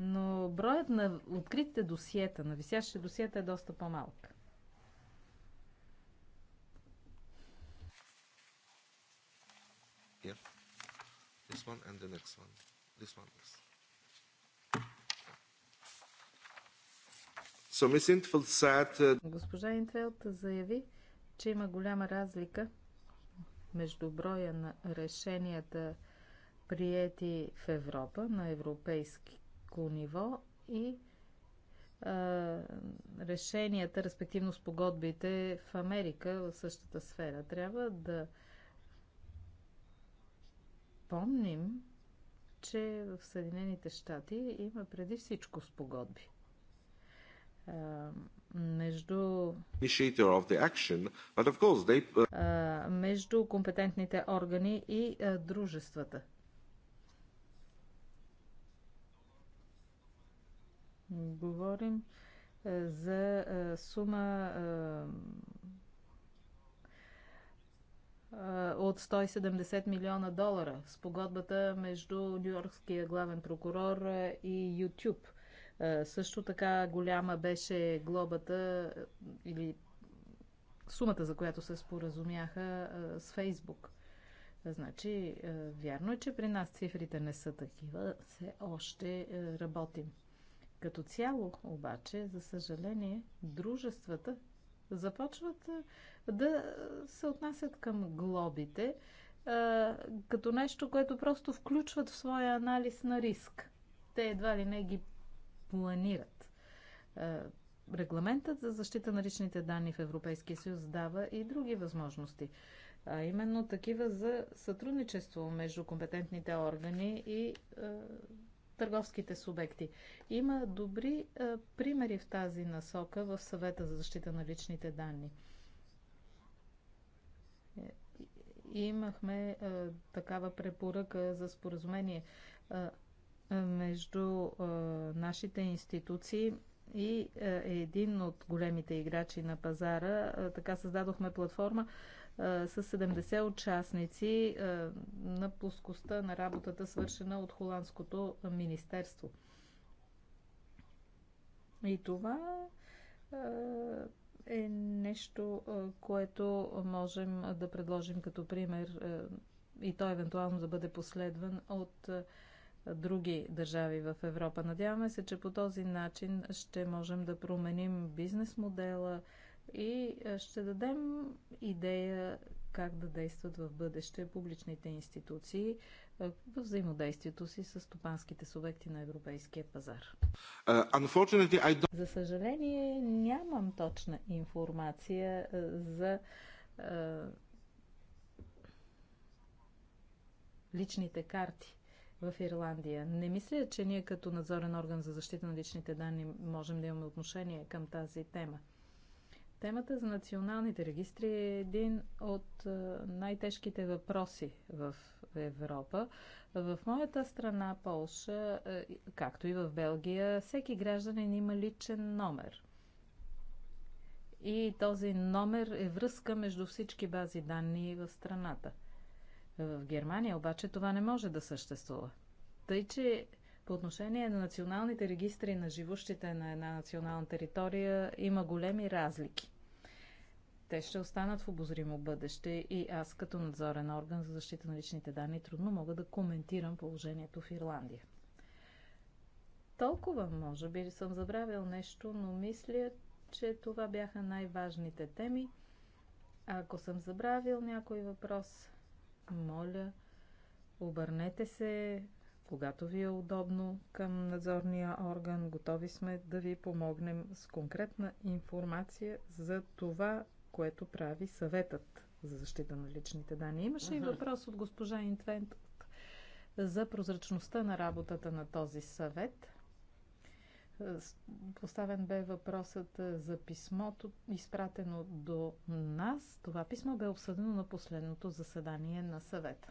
Но броят на откритите досиета, на висящите досиета е доста по-малък. This one and the next one. This one is. Uh, Госпожа Интфелд заяви, че има голяма разлика между броя на решенията приети в Европа на европейско ниво и а, решенията, респективно спогодбите в Америка в същата сфера. Трябва да помним, че в Съединените щати има преди всичко спогодби между uh, между компетентните органи и дружествата. Говорим за сума от 170 милиона долара с погодбата между Нью-Йоркския главен прокурор и YouTube – е, също така голяма беше глобата е, или сумата, за която се споразумяха е, с Фейсбук. Значи, вярно е, че при нас цифрите не са такива, все още работим. Като цяло, обаче, за съжаление, дружествата започват да се отнасят към глобите като нещо, което просто включват в своя анализ на риск. Те едва ли не ги планират. Е, регламентът за защита на личните данни в Европейския съюз дава и други възможности, а именно такива за сътрудничество между компетентните органи и е, търговските субекти. Има добри е, примери в тази насока в съвета за защита на личните данни. Е, и имахме е, такава препоръка за споразумение между нашите институции и един от големите играчи на пазара. Така създадохме платформа с 70 участници на плоскостта на работата, свършена от Холандското министерство. И това е нещо, което можем да предложим като пример и то евентуално да бъде последван от други държави в Европа. Надяваме се, че по този начин ще можем да променим бизнес модела и ще дадем идея как да действат в бъдеще публичните институции в взаимодействието си с стопанските субекти на европейския пазар. Uh, за съжаление, нямам точна информация за uh, личните карти в Ирландия. Не мисля, че ние като надзорен орган за защита на личните данни можем да имаме отношение към тази тема. Темата за националните регистри е един от е, най-тежките въпроси в Европа. В моята страна, Полша, е, както и в Белгия, всеки гражданин има личен номер. И този номер е връзка между всички бази данни в страната – в Германия обаче това не може да съществува. Тъй, че по отношение на националните регистри на живущите на една национална територия има големи разлики. Те ще останат в обозримо бъдеще и аз като надзорен орган за защита на личните данни трудно мога да коментирам положението в Ирландия. Толкова, може би съм забравил нещо, но мисля, че това бяха най-важните теми. А ако съм забравил някой въпрос, моля, обърнете се, когато ви е удобно към надзорния орган. Готови сме да ви помогнем с конкретна информация за това, което прави съветът за защита на личните данни. Имаше и въпрос от госпожа Интвент за прозрачността на работата на този съвет. Поставен бе въпросът е, за писмото, изпратено до нас. Това писмо бе обсъдено на последното заседание на съвета.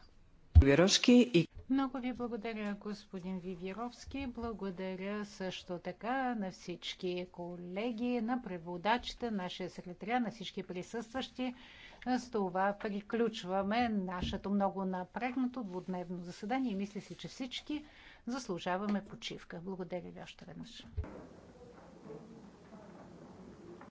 И... Много ви благодаря, господин Вивировски. Благодаря също така на всички колеги, на преводачите, нашия секретаря, на всички присъстващи. С това приключваме нашето много напрегнато двудневно заседание. Мисля си, че всички заслужаваме почивка. Благодаря ви още веднъж.